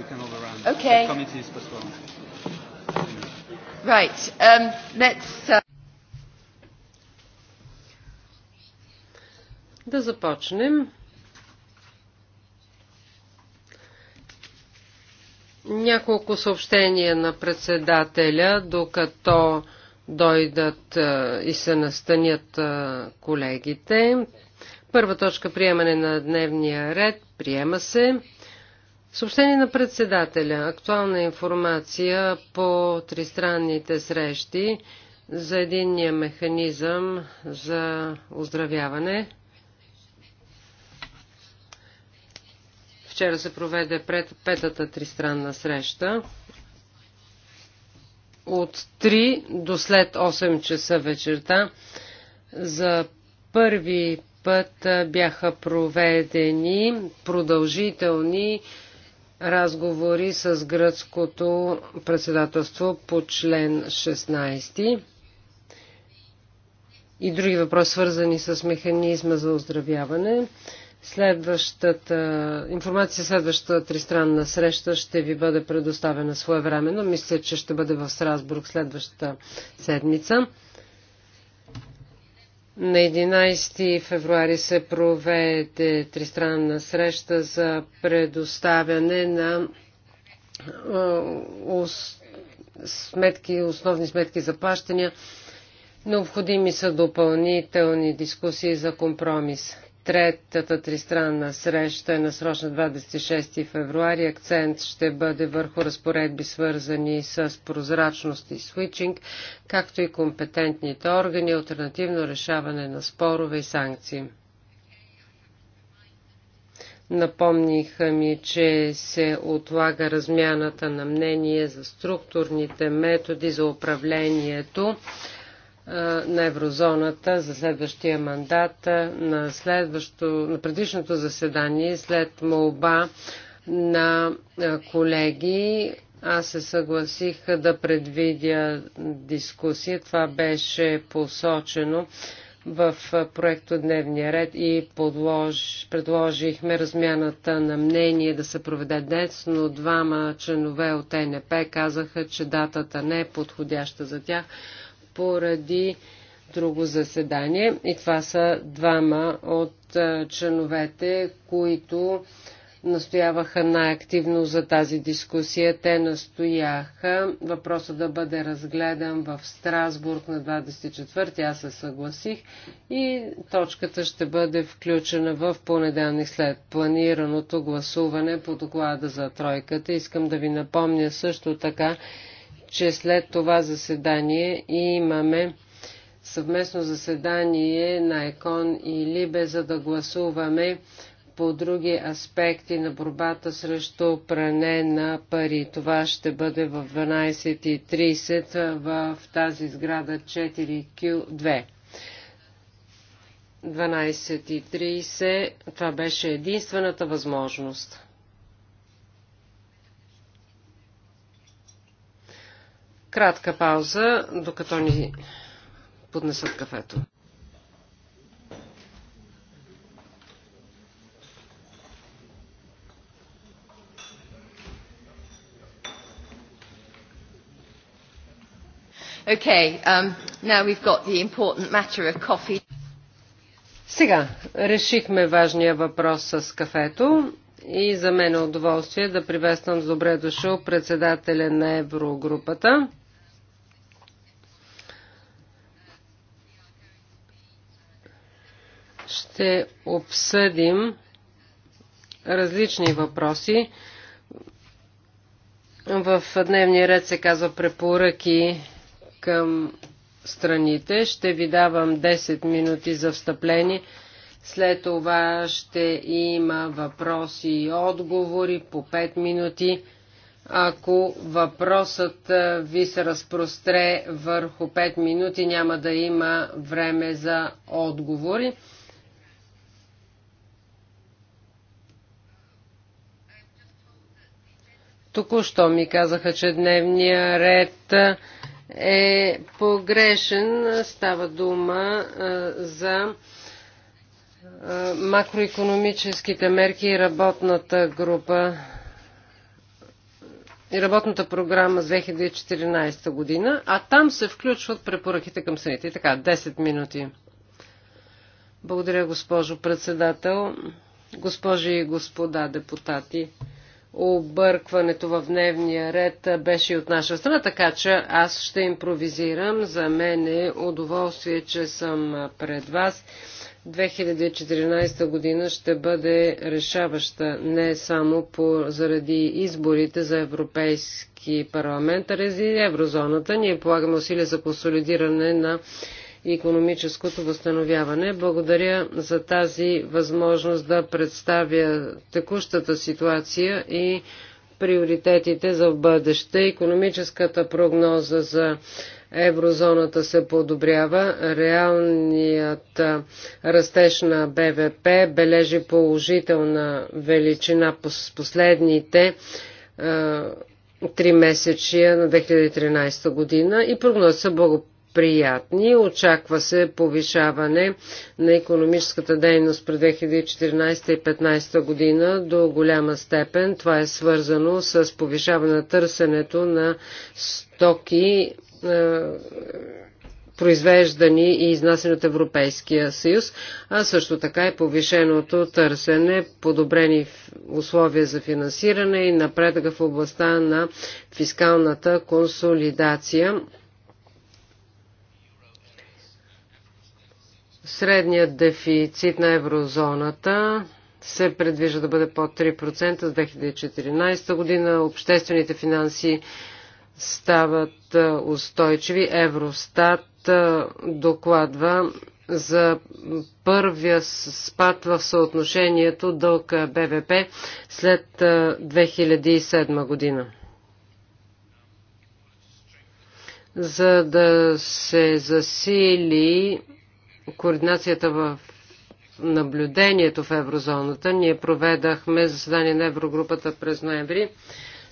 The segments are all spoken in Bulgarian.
We can overrun. Okay. The committee is postponed. Right. Um, let's. Uh... Да започнем. Няколко съобщения на председателя, докато дойдат е, и се настанят е, колегите. Първа точка приемане на дневния ред. Приема се. Съобщение на председателя. Актуална информация по тристранните срещи за единния механизъм за оздравяване. Вчера се проведе пред петата тристранна среща. От 3 до след 8 часа вечерта за първи път бяха проведени продължителни разговори с гръцкото председателство по член 16 и други въпроси, свързани с механизма за оздравяване. Следващата информация, следващата тристранна среща ще ви бъде предоставена своевременно. Мисля, че ще бъде в Страсбург следващата седмица. На 11 февруари се проведе тристранна среща за предоставяне на сметки, основни сметки за плащания. Необходими са допълнителни дискусии за компромис. Третата тристранна среща е насрочна 26 февруари. Акцент ще бъде върху разпоредби свързани с прозрачност и свичинг, както и компетентните органи, альтернативно решаване на спорове и санкции. Напомниха ми, че се отлага размяната на мнение за структурните методи за управлението на еврозоната за следващия мандат на, следващо, на предишното заседание след молба на колеги. Аз се съгласих да предвидя дискусия. Това беше посочено в проекто Дневния ред и подлож, предложихме размяната на мнение да се проведе днес, но двама членове от ЕНП казаха, че датата не е подходяща за тях, поради друго заседание. И това са двама от членовете, които настояваха най-активно за тази дискусия. Те настояха въпросът да бъде разгледан в Страсбург на 24. Аз се съгласих и точката ще бъде включена в понеделник след планираното гласуване по доклада за тройката. Искам да ви напомня също така, че след това заседание имаме съвместно заседание на ЕКОН и ЛИБЕ, за да гласуваме по други аспекти на борбата срещу пране на пари. Това ще бъде в 12.30 в тази сграда 4Q2. 12.30 това беше единствената възможност. Кратка пауза, докато ни поднесат кафето. Okay, um, now we've got the important matter of coffee. Сега решихме важния въпрос с кафето и за мен е удоволствие да приветствам с добре дошъл председателя на Еврогрупата ще обсъдим различни въпроси. В дневния ред се казва препоръки към страните. Ще ви давам 10 минути за встъпление. След това ще има въпроси и отговори по 5 минути. Ако въпросът ви се разпростре върху 5 минути, няма да има време за отговори. Току-що ми казаха, че дневния ред е погрешен. Става дума за макроекономическите мерки и работната група и работната програма за 2014 година, а там се включват препоръките към съните. И така, 10 минути. Благодаря, госпожо председател, госпожи и господа депутати объркването в дневния ред беше и от наша страна, така че аз ще импровизирам. За мен е удоволствие, че съм пред вас. 2014 година ще бъде решаваща не само по, заради изборите за Европейски парламент, а и еврозоната. Ние полагаме усилия за консолидиране на и економическото възстановяване. Благодаря за тази възможност да представя текущата ситуация и приоритетите за в бъдеще. Економическата прогноза за еврозоната се подобрява. Реалният растеж на БВП бележи положителна величина с последните три месечия на 2013 година и прогноза са благоприятни приятни. Очаква се повишаване на економическата дейност през 2014 и 2015 година до голяма степен. Това е свързано с повишаване на търсенето на стоки е, произвеждани и изнасяни от Европейския съюз, а също така и повишеното търсене, подобрени условия за финансиране и напредъка в областта на фискалната консолидация Средният дефицит на еврозоната се предвижда да бъде под 3% за 2014 година. Обществените финанси стават устойчиви. Евростат докладва за първия спад в съотношението дълг БВП след 2007 година. За да се засили координацията в наблюдението в еврозоната. Ние проведахме заседание на еврогрупата през ноември,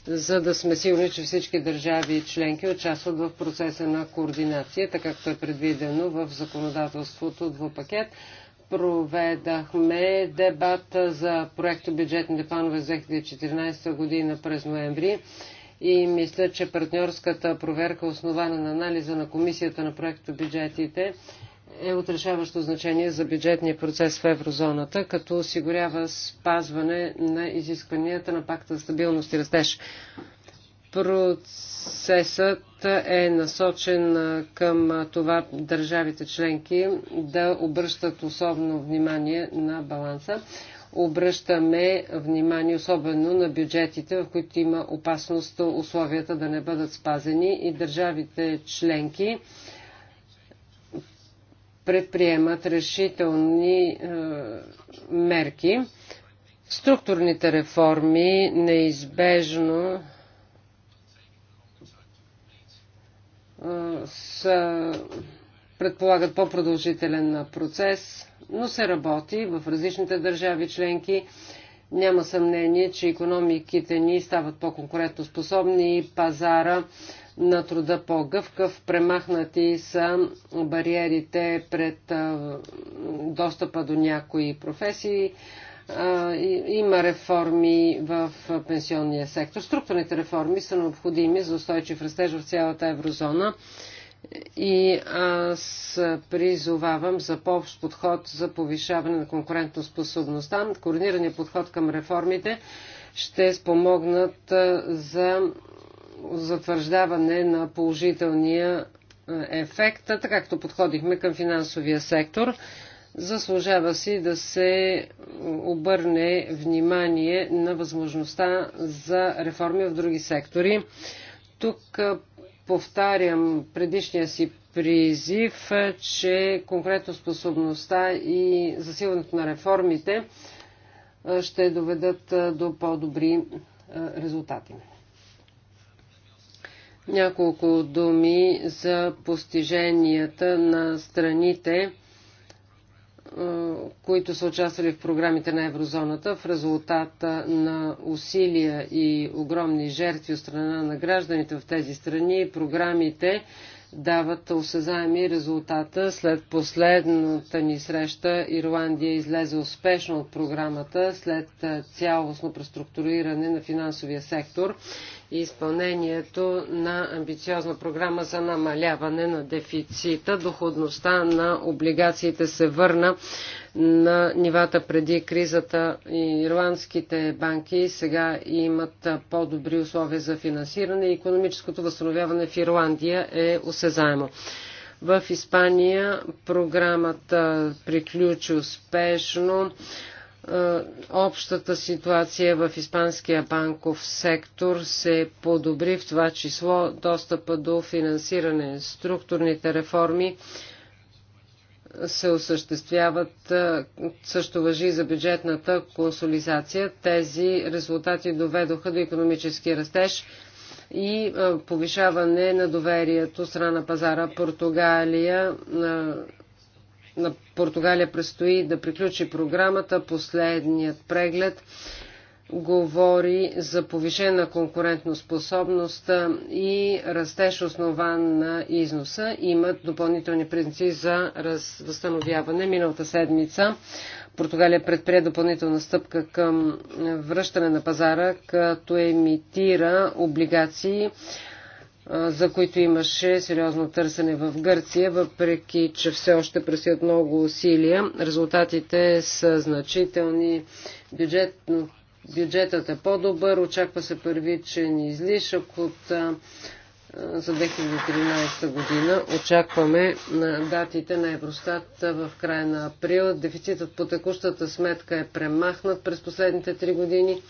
за да сме сигурни, че всички държави и членки участват в процеса на координация, така както е предвидено в законодателството пакет. Проведахме дебат за проекто бюджетните планове за 2014 година през ноември и мисля, че партньорската проверка, основана на анализа на комисията на проекто бюджетите, е отрешаващо значение за бюджетния процес в еврозоната, като осигурява спазване на изискванията на пакта за стабилност и растеж. Процесът е насочен към това държавите членки да обръщат особено внимание на баланса. Обръщаме внимание особено на бюджетите, в които има опасност условията да не бъдат спазени и държавите членки предприемат решителни е, мерки. Структурните реформи неизбежно е, са, предполагат по-продължителен процес, но се работи в различните държави членки. Няма съмнение, че економиките ни стават по-конкурентоспособни и пазара на труда по-гъвкав, премахнати са бариерите пред достъпа до някои професии, има реформи в пенсионния сектор. Структурните реформи са необходими за устойчив растеж в цялата еврозона и аз призовавам за по подход за повишаване на конкурентоспособността. Координирания подход към реформите ще спомогнат за затвърждаване на положителния ефект, така както подходихме към финансовия сектор. Заслужава си да се обърне внимание на възможността за реформи в други сектори. Тук повтарям предишния си призив, че конкретно способността и засилването на реформите ще доведат до по-добри резултати. Няколко думи за постиженията на страните, които са участвали в програмите на еврозоната в резултата на усилия и огромни жертви от страна на гражданите в тези страни. Програмите дават осезаеми резултата. След последната ни среща Ирландия излезе успешно от програмата след цялостно преструктуриране на финансовия сектор и изпълнението на амбициозна програма за намаляване на дефицита. Доходността на облигациите се върна на нивата преди кризата. Ирландските банки сега имат по-добри условия за финансиране и економическото възстановяване в Ирландия е осезаемо. В Испания програмата приключи успешно. Е, общата ситуация в испанския банков сектор се подобри, в това число достъпа до финансиране. Структурните реформи се осъществяват, е, също въжи за бюджетната консолизация. Тези резултати доведоха до економически растеж и е, повишаване на доверието страна пазара. Португалия на Португалия предстои да приключи програмата. Последният преглед говори за повишена конкурентоспособност и растеж основан на износа. Имат допълнителни признаци за раз... възстановяване. Миналата седмица Португалия предприе допълнителна стъпка към връщане на пазара, като емитира облигации за които имаше сериозно търсене в Гърция, въпреки че все още пресият много усилия. Резултатите са значителни. Бюджет, бюджетът е по-добър, очаква се първичен излишък от за 2013 година. Очакваме на датите на Евростат в края на април. Дефицитът по текущата сметка е премахнат през последните три години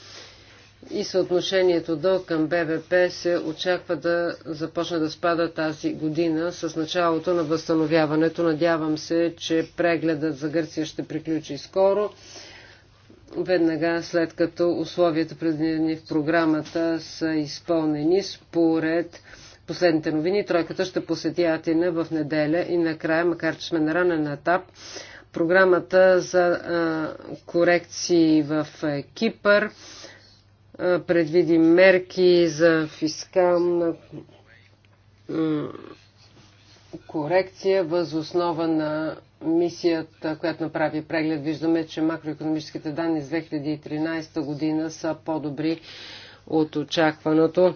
и съотношението дълг към БВП се очаква да започне да спада тази година с началото на възстановяването. Надявам се, че прегледът за Гърция ще приключи скоро. Веднага след като условията предвидени в програмата са изпълнени според последните новини, тройката ще посети Атина в неделя и накрая, макар че сме на ранен етап, програмата за корекции в Кипър Предвиди мерки за фискална корекция въз основа на мисията, която направи преглед. Виждаме, че макроекономическите данни с 2013 година са по-добри от очакваното.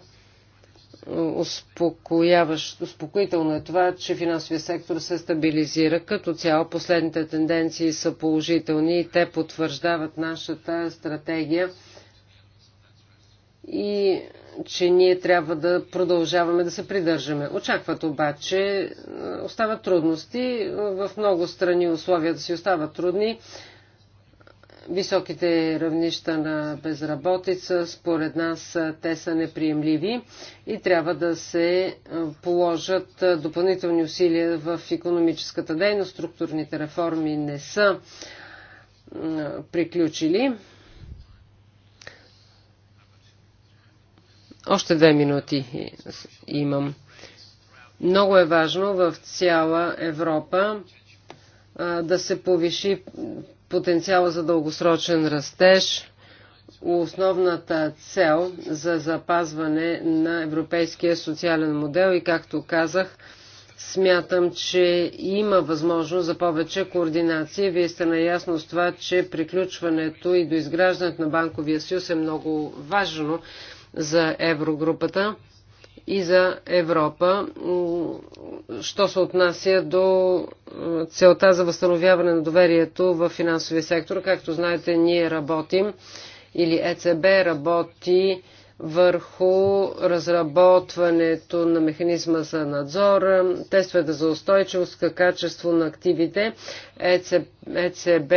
Успокоително е това, че финансовия сектор се стабилизира. Като цяло последните тенденции са положителни и те потвърждават нашата стратегия – и че ние трябва да продължаваме да се придържаме. Очакват обаче, е, остават трудности. В много страни условията си остават трудни. Високите равнища на безработица, според нас, е, те са неприемливи и трябва да се е, положат допълнителни усилия в економическата дейност. Структурните реформи не са приключили. Още две минути имам. Много е важно в цяла Европа а, да се повиши потенциала за дългосрочен растеж. Основната цел за запазване на европейския социален модел и, както казах, смятам, че има възможност за повече координация. Вие сте наясно с това, че приключването и доизграждането на банковия съюз е много важно за еврогрупата и за Европа, що се отнася до е, целта за възстановяване на доверието в финансовия сектор. Както знаете, ние работим или ЕЦБ работи върху разработването на механизма за надзор, тестовете за устойчивост, качество на активите. ЕЦБ, ЕЦБ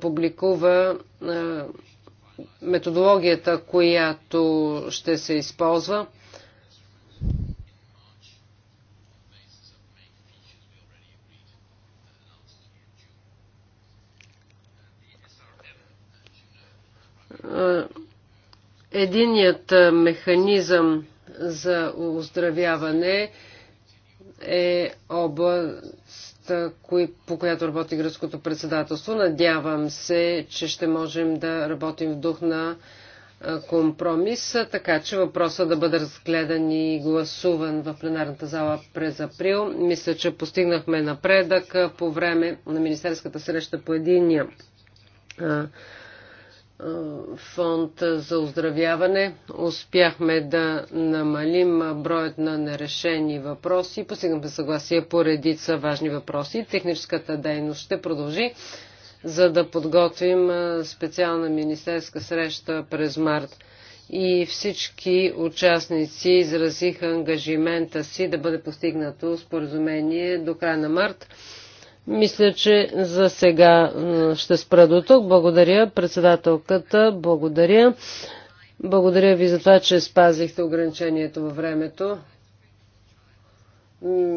публикува е, методологията, която ще се използва. Единият механизъм за оздравяване е област по която работи гръцкото председателство. Надявам се, че ще можем да работим в дух на компромис, така че въпросът да бъде разгледан и гласуван в пленарната зала през април. Мисля, че постигнахме напредък по време на министерската среща по единия фонд за оздравяване. Успяхме да намалим броят на нерешени въпроси. Постигнахме съгласие по редица важни въпроси. Техническата дейност ще продължи, за да подготвим специална министерска среща през март. И всички участници изразиха ангажимента си да бъде постигнато споразумение до края на март. Мисля, че за сега ще спра до тук. Благодаря председателката, благодаря. Благодаря ви за това, че спазихте ограничението във времето.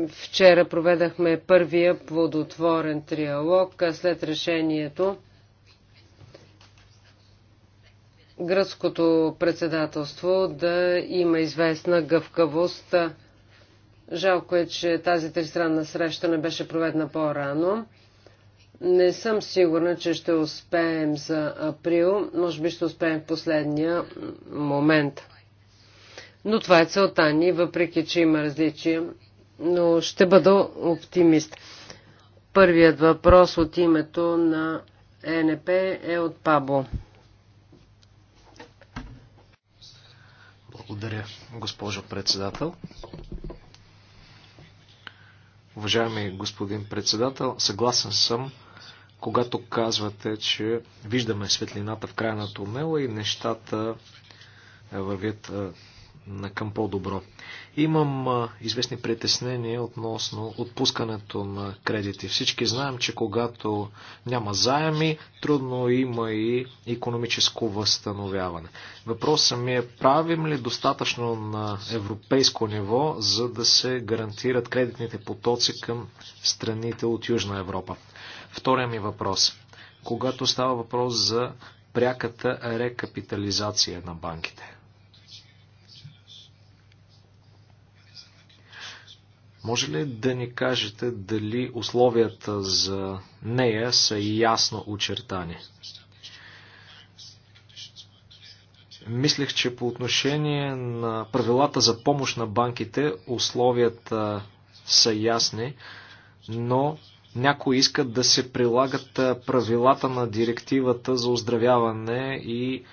Вчера проведахме първия плодотворен триалог след решението. Гръцкото председателство да има известна гъвкавост Жалко е, че тази тристранна среща не беше проведена по-рано. Не съм сигурна, че ще успеем за април. Може би ще успеем в последния момент. Но това е целта ни, въпреки че има различия. Но ще бъда оптимист. Първият въпрос от името на ЕНП е от Пабло. Благодаря, госпожо председател. Уважаеми господин председател, съгласен съм, когато казвате, че виждаме светлината в края на тунела и нещата вървят на към по-добро. Имам известни притеснения относно отпускането на кредити. Всички знаем, че когато няма заеми, трудно има и економическо възстановяване. Въпросът ми е, правим ли достатъчно на европейско ниво, за да се гарантират кредитните потоци към страните от Южна Европа? Втория ми въпрос. Когато става въпрос за пряката рекапитализация на банките. Може ли да ни кажете дали условията за нея са ясно очертани? Мислех, че по отношение на правилата за помощ на банките условията са ясни, но някои искат да се прилагат правилата на директивата за оздравяване и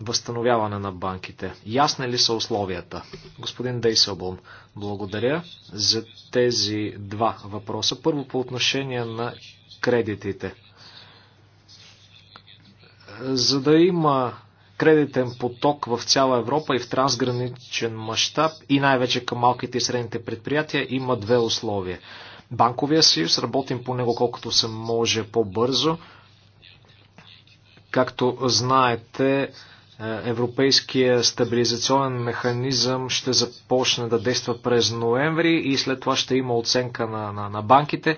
възстановяване на банките. Ясни ли са условията? Господин Дейсълбом, благодаря за тези два въпроса. Първо по отношение на кредитите. За да има кредитен поток в цяла Европа и в трансграничен мащаб и най-вече към малките и средните предприятия има две условия. Банковия съюз, работим по него колкото се може по-бързо. Както знаете, е, Европейския стабилизационен механизъм ще започне да действа през ноември и след това ще има оценка на, на, на банките. Е,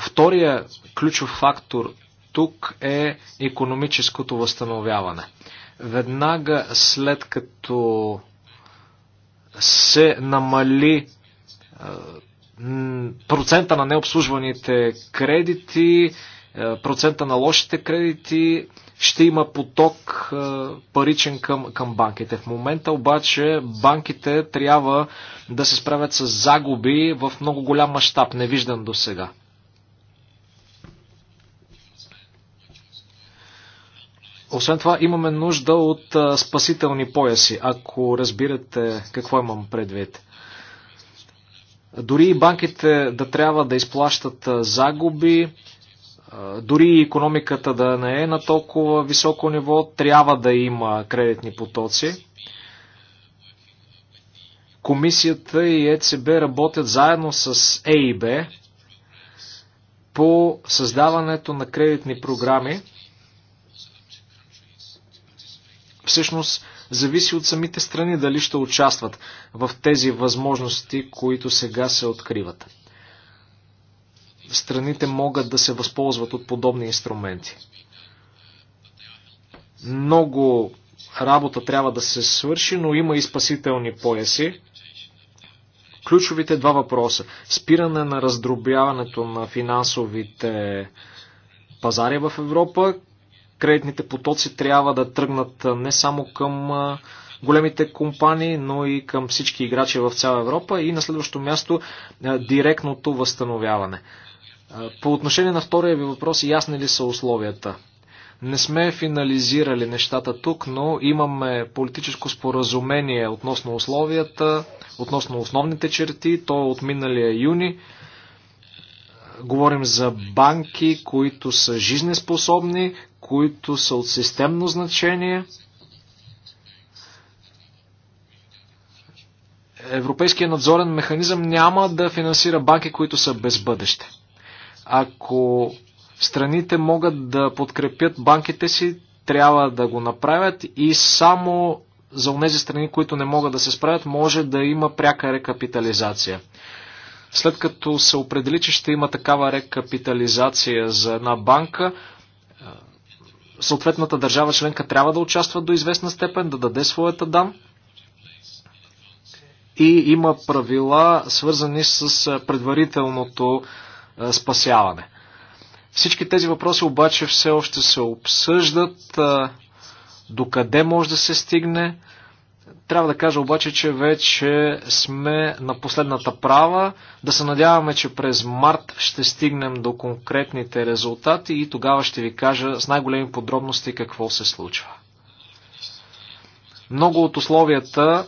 втория ключов фактор тук е економическото възстановяване. Веднага след като се намали е, процента на необслужваните кредити, процента на лошите кредити, ще има поток паричен към, към банките. В момента обаче банките трябва да се справят с загуби в много голям мащаб, невиждан до сега. Освен това, имаме нужда от спасителни пояси, ако разбирате какво имам предвид. Дори и банките да трябва да изплащат загуби, дори економиката да не е на толкова високо ниво, трябва да има кредитни потоци. Комисията и ЕЦБ работят заедно с ЕИБ по създаването на кредитни програми. Всъщност, зависи от самите страни дали ще участват в тези възможности, които сега се откриват страните могат да се възползват от подобни инструменти. Много работа трябва да се свърши, но има и спасителни пояси. Ключовите два въпроса. Спиране на раздробяването на финансовите пазари в Европа. Кредитните потоци трябва да тръгнат не само към големите компании, но и към всички играчи в цяла Европа. И на следващо място директното възстановяване. По отношение на втория ви въпрос, ясни ли са условията? Не сме финализирали нещата тук, но имаме политическо споразумение относно условията, относно основните черти. То е от миналия юни. Говорим за банки, които са жизнеспособни, които са от системно значение. Европейския надзорен механизъм няма да финансира банки, които са без бъдеще. Ако страните могат да подкрепят банките си, трябва да го направят и само за тези страни, които не могат да се справят, може да има пряка рекапитализация. След като се определи, че ще има такава рекапитализация за една банка, съответната държава членка трябва да участва до известна степен, да даде своята дан. И има правила, свързани с предварителното е, спасяване. Всички тези въпроси обаче все още се обсъждат, е, докъде може да се стигне. Трябва да кажа обаче, че вече сме на последната права. Да се надяваме, че през март ще стигнем до конкретните резултати и тогава ще ви кажа с най-големи подробности какво се случва. Много от условията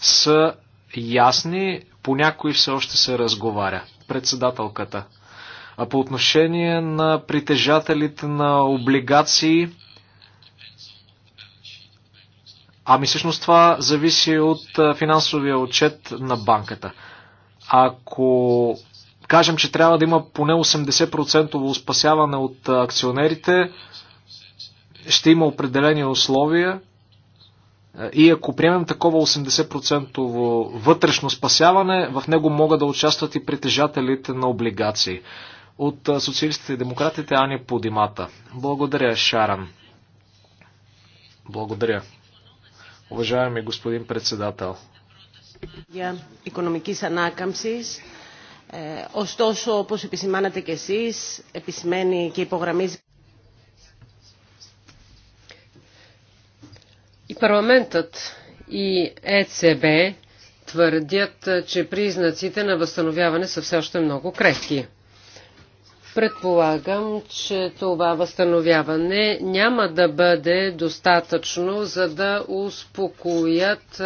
са ясни, по някои все още се разговаря председателката. А по отношение на притежателите на облигации, ами всъщност това зависи от финансовия отчет на банката. Ако кажем, че трябва да има поне 80% спасяване от акционерите, ще има определени условия, е, и ако приемем такова 80% вътрешно спасяване, в него могат да участват и притежателите на облигации. От е, социалистите и демократите Ани Подимата. Благодаря, Шаран. Благодаря. Уважаеми господин председател. Για οικονομικής ανάκαμψης. Ε, ωστόσο, όπως επισημάνατε και εσείς, επισημαίνει και υπογραμμίζει... Парламентът и ЕЦБ твърдят, че признаците на възстановяване са все още много крехки. Предполагам, че това възстановяване няма да бъде достатъчно, за да успокоят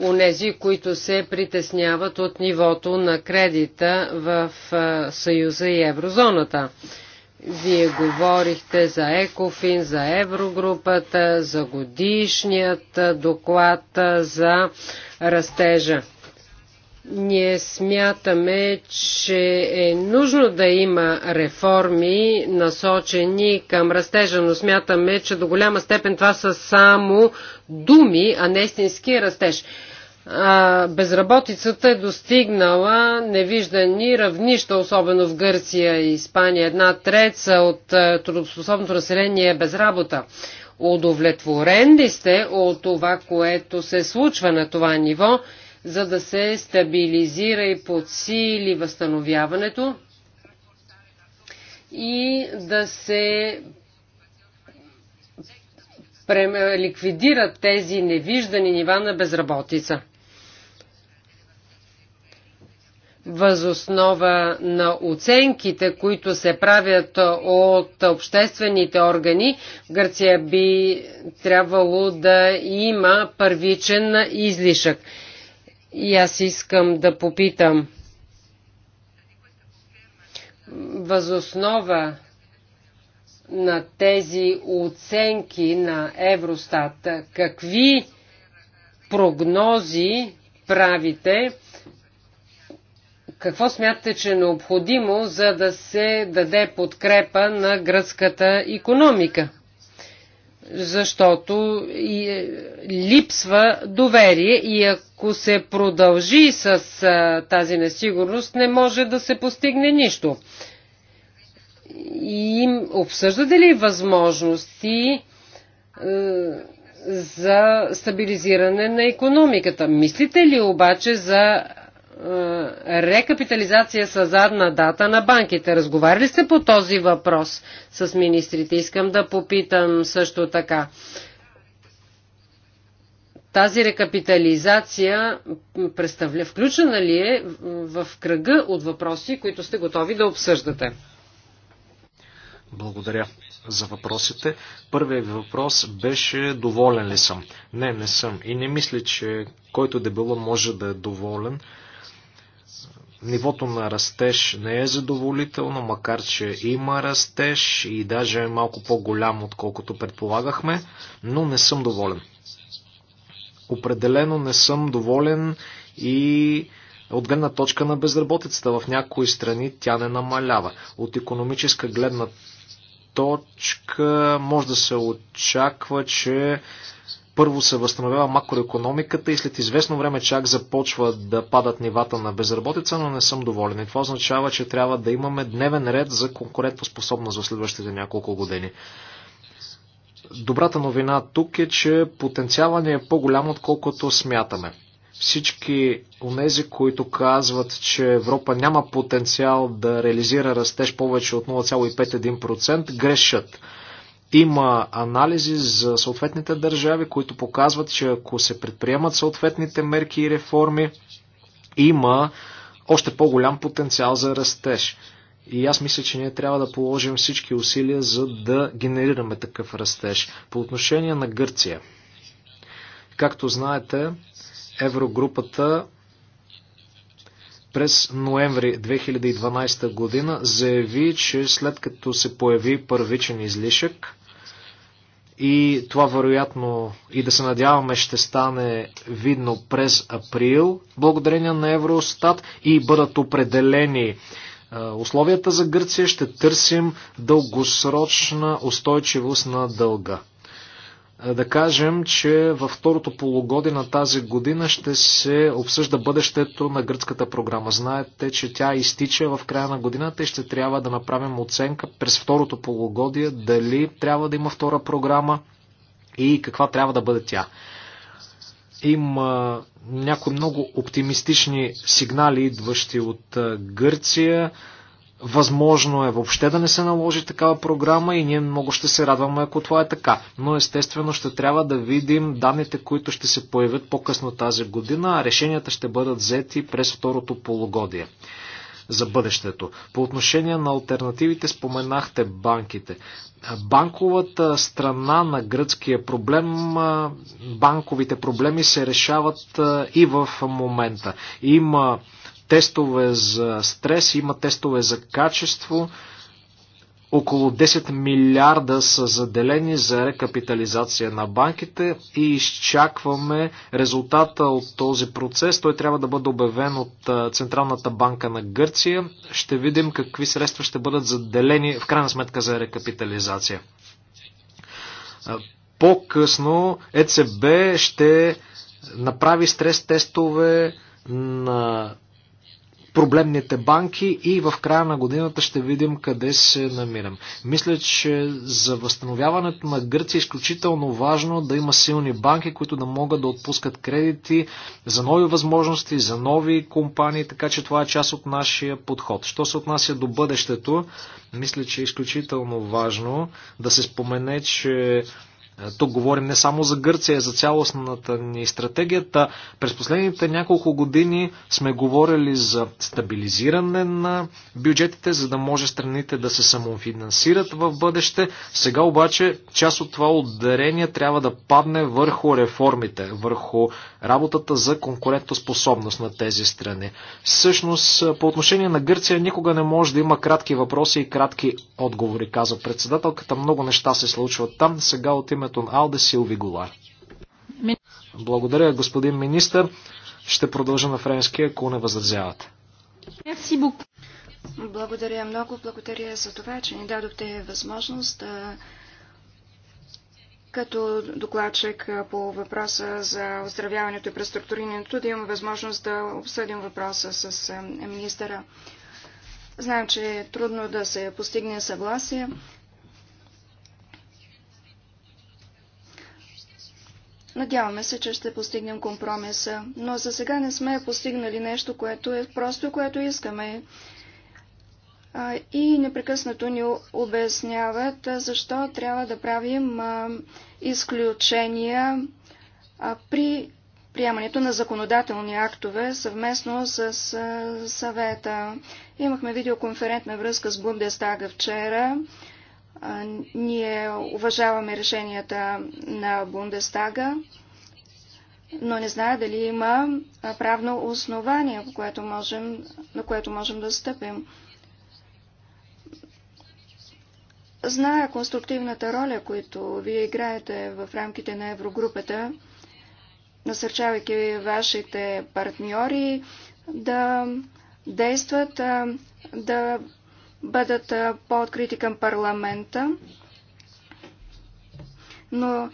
унези, които се притесняват от нивото на кредита в Съюза и еврозоната. Вие говорихте за Екофин, за Еврогрупата, за годишният доклад за растежа. Ние смятаме, че е нужно да има реформи, насочени към растежа, но смятаме, че до голяма степен това са само думи, а не истински растеж безработицата е достигнала невиждани равнища, особено в Гърция и Испания. Една треца от трудоспособното население е без работа. Удовлетворен ли сте от това, което се случва на това ниво, за да се стабилизира и подсили възстановяването и да се ликвидират тези невиждани нива на безработица? възоснова на оценките, които се правят от обществените органи, Гърция би трябвало да има първичен излишък. И аз искам да попитам. Възоснова на тези оценки на Евростат, какви прогнози правите? Какво смятате, че е необходимо, за да се даде подкрепа на гръцката економика? Защото и, е, липсва доверие и ако се продължи с а, тази несигурност, не може да се постигне нищо. И им обсъждате ли възможности? Е, за стабилизиране на економиката. Мислите ли обаче за е, рекапитализация с задна дата на банките. Разговаряли сте по този въпрос с министрите? Искам да попитам също така. Тази рекапитализация представля, включена ли е в кръга от въпроси, които сте готови да обсъждате? Благодаря за въпросите. Първият въпрос беше доволен ли съм? Не, не съм. И не мисля, че който дебело може да е доволен. Нивото на растеж не е задоволително, макар че има растеж и даже е малко по-голям, отколкото предполагахме, но не съм доволен. Определено не съм доволен и от гледна точка на безработицата. В някои страни тя не намалява. От економическа гледна точка може да се очаква, че първо се възстановява макроекономиката и след известно време чак започва да падат нивата на безработица, но не съм доволен. И това означава, че трябва да имаме дневен ред за конкурентоспособност в следващите няколко години. Добрата новина тук е, че потенциалът ни е по-голям, отколкото смятаме. Всички онези, които казват, че Европа няма потенциал да реализира растеж повече от 0,51%, грешат има анализи за съответните държави, които показват, че ако се предприемат съответните мерки и реформи, има още по-голям потенциал за растеж. И аз мисля, че ние трябва да положим всички усилия, за да генерираме такъв растеж. По отношение на Гърция. Както знаете, Еврогрупата през ноември 2012 година заяви, че след като се появи първичен излишък, и това вероятно и да се надяваме ще стане видно през април, благодарение на Евростат и бъдат определени е, условията за Гърция, ще търсим дългосрочна устойчивост на дълга. Е, да кажем, че във второто полугодие на тази година ще се обсъжда бъдещето на гръцката програма. Знаете, че тя изтича в края на годината и ще трябва да направим оценка през второто полугодие дали трябва да има втора програма и каква трябва да бъде тя. Има някои много оптимистични сигнали, идващи от е, Гърция. Възможно е въобще да не се наложи такава програма и ние много ще се радваме, ако това е така. Но естествено ще трябва да видим данните, които ще се появят по-късно тази година, а решенията ще бъдат взети през второто полугодие за бъдещето. По отношение на альтернативите споменахте банките. Банковата страна на гръцкия проблем, банковите проблеми се решават и в момента. Има тестове за стрес, има тестове за качество. Около 10 милиарда са заделени за рекапитализация на банките и изчакваме резултата от този процес. Той трябва да бъде обявен от Централната банка на Гърция. Ще видим какви средства ще бъдат заделени в крайна сметка за рекапитализация. По-късно ЕЦБ ще направи стрес тестове на проблемните банки и в края на годината ще видим къде се намирам. Мисля, че за възстановяването на Гърция е изключително важно да има силни банки, които да могат да отпускат кредити за нови възможности, за нови компании, така че това е част от нашия подход. Що се отнася до бъдещето, мисля, че е изключително важно да се спомене, че е, тук говорим не само за Гърция, за цялостната ни стратегията. През последните няколко години сме говорили за стабилизиране на бюджетите, за да може страните да се самофинансират в бъдеще. Сега обаче част от това ударение трябва да падне върху реформите, върху работата за конкурентоспособност на тези страни. Всъщност, по отношение на Гърция никога не може да има кратки въпроси и кратки отговори, казва председателката. Много неща се случват там. Сега от името името на Алде Силви Голар. Благодаря, господин министр. Ще продължа на френски, ако не възразявате. Благодаря много. Благодаря за това, че ни дадохте възможност да като докладчик по въпроса за оздравяването и преструктурирането, да имаме възможност да обсъдим въпроса с е, министъра. Знаем, че е трудно да се постигне съгласие. Надяваме се, че ще постигнем компромиса, но за сега не сме постигнали нещо, което е просто, което искаме. И непрекъснато ни обясняват защо трябва да правим изключения при приемането на законодателни актове съвместно с съвета. Имахме видеоконферентна връзка с Бундестага вчера. Ние уважаваме решенията на Бундестага, но не зная дали има правно основание, по което можем, на което можем да стъпим. Зная конструктивната роля, която вие играете в рамките на Еврогрупата, насърчавайки вашите партньори да действат, да бъдат по-открити към парламента. Но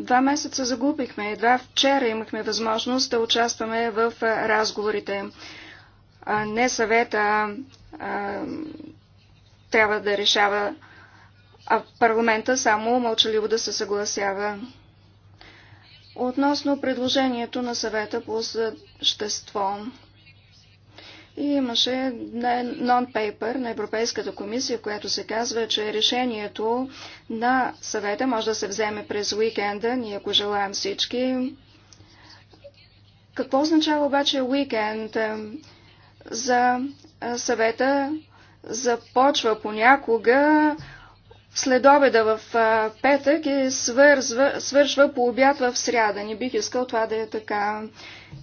два месеца загубихме. Едва вчера имахме възможност да участваме в разговорите. Не съвета а, трябва да решава, а парламента само мълчаливо да се съгласява. Относно предложението на съвета по същество. И имаше нон-пейпер на Европейската комисия, която се казва, че решението на съвета може да се вземе през уикенда, ние ако желаем всички. Какво означава обаче уикенд? За съвета започва понякога след обеда в петък и свързва, свършва по обяд в сряда. Не бих искал това да е така.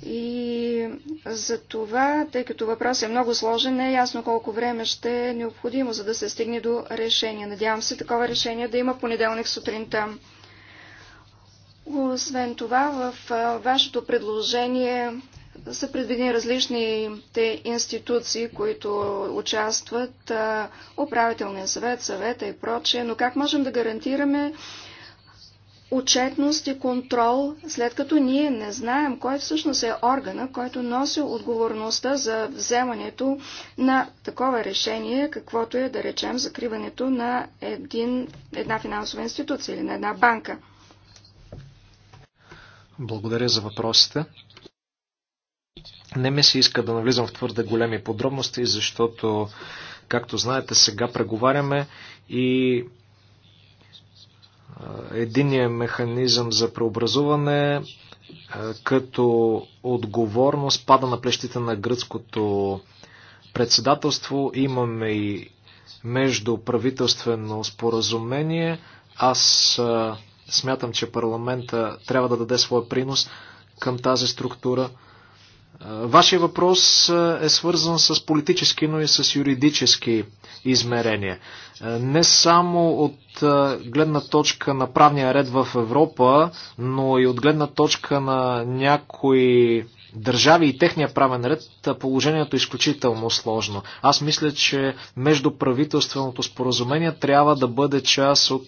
И за това, тъй като въпросът е много сложен, не е ясно колко време ще е необходимо, за да се стигне до решение. Надявам се такова решение да има понеделник сутринта. Освен това, в вашето предложение са предвидени различните институции, които участват, управителния съвет, съвета и прочее, но как можем да гарантираме, отчетност и контрол, след като ние не знаем кой всъщност е органа, който носи отговорността за вземането на такова решение, каквото е, да речем, закриването на един, една финансова институция или на една банка. Благодаря за въпросите. Не ми се иска да навлизам в твърде големи подробности, защото, както знаете, сега преговаряме и единия механизъм за преобразуване като отговорност пада на плещите на гръцкото председателство. Имаме и междуправителствено споразумение. Аз смятам, че парламента трябва да даде своя принос към тази структура. Вашия въпрос е свързан с политически, но и с юридически измерения. Не само от гледна точка на правния ред в Европа, но и от гледна точка на някои държави и техния правен ред, положението е изключително сложно. Аз мисля, че междуправителственото споразумение трябва да бъде част от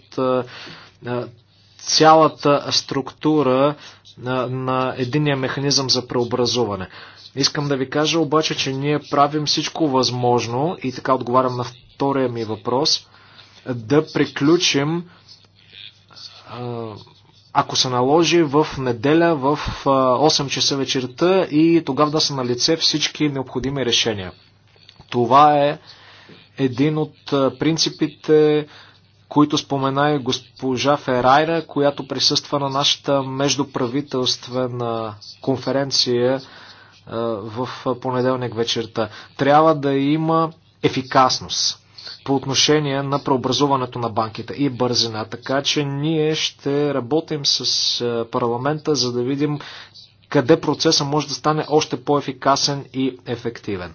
цялата структура на единия механизъм за преобразуване. Искам да ви кажа обаче, че ние правим всичко възможно, и така отговарям на втория ми въпрос, да приключим, ако се наложи, в неделя в 8 часа вечерта и тогава да са на лице всички необходими решения. Това е един от принципите, които спомена и госпожа Ферайра, която присъства на нашата междуправителствена конференция в понеделник вечерта. Трябва да има ефикасност по отношение на преобразуването на банките и бързина. Така че ние ще работим с парламента, за да видим къде процесът може да стане още по-ефикасен и ефективен.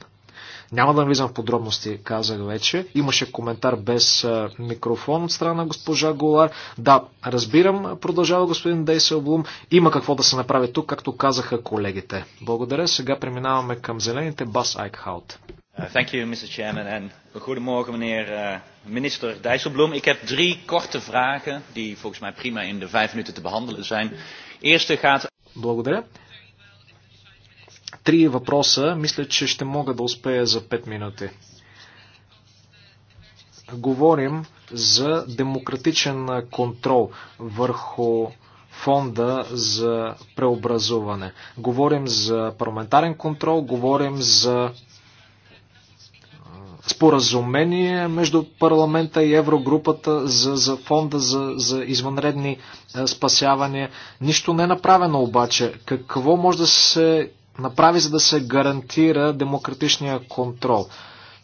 Няма да навлизам в подробности, казах вече. Имаше коментар без микрофон от страна на госпожа Голар. Да, разбирам, продължава господин Дейселблум. Има какво да се направи тук, както казаха колегите. Благодаря. Сега преминаваме към зелените Бас Айкхаут. Uh, thank you, Mr. Chairman. and goedemorgen, meneer uh, minister Dijsselbloem. Ik heb drie korte vragen die volgens mij prima in de vijf minuten te behandelen zijn. Eerste gaat... Благодаря. Три въпроса. Мисля, че ще мога да успея за 5 минути. Говорим за демократичен контрол върху фонда за преобразуване. Говорим за парламентарен контрол, говорим за споразумение между парламента и Еврогрупата за, за фонда за, за извънредни спасявания. Нищо не е направено обаче. Какво може да се направи, за да се гарантира демократичния контрол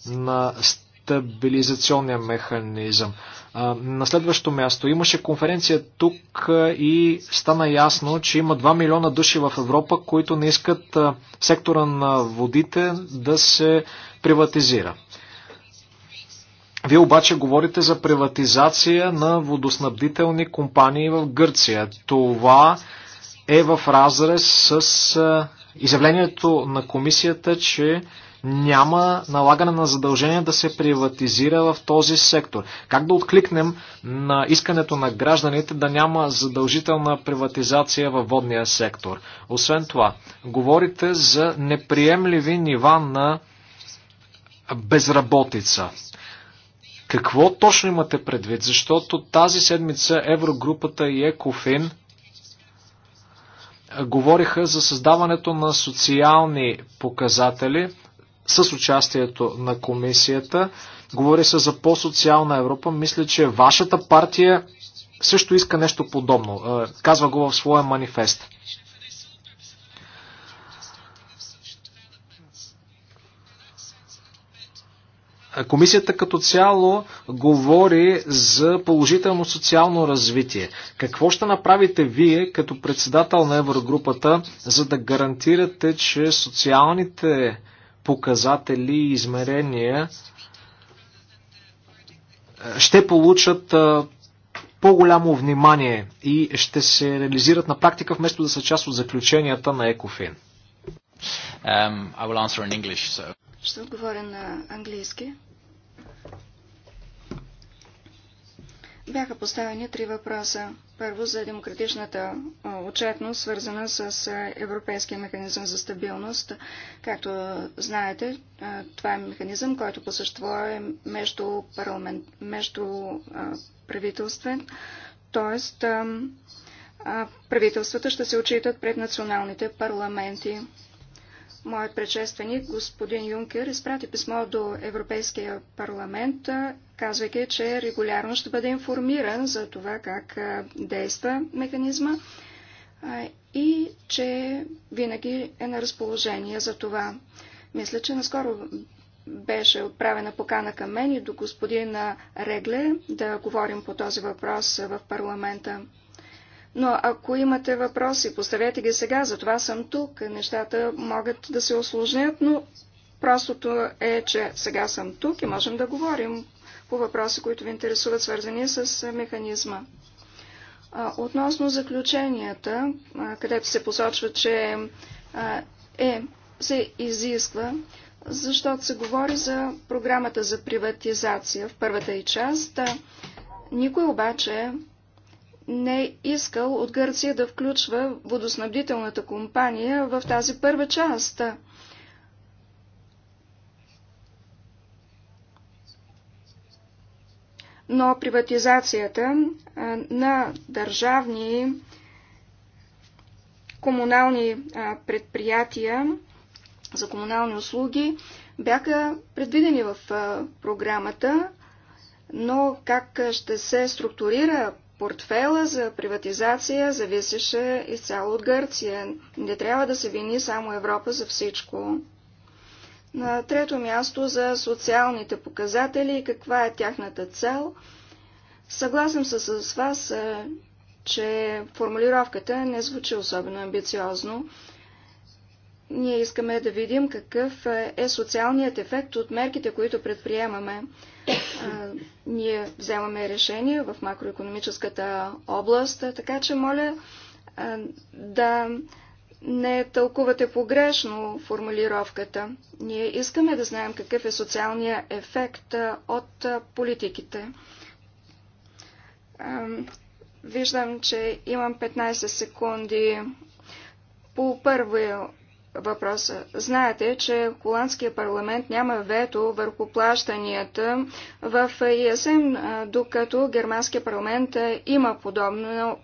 на стабилизационния механизъм. На следващо място имаше конференция тук и стана ясно, че има 2 милиона души в Европа, които не искат сектора на водите да се приватизира. Вие обаче говорите за приватизация на водоснабдителни компании в Гърция. Това е в разрез с изявлението на комисията, че няма налагане на задължение да се приватизира в този сектор. Как да откликнем на искането на гражданите да няма задължителна приватизация във водния сектор? Освен това, говорите за неприемливи нива на безработица. Какво точно имате предвид? Защото тази седмица Еврогрупата и Екофин говориха за създаването на социални показатели с участието на комисията. Говори се за по-социална Европа. Мисля, че вашата партия също иска нещо подобно. Е, казва го в своя манифест. Комисията като цяло говори за положително социално развитие. Какво ще направите вие като председател на Еврогрупата, за да гарантирате, че социалните показатели и измерения е, ще получат е, по-голямо внимание и ще се реализират на практика, вместо да са част от заключенията на Екофин? Um, so... Ще отговоря на английски. Бяха поставени три въпроса. Първо за демократичната отчетност, свързана с Европейския механизъм за стабилност. Както знаете, това е механизъм, който по същество е между, парламент, между правителствен, т.е. правителствата ще се отчитат пред националните парламенти. Моят предшественик, господин Юнкер, изпрати писмо до Европейския парламент, казвайки, че регулярно ще бъде информиран за това как действа механизма и че винаги е на разположение за това. Мисля, че наскоро беше отправена покана към мен и до господина Регле да говорим по този въпрос в парламента. Но ако имате въпроси, поставете ги сега, затова съм тук. Нещата могат да се осложнят, но простото е, че сега съм тук и можем да говорим по въпроси, които ви интересуват, свързани с механизма. Относно заключенията, където се посочва, че е, се изисква, защото се говори за програмата за приватизация в първата и част. Никой обаче не е искал от Гърция да включва водоснабдителната компания в тази първа част. Но приватизацията на държавни комунални предприятия за комунални услуги бяха предвидени в програмата, но как ще се структурира портфела за приватизация зависеше изцяло от Гърция. Не трябва да се вини само Европа за всичко. На трето място за социалните показатели и каква е тяхната цел. Съгласен съм с вас, е, че формулировката не звучи особено амбициозно. Ние искаме да видим какъв е социалният ефект от мерките, които предприемаме. Ние вземаме решение в макроекономическата област, така че моля да не тълкувате погрешно формулировката. Ние искаме да знаем какъв е социалният ефект от политиките. Виждам, че имам 15 секунди. По първо, въпроса. Знаете, че Холандския парламент няма вето върху плащанията в ЕСМ, докато Германския парламент има подобно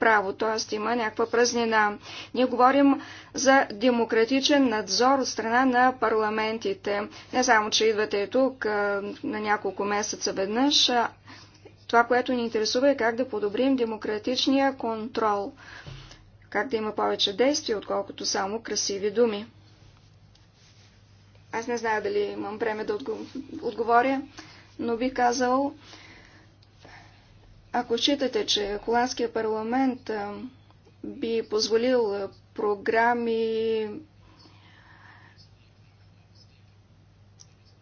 право, т.е. има някаква празнина. Ние говорим за демократичен надзор от страна на парламентите. Не само, че идвате тук на няколко месеца веднъж, това, което ни интересува е как да подобрим демократичния контрол как да има повече действия, отколкото само красиви думи. Аз не знам дали имам време да отговоря, но би казал, ако считате, че Холандския парламент би позволил програми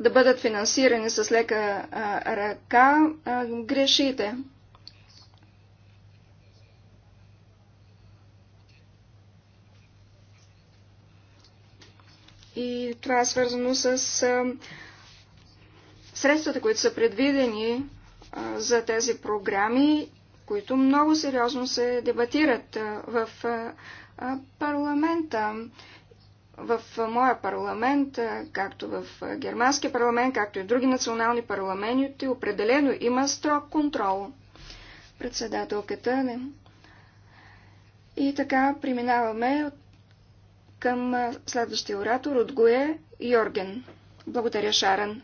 да бъдат финансирани с лека ръка, грешите. И това е свързано с средствата, които са предвидени за тези програми, които много сериозно се дебатират в парламента. В моя парламент, както в германския парламент, както и в други национални парламенти, определено има строг контрол. Председателката не. И така преминаваме от към следващия оратор от Гуе Йорген. Благодаря, Шаран.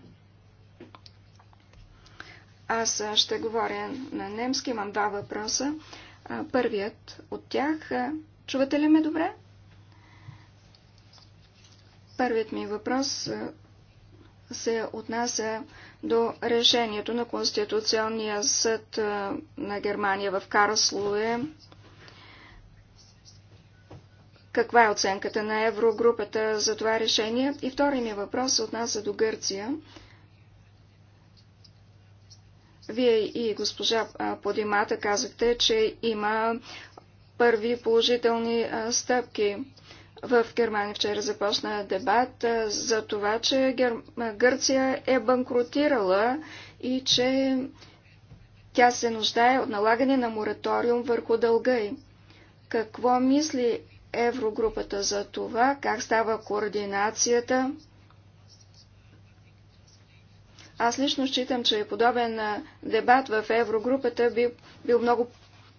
Аз ще говоря на немски. Имам два въпроса. Първият от тях. Чувате ли ме добре? Първият ми въпрос се отнася до решението на Конституционния съд на Германия в Карлслуе каква е оценката на Еврогрупата за това решение? И втори ми въпрос се отнася до Гърция. Вие и госпожа Подимата казахте, че има първи положителни стъпки. В Германия вчера започна дебат за това, че Гърция е банкротирала и че тя се нуждае от налагане на мораториум върху дълга й. Какво мисли Еврогрупата за това, как става координацията. Аз лично считам, че подобен дебат в Еврогрупата би бил много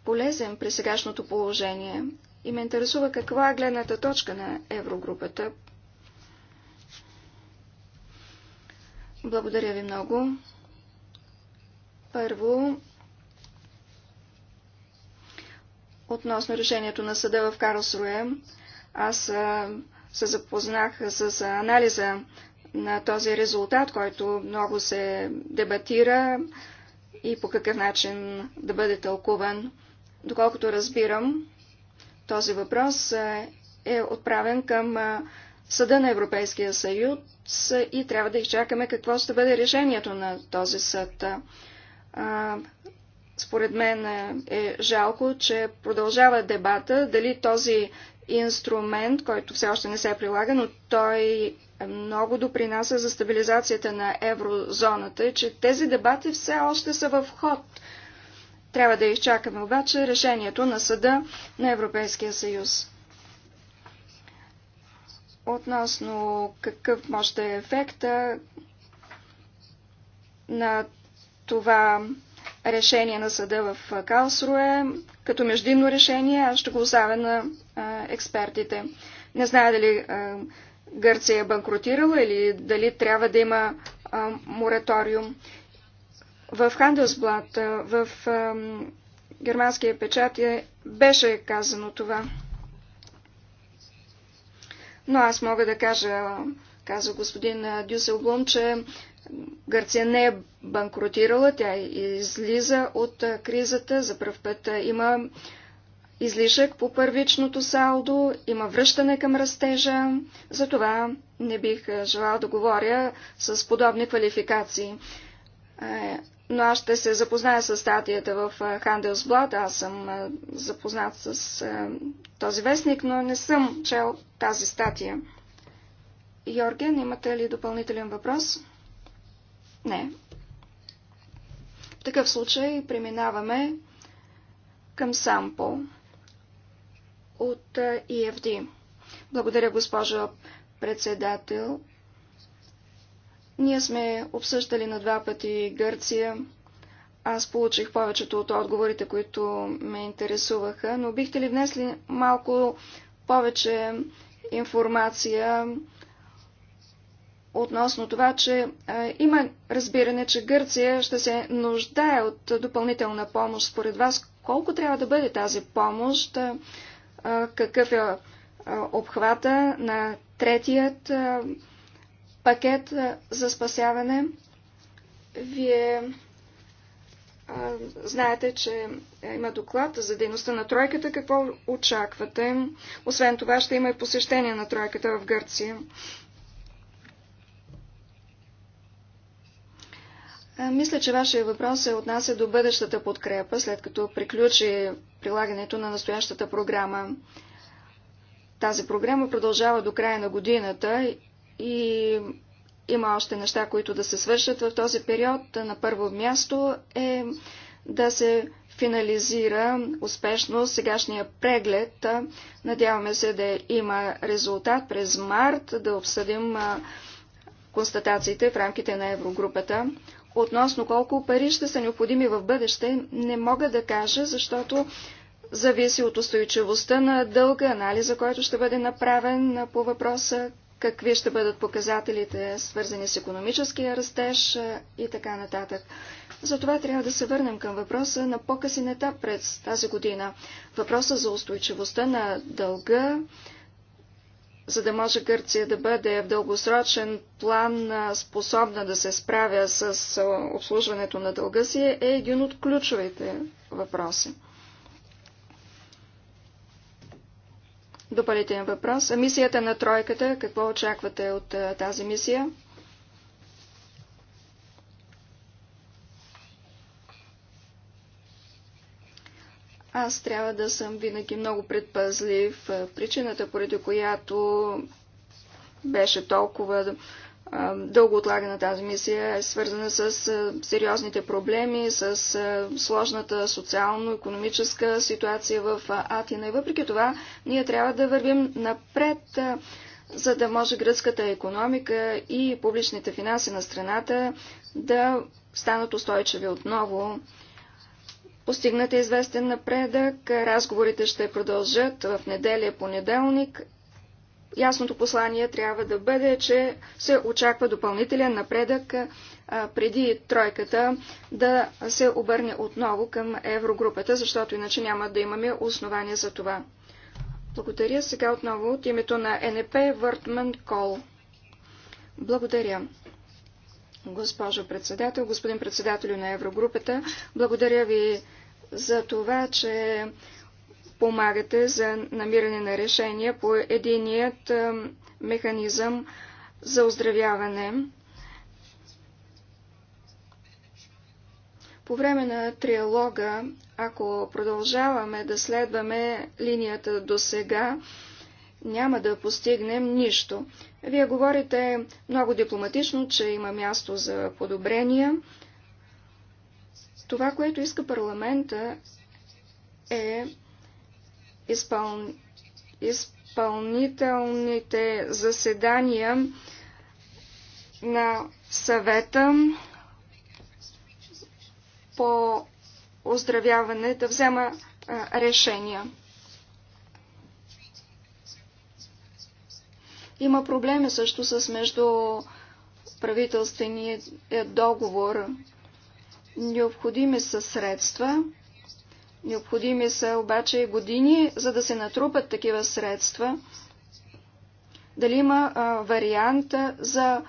полезен при сегашното положение. И ме интересува каква е гледната точка на Еврогрупата. Благодаря ви много. Първо, Относно решението на съда в Карлсруе, аз а, се запознах с анализа на този резултат, който много се дебатира и по какъв начин да бъде тълкуван. Доколкото разбирам, този въпрос е отправен към Съда на Европейския съюз и трябва да изчакаме какво ще бъде решението на този съд. Според мен е, е жалко, че продължава дебата дали този инструмент, който все още не се прилага, но той много допринася за стабилизацията на еврозоната и че тези дебати все още са в ход. Трябва да изчакаме обаче решението на съда на Европейския съюз. Относно какъв може да е ефекта на това решение на съда в Калсруе, като междинно решение, аз ще го оставя на а, експертите. Не зная дали а, Гърция е банкротирала или дали трябва да има а, мораториум. В Хандelsblad, в а, германския печат е, беше казано това. Но аз мога да кажа, каза господин Дюселблум, че Гърция не е банкротирала, тя излиза от кризата. За първ път има излишък по първичното салдо, има връщане към растежа. Затова не бих желал да говоря с подобни квалификации. Но аз ще се запозная с статията в Handelsblad. Аз съм запознат с този вестник, но не съм чел тази статия. Йорген, имате ли допълнителен въпрос? Не. В такъв случай преминаваме към сампо от EFD. Благодаря, госпожо председател. Ние сме обсъждали на два пъти Гърция. Аз получих повечето от отговорите, които ме интересуваха, но бихте ли внесли малко повече информация относно това, че а, има разбиране, че Гърция ще се нуждае от допълнителна помощ. Според вас, колко трябва да бъде тази помощ? А, какъв е а, обхвата на третият а, пакет а, за спасяване? Вие а, знаете, че има доклад за дейността на тройката. Какво очаквате? Освен това, ще има и посещение на тройката в Гърция. Мисля, че вашия въпрос се отнася до бъдещата подкрепа, след като приключи прилагането на настоящата програма. Тази програма продължава до края на годината и има още неща, които да се свършат в този период. На първо място е да се финализира успешно сегашния преглед. Надяваме се да има резултат през март, да обсъдим констатациите в рамките на Еврогрупата. Относно колко пари ще са необходими в бъдеще, не мога да кажа, защото зависи от устойчивостта на дълга, анализа, който ще бъде направен по въпроса какви ще бъдат показателите, свързани с економическия растеж и така нататък. Затова трябва да се върнем към въпроса на по-късен етап през тази година. Въпроса за устойчивостта на дълга за да може Гърция да бъде в дългосрочен план способна да се справя с обслужването на дълга си, е един от ключовите въпроси. Допълнителен въпрос. А мисията на тройката, какво очаквате от тази мисия? Аз трябва да съм винаги много предпазлив. Причината, поради която беше толкова дълго отлагана тази мисия, е свързана с сериозните проблеми, с сложната социално-економическа ситуация в Атина. И въпреки това, ние трябва да вървим напред, за да може гръцката економика и публичните финанси на страната да станат устойчиви отново. Постигнат е известен напредък, разговорите ще продължат в неделя и понеделник. Ясното послание трябва да бъде, че се очаква допълнителен напредък преди тройката да се обърне отново към еврогрупата, защото иначе няма да имаме основания за това. Благодаря сега отново от името на НП Въртман Кол. Благодаря. Госпожо председател, господин председател на Еврогрупата, благодаря ви за това, че помагате за намиране на решения по единият е, механизъм за оздравяване. По време на триалога, ако продължаваме да следваме линията до сега, няма да постигнем нищо. Вие говорите много дипломатично, че има място за подобрения. Това, което иска парламента е изпъл... изпълнителните заседания на съвета по оздравяване да взема а, решения. Има проблеми също с между правителствения договор. Необходими са средства, необходими са обаче години, за да се натрупат такива средства. Дали има а, вариант за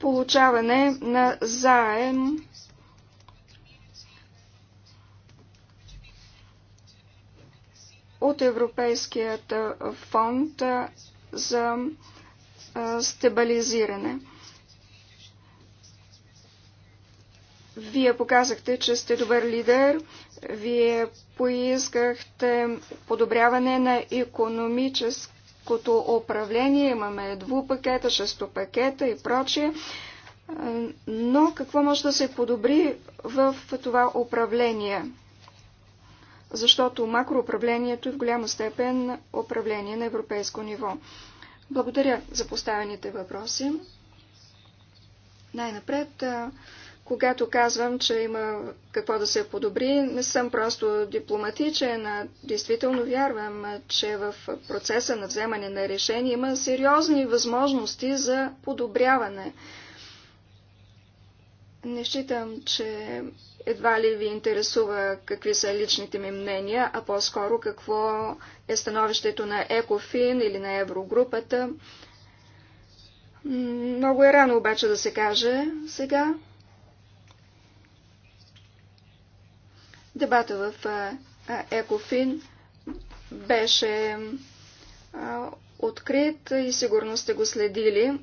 получаване на заем от Европейският фонд за стабилизиране. Вие показахте, че сте добър лидер. Вие поискахте подобряване на економическото управление. Имаме двупакета, пакета и прочие. Но какво може да се подобри в това управление? Защото макроуправлението е в голяма степен управление на европейско ниво. Благодаря за поставените въпроси. Най-напред когато казвам, че има какво да се подобри, не съм просто дипломатичен, а действително вярвам, че в процеса на вземане на решение има сериозни възможности за подобряване. Не считам, че едва ли ви интересува какви са личните ми мнения, а по-скоро какво е становището на Екофин или на Еврогрупата. Много е рано обаче да се каже сега. Дебата в Екофин беше открит и сигурно сте го следили.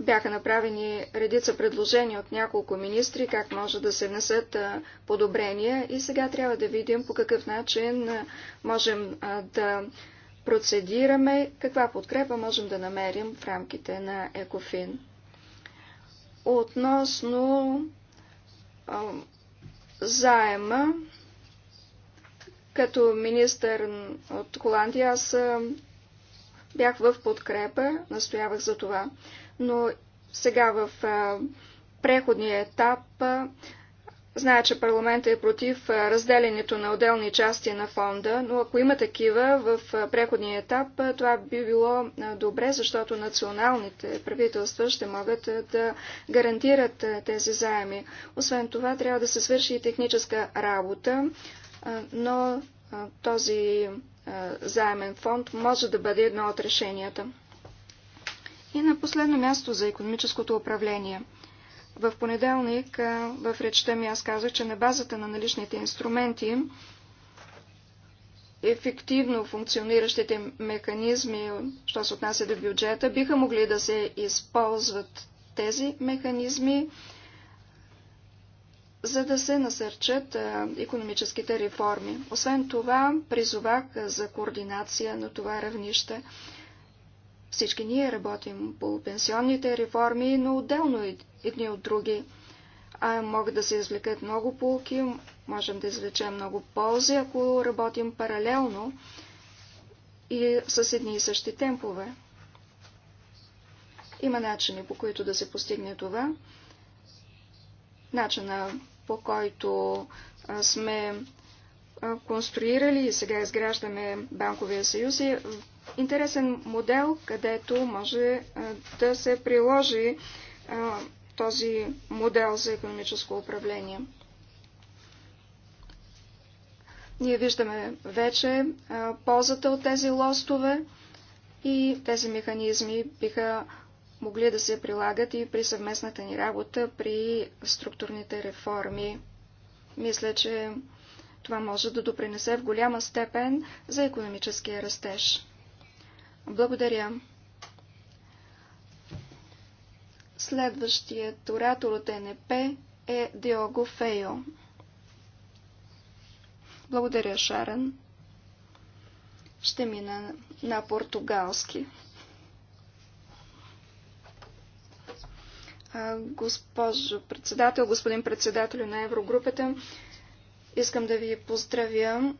Бяха направени редица предложения от няколко министри, как може да се внесат подобрения и сега трябва да видим по какъв начин можем да процедираме, каква подкрепа можем да намерим в рамките на Екофин. Относно заема. Като министър от Холандия аз бях в подкрепа, настоявах за това. Но сега в преходния етап Зная, че парламентът е против разделянето на отделни части на фонда, но ако има такива в преходния етап, това би било добре, защото националните правителства ще могат да гарантират тези заеми. Освен това, трябва да се свърши и техническа работа, но този заемен фонд може да бъде едно от решенията. И на последно място за економическото управление – в понеделник в речта ми аз казах, че на базата на наличните инструменти, ефективно функциониращите механизми, що се отнася до бюджета, биха могли да се използват тези механизми, за да се насърчат економическите реформи. Освен това, призовах за координация на това равнище. Всички ние работим по пенсионните реформи, но отделно едни от други. А могат да се извлекат много полки, можем да извлечем много ползи, ако работим паралелно и с едни и същи темпове. Има начини, по които да се постигне това. Начина, по който сме конструирали и сега изграждаме Банковия съюз и. Е интересен модел, където може да се приложи този модел за економическо управление. Ние виждаме вече ползата от тези лостове и тези механизми биха могли да се прилагат и при съвместната ни работа при структурните реформи. Мисля, че това може да допринесе в голяма степен за економическия растеж. Благодаря. Следващият оратор от НП е Диого Фейо. Благодаря, Шарен. Ще мина на португалски. Госпожо председател, господин председател на Еврогрупата, искам да ви поздравя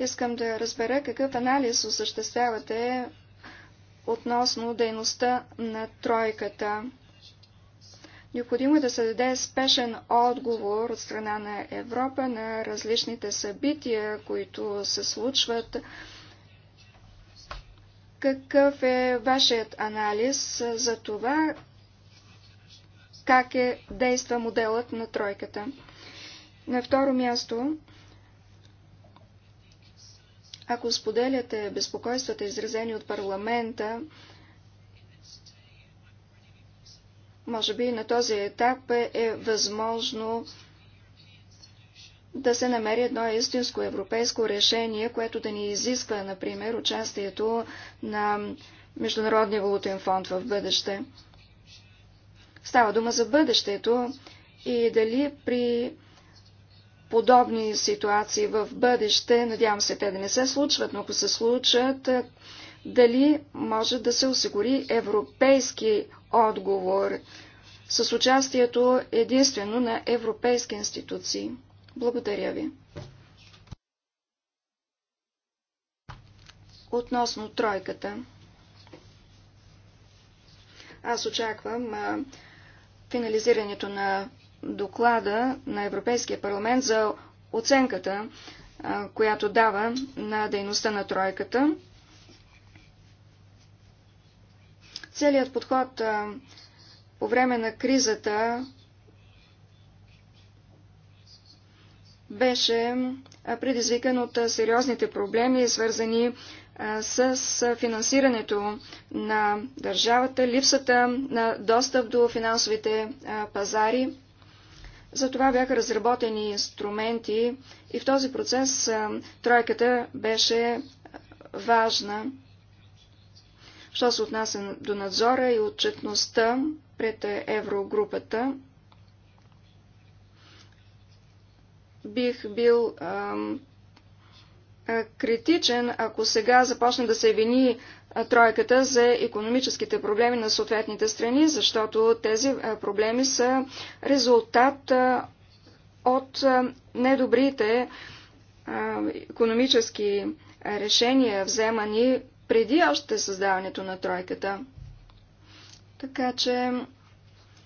Искам да разбера какъв анализ осъществявате относно дейността на тройката. Необходимо е да се даде спешен отговор от страна на Европа на различните събития, които се случват. Какъв е вашият анализ за това, как е действа моделът на тройката? На второ място, ако споделяте безпокойствата, изразени от парламента, може би на този етап е, е възможно да се намери едно истинско европейско решение, което да ни изисква, например, участието на Международния валутен фонд в бъдеще. Става дума за бъдещето и дали при подобни ситуации в бъдеще, надявам се те да не се случват, но ако се случат, е, дали може да се осигури европейски отговор с участието единствено на европейски институции. Благодаря ви. Относно тройката. Аз очаквам а, е, финализирането на доклада на Европейския парламент за оценката, която дава на дейността на тройката. Целият подход по време на кризата беше предизвикан от сериозните проблеми, свързани с финансирането на държавата, липсата на достъп до финансовите пазари. За това бяха разработени инструменти и в този процес тройката беше важна. Що се отнася до надзора и отчетността пред еврогрупата, бих бил ам, е, критичен, ако сега започне да се вини е, тройката за економическите проблеми на съответните страни, защото тези е, проблеми са резултат от недобрите економически решения, вземани преди още създаването на тройката. Така че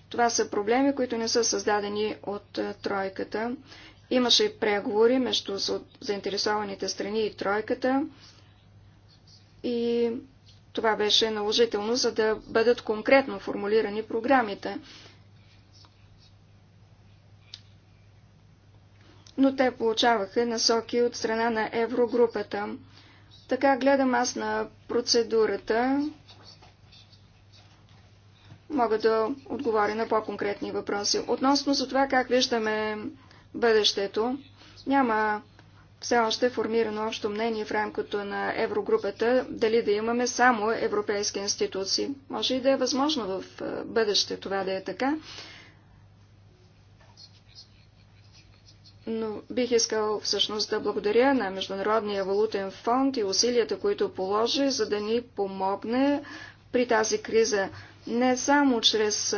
това са проблеми, които не са създадени от тройката. Имаше преговори между заинтересованите страни и тройката и това беше наложително, за да бъдат конкретно формулирани програмите. Но те получаваха насоки от страна на еврогрупата. Така гледам аз на процедурата. Мога да отговоря на по-конкретни въпроси. Относно за това как виждаме бъдещето. Няма все още формирано общо мнение в рамкото на Еврогрупата, дали да имаме само европейски институции. Може и да е възможно в бъдеще това да е така. Но бих искал всъщност да благодаря на Международния валутен фонд и усилията, които положи, за да ни помогне при тази криза не само чрез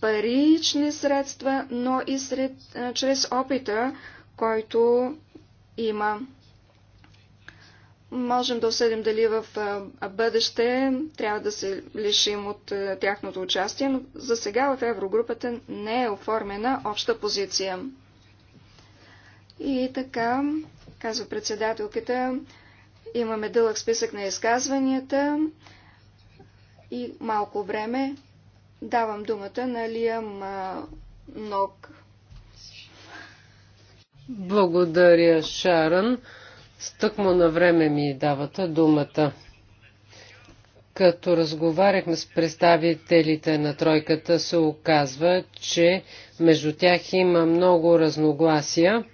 парични средства, но и сред, чрез опита, който има. Можем да осъдим дали в бъдеще трябва да се лишим от тяхното участие, но за сега в Еврогрупата не е оформена обща позиция. И така, казва председателката, имаме дълъг списък на изказванията и малко време Давам думата на Лия Ног. Благодаря, Шаран. Стъкмо на време ми давате думата. Като разговаряхме с представителите на тройката, се оказва, че между тях има много разногласия.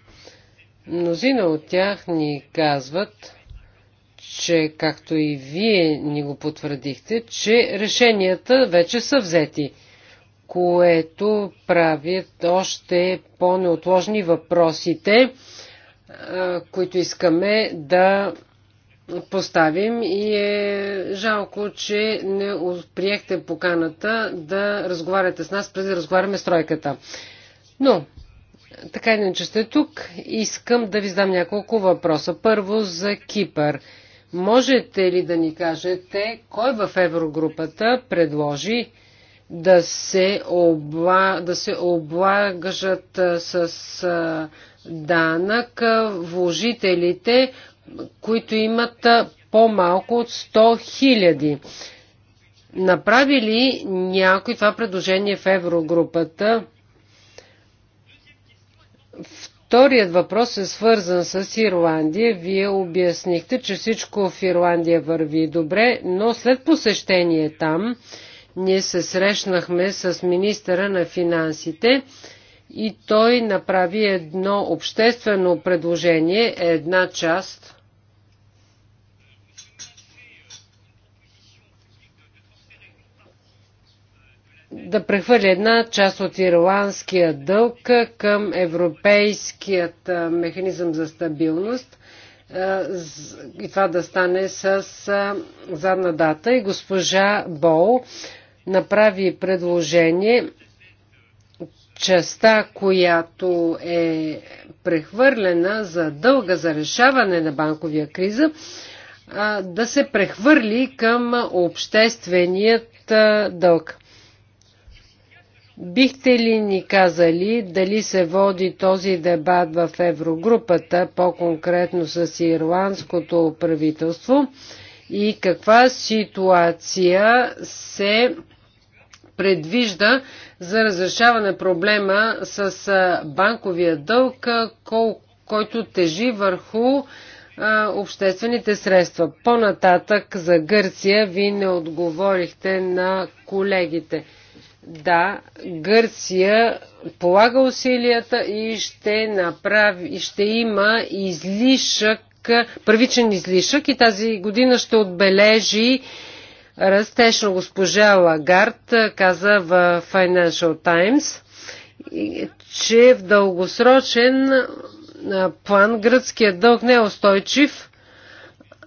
Мнозина от тях ни казват, че, както и вие ни го потвърдихте, че решенията вече са взети, което правят още по-неотложни въпросите, които искаме да поставим и е жалко, че не приехте поканата да разговаряте с нас, преди да разговаряме с тройката. Но, така иначе сте тук, искам да ви задам няколко въпроса. Първо за Кипър. Можете ли да ни кажете кой в еврогрупата предложи да се, обла... да се облагажат с данък вложителите, които имат по-малко от 100 хиляди? Направи ли някой това предложение в еврогрупата? Вторият въпрос е свързан с Ирландия. Вие обяснихте, че всичко в Ирландия върви добре, но след посещение там ние се срещнахме с министъра на финансите и той направи едно обществено предложение, една част да прехвърли една част от ирландския дълг към европейският механизъм за стабилност и това да стане с задна дата. И госпожа Бол направи предложение частта, която е прехвърлена за дълга за решаване на банковия криза, да се прехвърли към общественият дълг. Бихте ли ни казали дали се води този дебат в Еврогрупата, по-конкретно с ирландското правителство и каква ситуация се предвижда за разрешаване проблема с банковия дълг, който тежи върху обществените средства. По-нататък за Гърция ви не отговорихте на колегите. Да, Гърция полага усилията и ще направи, и ще има излишък, първичен излишък и тази година ще отбележи растеж на госпожа Лагард, каза в Financial Times, че в дългосрочен план гръцкият дълг не е устойчив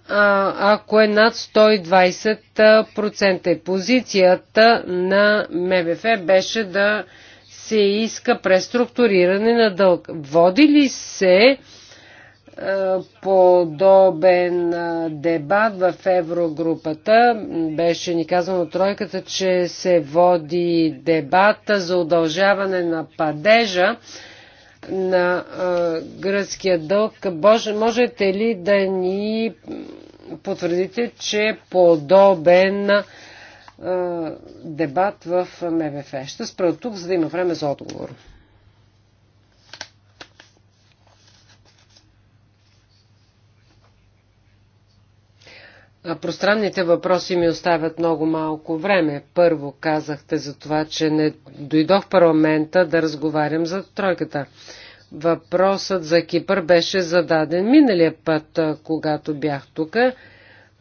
ако е над 120%. Позицията на МВФ беше да се иска преструктуриране на дълг. Води ли се подобен дебат в Еврогрупата. Беше ни казано тройката, че се води дебата за удължаване на падежа на а, гръцкия дълг. Боже, можете ли да ни потвърдите, че е подобен а, дебат в МВФ? Ще спра тук, за да има време за отговор. пространните въпроси ми оставят много малко време. Първо казахте за това, че не дойдох в парламента да разговарям за тройката. Въпросът за Кипър беше зададен миналия път, когато бях тук.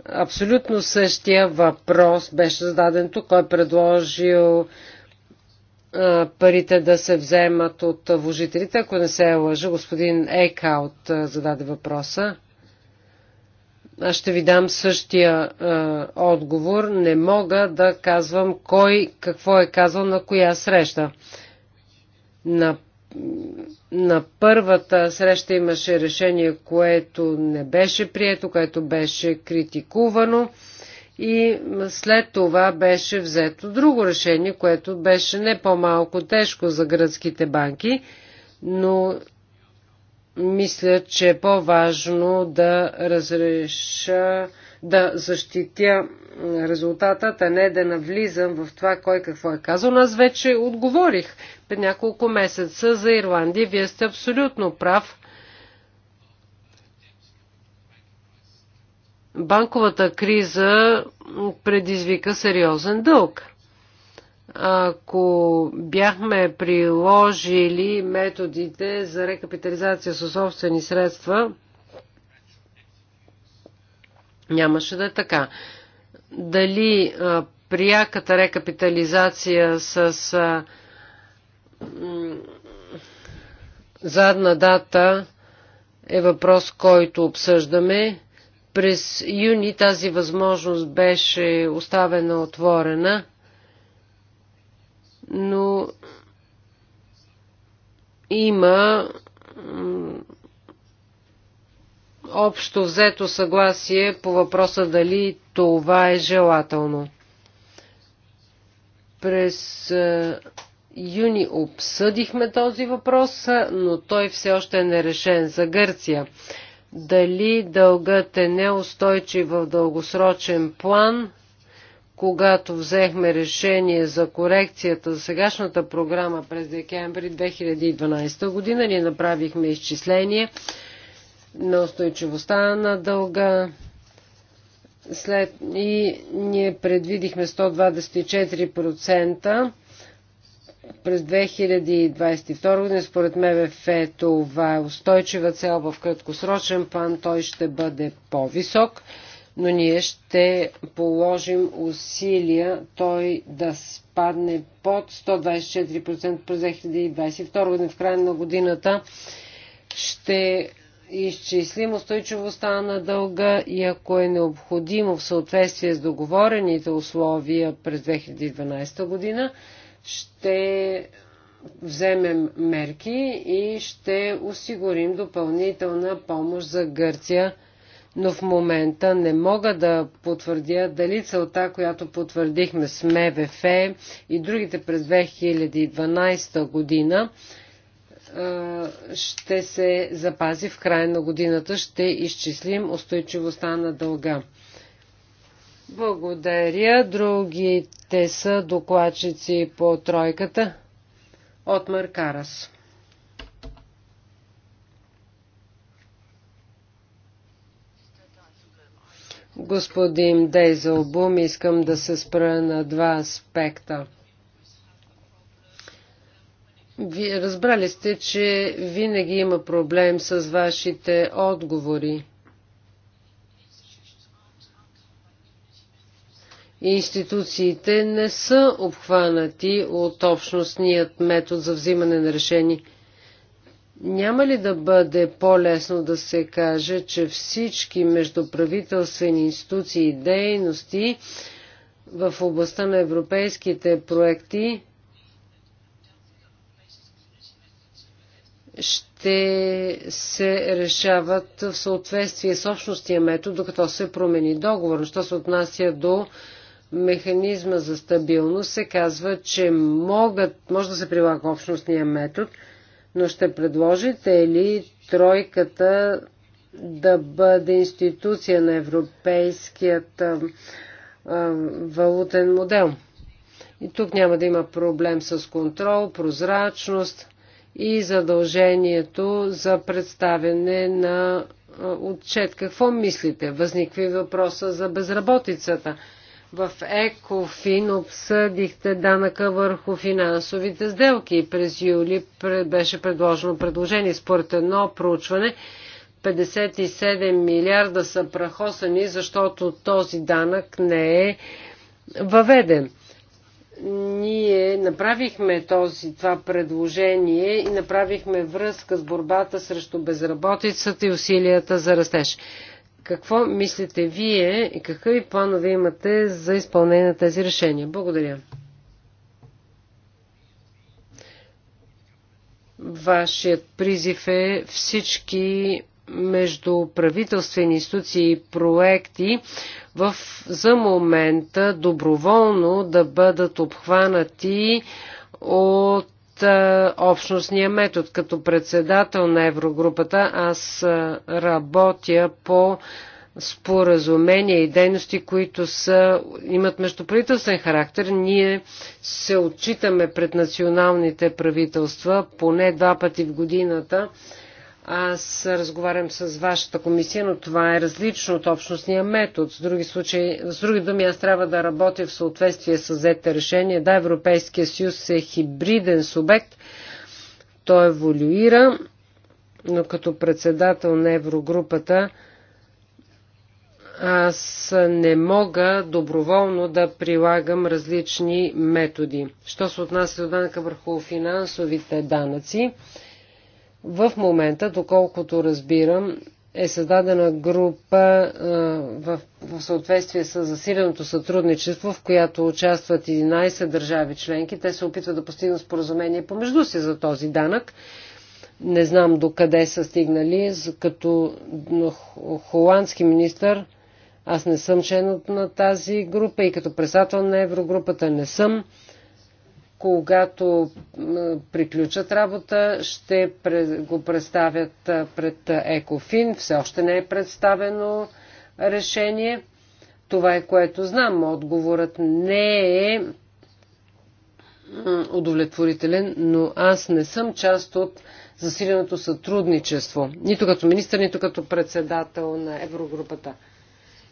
Абсолютно същия въпрос беше зададен тук. Кой е предложил парите да се вземат от вложителите, ако не се лъжа. Господин Ейкаут зададе въпроса. Аз ще ви дам същия е, отговор. Не мога да казвам кой какво е казал на коя среща. На, на първата среща имаше решение, което не беше прието, което беше критикувано и след това беше взето друго решение, което беше не по-малко тежко за гръцките банки, но мисля, че е по-важно да разреша, да защитя резултатът, а не да навлизам в това кой какво е казал. Аз вече отговорих пред няколко месеца за Ирландия. Вие сте абсолютно прав. Банковата криза предизвика сериозен дълг – ако бяхме приложили методите за рекапитализация със собствени средства, нямаше да е така. Дали а, рекапитализация с а, м, задна дата е въпрос, който обсъждаме. През юни тази възможност беше оставена отворена но има общо взето съгласие по въпроса дали това е желателно. През е, юни обсъдихме този въпрос, но той все още е нерешен за Гърция. Дали дългът е неустойчив в дългосрочен план когато взехме решение за корекцията за сегашната програма през декември 2012 година, ние направихме изчисление на устойчивостта на дълга след и ние предвидихме 124% през 2022 година. Според МВФ е това е устойчива цел в краткосрочен план. Той ще бъде по-висок но ние ще положим усилия той да спадне под 124% през 2022 година. В края на годината ще изчислим устойчивостта на дълга и ако е необходимо в съответствие с договорените условия през 2012 година, ще вземем мерки и ще осигурим допълнителна помощ за Гърция но в момента не мога да потвърдя дали целта, която потвърдихме с МВФ и другите през 2012 година, ще се запази в края на годината. Ще изчислим устойчивостта на дълга. Благодаря. Другите са докладчици по тройката. От Маркарас. господин Бум, искам да се спра на два аспекта. Вие разбрали сте, че винаги има проблем с вашите отговори. Институциите не са обхванати от общностният метод за взимане на решение – няма ли да бъде по-лесно да се каже, че всички междуправителствени институции и дейности в областта на европейските проекти ще се решават в съответствие с общностия метод, докато се промени договор. Що се отнася до механизма за стабилност, се казва, че могат, може да се прилага общностния метод – но ще предложите ли тройката да бъде институция на европейският валутен модел? И тук няма да има проблем с контрол, прозрачност и задължението за представяне на отчет. Какво мислите? Възниква и въпроса за безработицата. В ЕКОФИН обсъдихте данъка върху финансовите сделки. През юли беше предложено предложение според едно проучване. 57 милиарда са прахосани, защото този данък не е въведен. Ние направихме този, това предложение и направихме връзка с борбата срещу безработицата и усилията за растеж. Какво мислите вие и какви планове имате за изпълнение на тези решения? Благодаря. Вашият призив е всички междуправителствени институции и проекти в, за момента доброволно да бъдат обхванати от общностния метод. Като председател на Еврогрупата аз работя по споразумения и дейности, които са, имат междуправителствен характер. Ние се отчитаме пред националните правителства поне два пъти в годината аз разговарям с вашата комисия, но това е различно от общностния метод. С други, случаи, с други думи, аз трябва да работя в съответствие с взете решение. Да, Европейския съюз е хибриден субект. Той еволюира, но като председател на Еврогрупата аз не мога доброволно да прилагам различни методи. Що се отнася до данъка върху финансовите данъци, в момента, доколкото разбирам, е създадена група в, в съответствие с засиленото сътрудничество, в която участват 11 държави членки. Те се опитват да постигнат споразумение помежду си за този данък. Не знам до къде са стигнали. Като холандски министр аз не съм член на тази група и като председател на Еврогрупата не съм когато приключат работа, ще го представят пред Екофин. Все още не е представено решение. Това е което знам. Отговорът не е удовлетворителен, но аз не съм част от засиленото сътрудничество, нито като министър, нито като председател на Еврогрупата.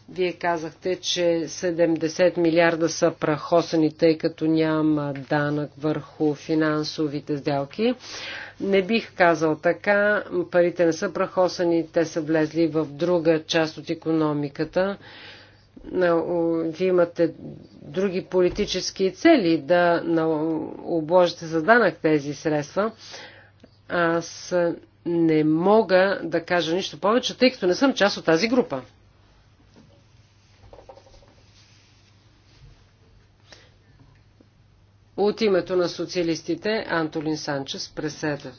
Вие казахте, че 70 милиарда са прахосани, тъй като няма данък върху финансовите сделки. Не бих казал така. Парите не са прахосани, те са влезли в друга част от економиката. Вие имате други политически цели да обложите за данък тези средства. Аз не мога да кажа нищо повече, тъй като не съм част от тази група. От името на социалистите Антолин Санчес преседа.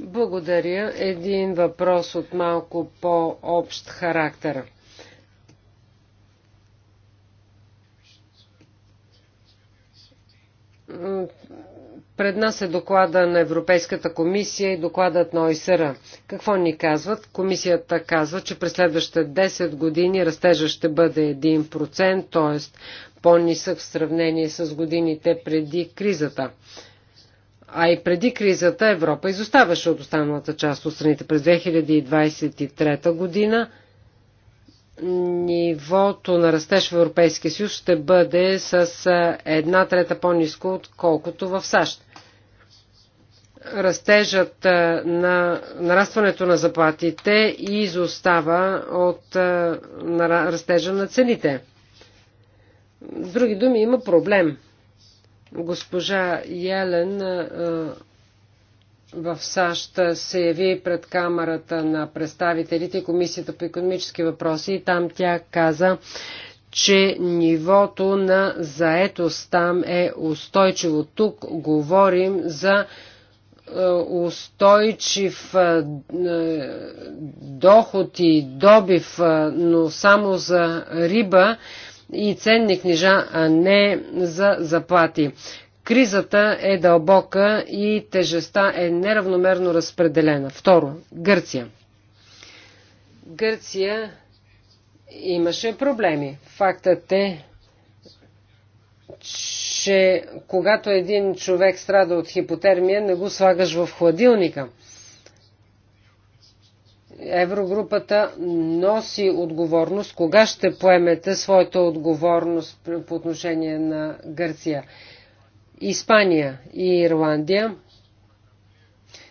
Благодаря. Един въпрос от малко по-общ характер. Пред нас е доклада на Европейската комисия и докладът на ОИСР. Какво ни казват? Комисията казва, че през следващите 10 години растежа ще бъде 1%, т.е. по-нисък в сравнение с годините преди кризата. А и преди кризата Европа изоставаше от останалата част от страните. През 2023 година нивото на растеж в Европейския съюз ще бъде с една трета по-низко, отколкото в САЩ растежът е, на нарастването на заплатите и изостава от е, растежа на цените. С други думи, има проблем. Госпожа Елен е, в САЩ се яви пред камерата на представителите и Комисията по економически въпроси и там тя каза, че нивото на заетост там е устойчиво. Тук говорим за устойчив е, доход и добив, но само за риба и ценни книжа, а не за заплати. Кризата е дълбока и тежестта е неравномерно разпределена. Второ, Гърция. Гърция имаше проблеми. Фактът е, че че когато един човек страда от хипотермия, не го слагаш в хладилника. Еврогрупата носи отговорност. Кога ще поемете своята отговорност по отношение на Гърция? Испания и Ирландия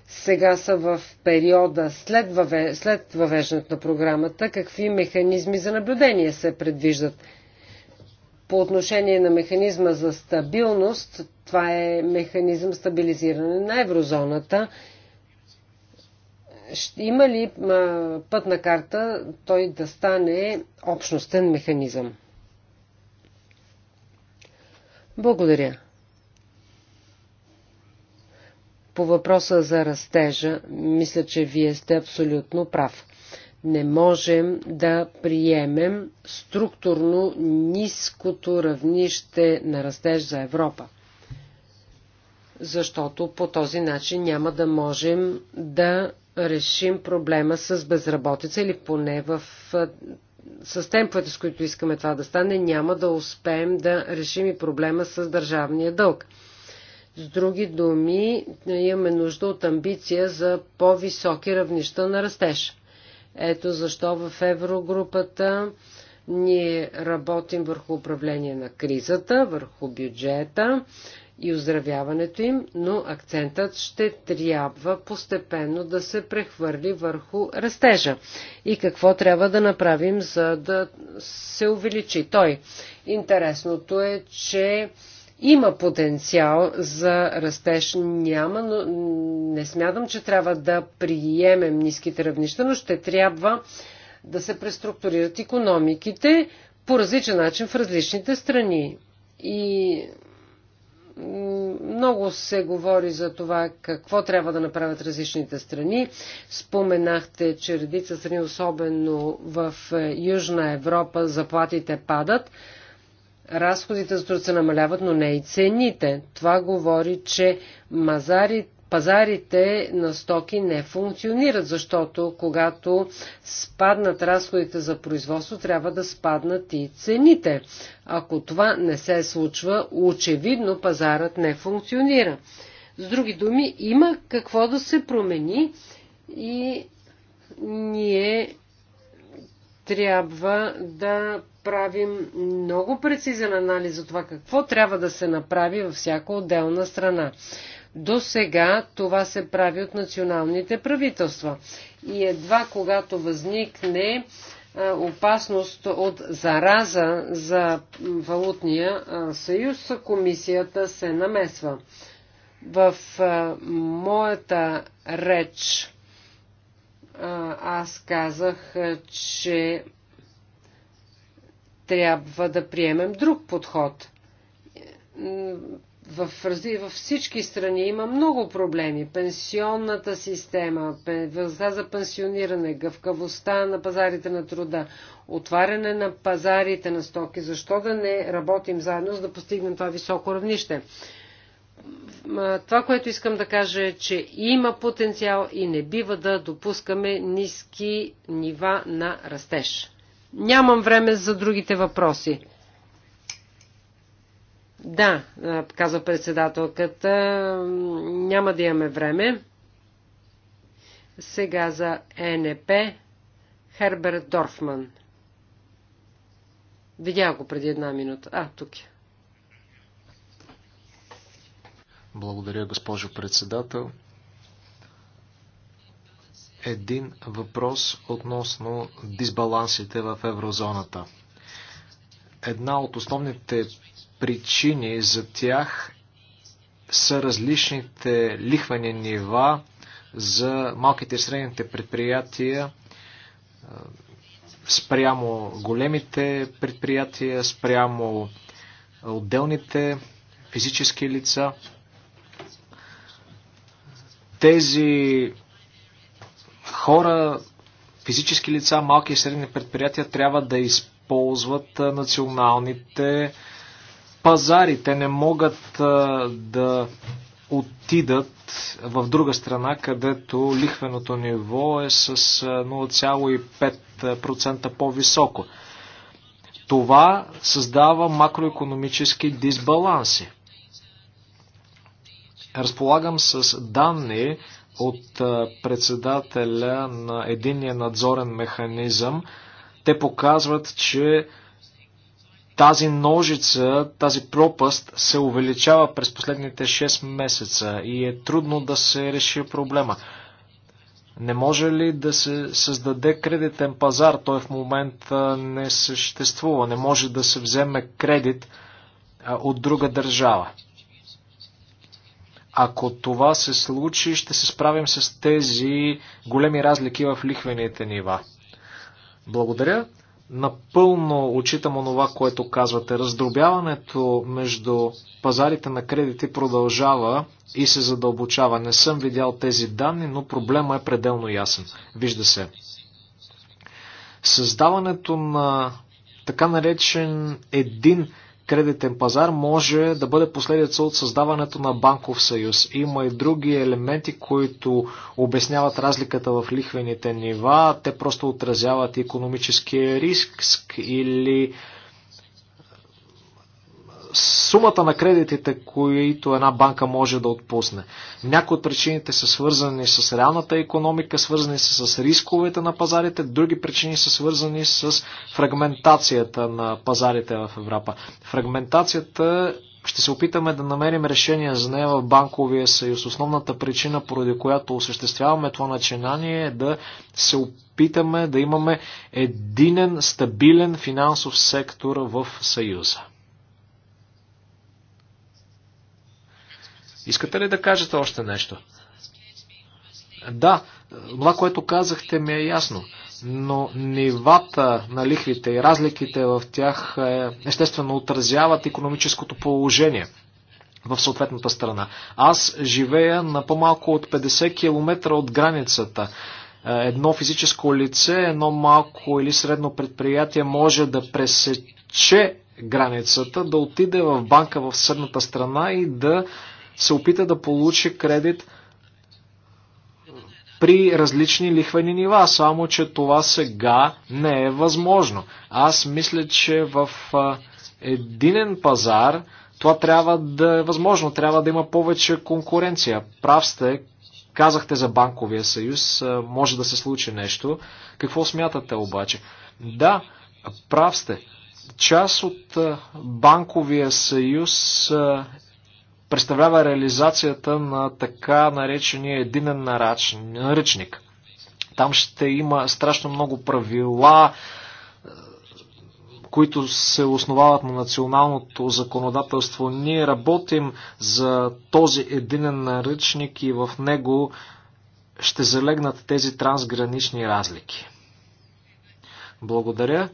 сега са в периода след, въве... след въвеждането на програмата. Какви механизми за наблюдение се предвиждат? По отношение на механизма за стабилност, това е механизъм стабилизиране на еврозоната. Има ли пътна карта той да стане общностен механизъм? Благодаря. По въпроса за растежа, мисля, че вие сте абсолютно прав не можем да приемем структурно ниското равнище на растеж за Европа. Защото по този начин няма да можем да решим проблема с безработица или поне в, с темповете, с които искаме това да стане, няма да успеем да решим и проблема с държавния дълг. С други думи, имаме нужда от амбиция за по-високи равнища на растеж. Ето защо в еврогрупата ние работим върху управление на кризата, върху бюджета и оздравяването им, но акцентът ще трябва постепенно да се прехвърли върху растежа. И какво трябва да направим, за да се увеличи той? Интересното е, че има потенциал за растеж, няма, но не смятам, че трябва да приемем ниските равнища, но ще трябва да се преструктурират економиките по различен начин в различните страни. И много се говори за това какво трябва да направят различните страни. Споменахте, че редица страни, особено в Южна Европа, заплатите падат разходите за труд се намаляват, но не и цените. Това говори, че мазари, пазарите на стоки не функционират, защото когато спаднат разходите за производство, трябва да спаднат и цените. Ако това не се случва, очевидно пазарът не функционира. С други думи, има какво да се промени и ние трябва да правим много прецизен анализ за това какво трябва да се направи във всяка отделна страна. До сега това се прави от националните правителства. И едва когато възникне опасност от зараза за валутния съюз, комисията се намесва. В моята реч аз казах, че трябва да приемем друг подход. В, във всички страни има много проблеми. Пенсионната система, възда за пенсиониране, гъвкавостта на пазарите на труда, отваряне на пазарите на стоки. Защо да не работим заедно, за да постигнем това високо равнище? Това, което искам да кажа е, че има потенциал и не бива да допускаме ниски нива на растеж. Нямам време за другите въпроси. Да, казва председателката, няма да имаме време. Сега за ЕНП Херберт Дорфман. Видях го преди една минута. А, тук е. Благодаря, госпожо председател един въпрос относно дисбалансите в еврозоната. Една от основните причини за тях са различните лихвени нива за малките и средните предприятия спрямо големите предприятия, спрямо отделните физически лица. Тези хора, физически лица, малки и средни предприятия трябва да използват националните пазари. Те не могат да отидат в друга страна, където лихвеното ниво е с 0,5% по-високо. Това създава макроекономически дисбаланси. Разполагам с данни, от председателя на единния надзорен механизъм. Те показват, че тази ножица, тази пропаст се увеличава през последните 6 месеца и е трудно да се реши проблема. Не може ли да се създаде кредитен пазар? Той в момента не съществува. Не може да се вземе кредит от друга държава. Ако това се случи, ще се справим с тези големи разлики в лихвените нива. Благодаря. Напълно очитам онова, което казвате. Раздробяването между пазарите на кредити продължава и се задълбочава. Не съм видял тези данни, но проблема е пределно ясен. Вижда се. Създаването на така наречен един кредитен пазар може да бъде последица от създаването на банков съюз. Има и други елементи, които обясняват разликата в лихвените нива. Те просто отразяват економическия риск или сумата на кредитите, които една банка може да отпусне. Някои от причините са свързани с реалната економика, свързани са с рисковете на пазарите, други причини са свързани с фрагментацията на пазарите в Европа. Фрагментацията ще се опитаме да намерим решение за нея в банковия съюз. Основната причина, поради която осъществяваме това начинание е да се опитаме да имаме единен, стабилен финансов сектор в съюза. Искате ли да кажете още нещо? Да, това, което казахте ми е ясно, но нивата на лихвите и разликите в тях е, естествено отразяват економическото положение в съответната страна. Аз живея на по-малко от 50 км от границата. Е, едно физическо лице, едно малко или средно предприятие може да пресече границата, да отиде в банка в съдната страна и да се опита да получи кредит при различни лихвени нива, само че това сега не е възможно. Аз мисля, че в единен пазар това трябва да е възможно, трябва да има повече конкуренция. Прав сте, казахте за банковия съюз, може да се случи нещо. Какво смятате обаче? Да, прав сте. Част от банковия съюз представлява реализацията на така наречения единен наръчник. Там ще има страшно много правила, е, които се основават на националното законодателство. Ние работим за този единен наръчник и в него ще залегнат тези трансгранични разлики. Благодаря.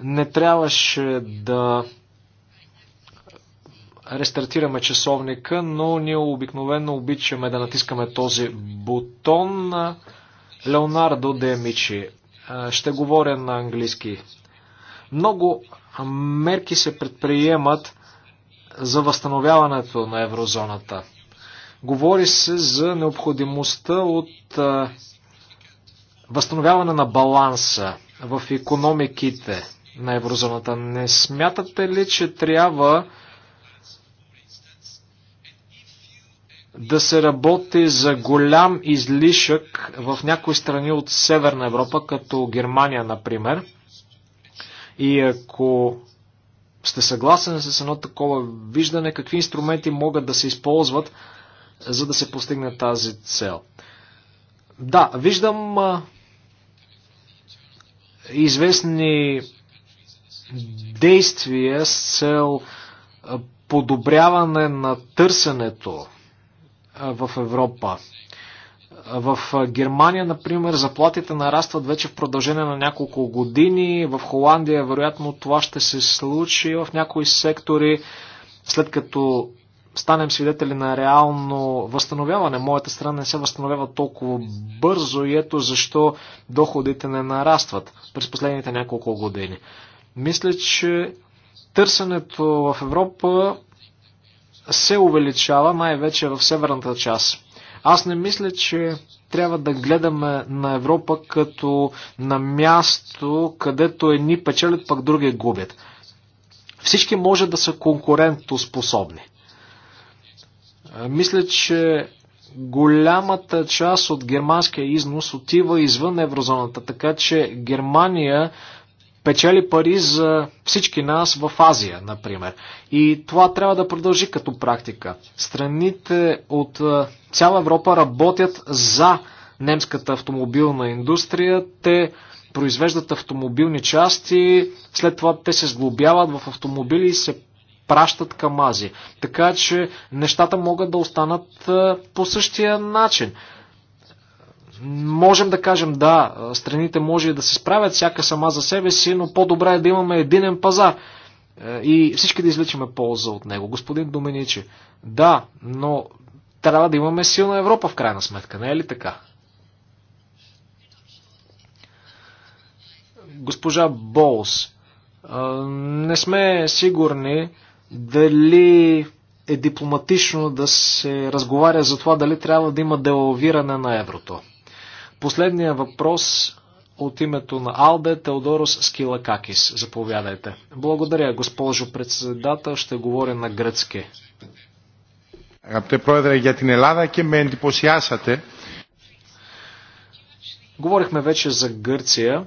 Не трябваше да рестартираме часовника, но ние обикновено обичаме да натискаме този бутон. Леонардо Демичи. Ще говоря на английски. Много мерки се предприемат за възстановяването на еврозоната. Говори се за необходимостта от възстановяване на баланса в економиките на еврозоната. Не смятате ли, че трябва да се работи за голям излишък в някои страни от Северна Европа, като Германия, например. И ако сте съгласен с едно такова виждане, какви инструменти могат да се използват, за да се постигне тази цел? Да, виждам известни действия с цел подобряване на търсенето в Европа. В Германия, например, заплатите нарастват вече в продължение на няколко години. В Холандия, вероятно, това ще се случи в някои сектори, след като станем свидетели на реално възстановяване. Моята страна не се възстановява толкова бързо и ето защо доходите не нарастват през последните няколко години. Мисля, че търсенето в Европа се увеличава най-вече в северната част. Аз не мисля, че трябва да гледаме на Европа като на място, където едни печелят, пък други губят. Всички може да са конкурентоспособни. Мисля, че голямата част от германския износ отива извън еврозоната, така че Германия печели пари за всички нас в Азия, например. И това трябва да продължи като практика. Страните от цяла Европа работят за немската автомобилна индустрия. Те произвеждат автомобилни части, след това те се сглобяват в автомобили и се пращат към Азия. Така че нещата могат да останат по същия начин. Можем да кажем да, страните може да се справят всяка сама за себе си, но по-добре е да имаме единен пазар е, и всички да извличаме полза от него. Господин Доминичи, да, но трябва да имаме силна Европа в крайна сметка, не е ли така? Госпожа Болс, е, не сме сигурни дали е дипломатично да се разговаря за това дали трябва да има деловиране на еврото. Последния въпрос от името на Албе Теодорос Скилакакис. Заповядайте. Благодаря, госпожо председател. Ще говоря на гръцки. για την Ελλάδα και εντυπωσιάσατε. Говорихме вече за Гърция.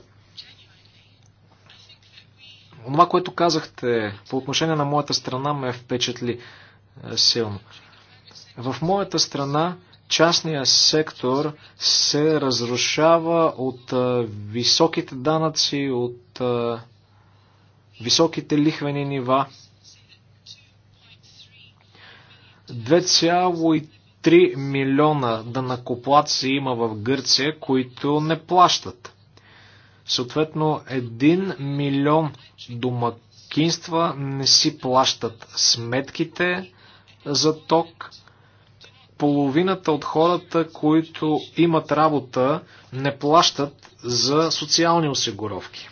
Това, което казахте по отношение на моята страна, ме впечатли е, силно. В моята страна частния сектор се разрушава от високите данъци, от високите лихвени нива. 2,3 милиона данакоплаци има в Гърция, които не плащат. Съответно, 1 милион домакинства не си плащат сметките за ток – половината от хората, които имат работа, не плащат за социални осигуровки.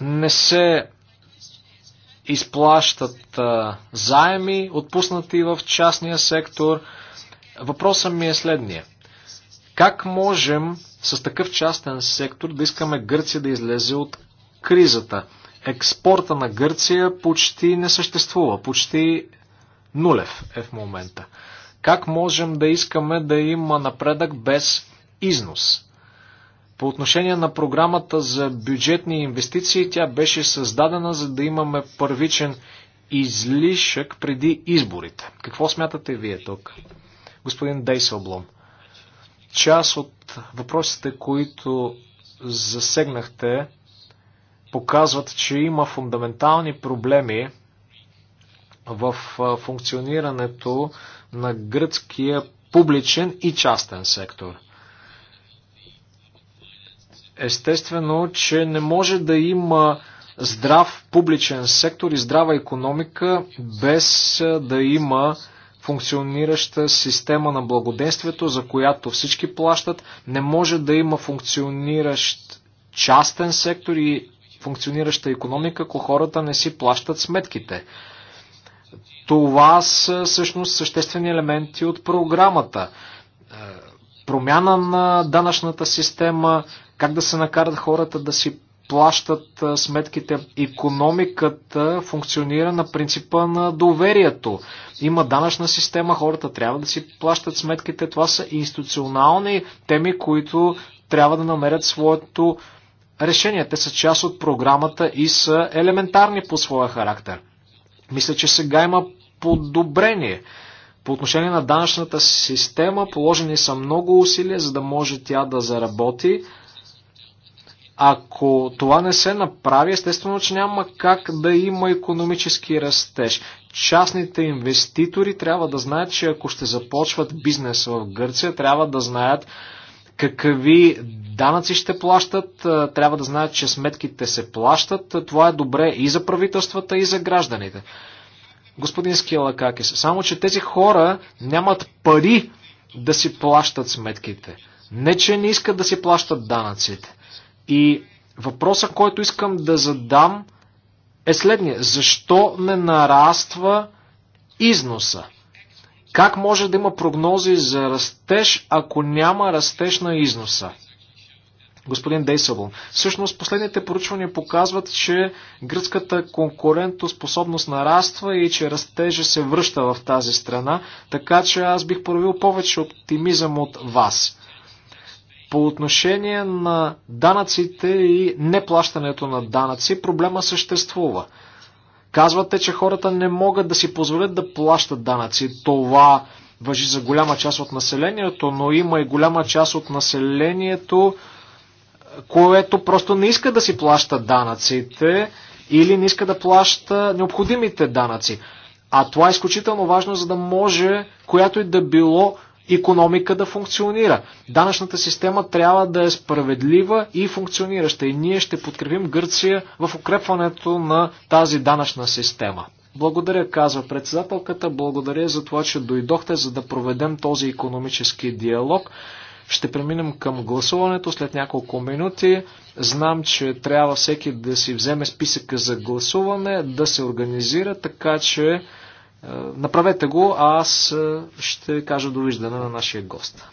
Не се изплащат а, заеми, отпуснати в частния сектор. Въпросът ми е следния. Как можем с такъв частен сектор да искаме Гърция да излезе от кризата. Експорта на Гърция почти не съществува, почти нулев е в момента. Как можем да искаме да има напредък без износ? По отношение на програмата за бюджетни инвестиции, тя беше създадена за да имаме първичен излишък преди изборите. Какво смятате вие тук? Господин Дейселблом. Част от въпросите, които засегнахте, показват, че има фундаментални проблеми в функционирането на гръцкия публичен и частен сектор. Естествено, че не може да има здрав публичен сектор и здрава економика без да има функционираща система на благоденствието, за която всички плащат. Не може да има функциониращ частен сектор и функционираща економика, ако хората не си плащат сметките. Това са всъщност съществени елементи от програмата. Е, промяна на данъчната система, как да се накарат хората да си плащат сметките. Економиката функционира на принципа на доверието. Има данъчна система, хората трябва да си плащат сметките. Това са институционални теми, които трябва да намерят своето решение. Те са част от програмата и са елементарни по своя характер. Мисля, че сега има подобрение. По отношение на данъчната система положени са много усилия, за да може тя да заработи. Ако това не се направи, естествено, че няма как да има економически растеж. Частните инвеститори трябва да знаят, че ако ще започват бизнес в Гърция, трябва да знаят какви данъци ще плащат, трябва да знаят, че сметките се плащат. Това е добре и за правителствата, и за гражданите. Господин Скилакакис, само че тези хора нямат пари да си плащат сметките. Не, че не искат да си плащат данъците. И въпросът, който искам да задам е следния. Защо не нараства износа? Как може да има прогнози за растеж, ако няма растеж на износа? господин Дейсъбъл. Всъщност последните поручвания показват, че гръцката конкурентоспособност нараства и че растежа се връща в тази страна, така че аз бих проявил повече оптимизъм от вас. По отношение на данъците и неплащането на данъци, проблема съществува. Казвате, че хората не могат да си позволят да плащат данъци. Това въжи за голяма част от населението, но има и голяма част от населението, което просто не иска да си плаща данъците или не иска да плаща необходимите данъци. А това е изключително важно, за да може която и да било економика да функционира. Данъчната система трябва да е справедлива и функционираща и ние ще подкрепим Гърция в укрепването на тази данъчна система. Благодаря, казва председателката, благодаря за това, че дойдохте, за да проведем този економически диалог. Ще преминем към гласуването след няколко минути. Знам, че трябва всеки да си вземе списъка за гласуване, да се организира, така че Направете го, а аз е, ще кажа довиждане на нашия гост.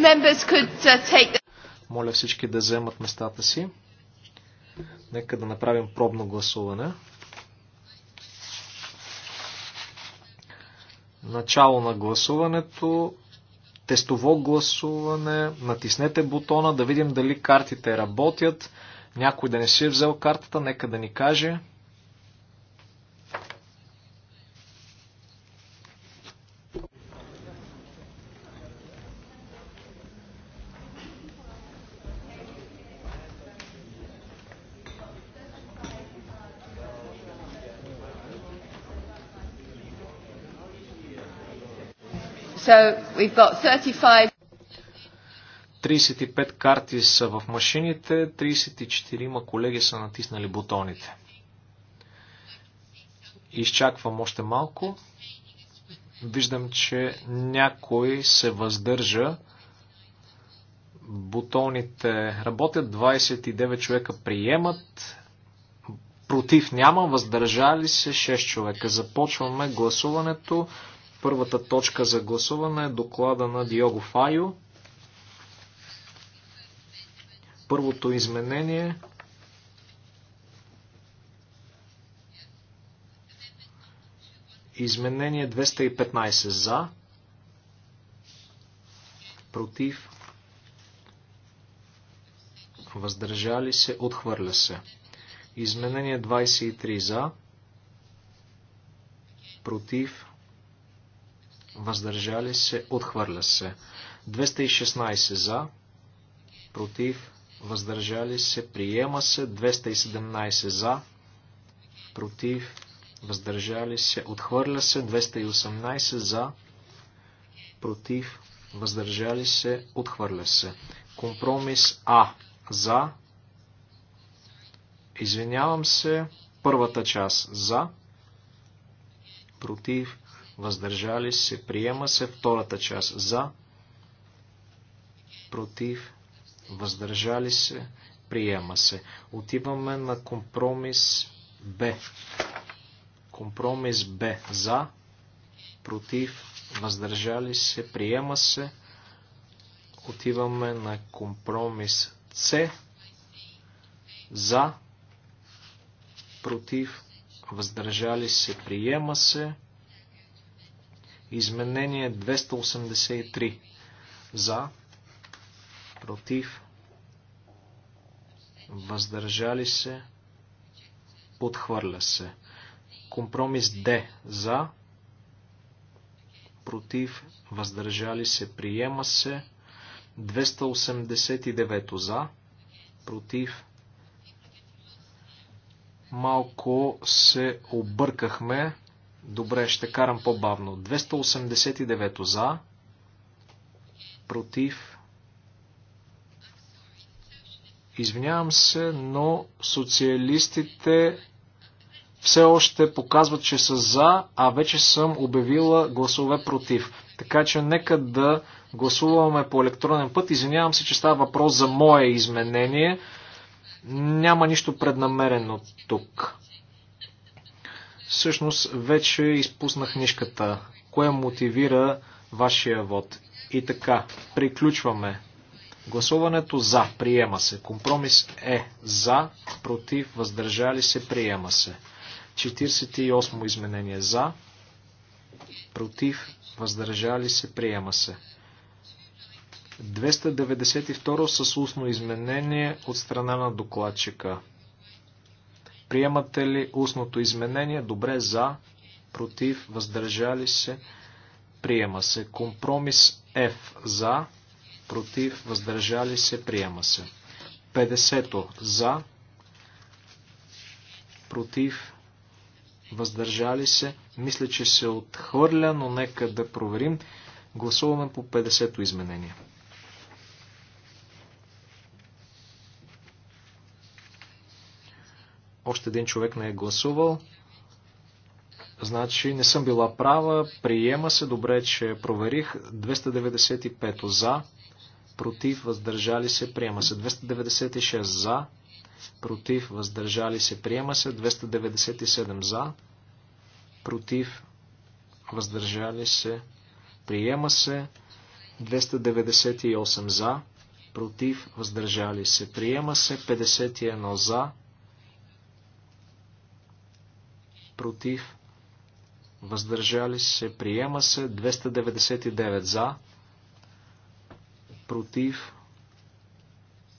Uh, Моля всички да вземат местата си. Нека да направим пробно гласуване. Начало на гласуването, тестово гласуване, натиснете бутона да видим дали картите работят. Някой да не си е взел картата, нека да ни каже. So we've got 35... 35 карти са в машините, 34 колеги са натиснали бутоните. Изчаквам още малко. Виждам, че някой се въздържа. Бутоните работят, 29 човека приемат, против няма, въздържали се 6 човека. Започваме гласуването. Първата точка за гласуване е доклада на Диого Файо. Първото изменение Изменение 215 за, против, въздържали се, отхвърля се. Изменение 23 за, против, въздържали се, отхвърля се. 216 за, против, въздържали се, приема се. 217 за, против, въздържали се, отхвърля се. 218 за, против, въздържали се, отхвърля се. Компромис А за, извинявам се, първата част за, против, въздържали се, приема се. Втората част за, против, въздържали се, приема се. Отиваме на компромис Б. Компромис Б за, против, въздържали се, приема се. Отиваме на компромис С за, против, въздържали се, приема се. Изменение 283. За. Против. Въздържали се. подхвърля се. Компромис Д. За. Против. Въздържали се. Приема се. 289 за. Против. Малко се объркахме. Добре, ще карам по-бавно. 289 за, против. Извинявам се, но социалистите все още показват, че са за, а вече съм обявила гласове против. Така че нека да гласуваме по електронен път. Извинявам се, че става въпрос за мое изменение. Няма нищо преднамерено тук. Всъщност вече изпуснах нишката. Кое мотивира вашия вод? И така, приключваме. Гласуването за приема се. Компромис е за, против, въздържали се, приема се. 48 изменение за, против, въздържали се, приема се. 292 с устно изменение от страна на докладчика. Приемате ли устното изменение? Добре за, против, въздържали се, приема се. Компромис F за, против, въздържали се, приема се. 50 за, против, въздържали се. Мисля, че се отхвърля, но нека да проверим. Гласуваме по 50-то изменение. Още един човек не е гласувал. Значи не съм била права. Приема се. Добре, че проверих. 295 за. Против. Въздържали се. Приема се. 296 за. Против. Въздържали се. Приема се. 297 за. Против. Въздържали се. Приема се. 298 за. Против. Въздържали се. Приема се. 51 за против, въздържали се, приема се 299 за, против,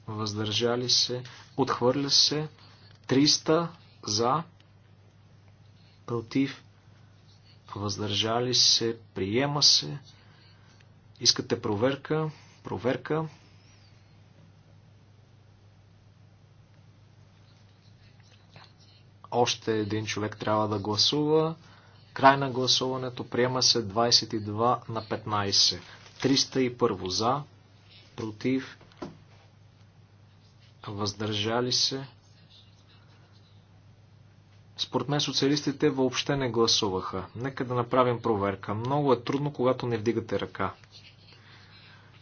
въздържали се, отхвърля се 300 за, против, въздържали се, приема се. Искате проверка? Проверка. Още един човек трябва да гласува. Край на гласуването приема се 22 на 15. 301 за, против, въздържали се. Според мен социалистите въобще не гласуваха. Нека да направим проверка. Много е трудно, когато не вдигате ръка.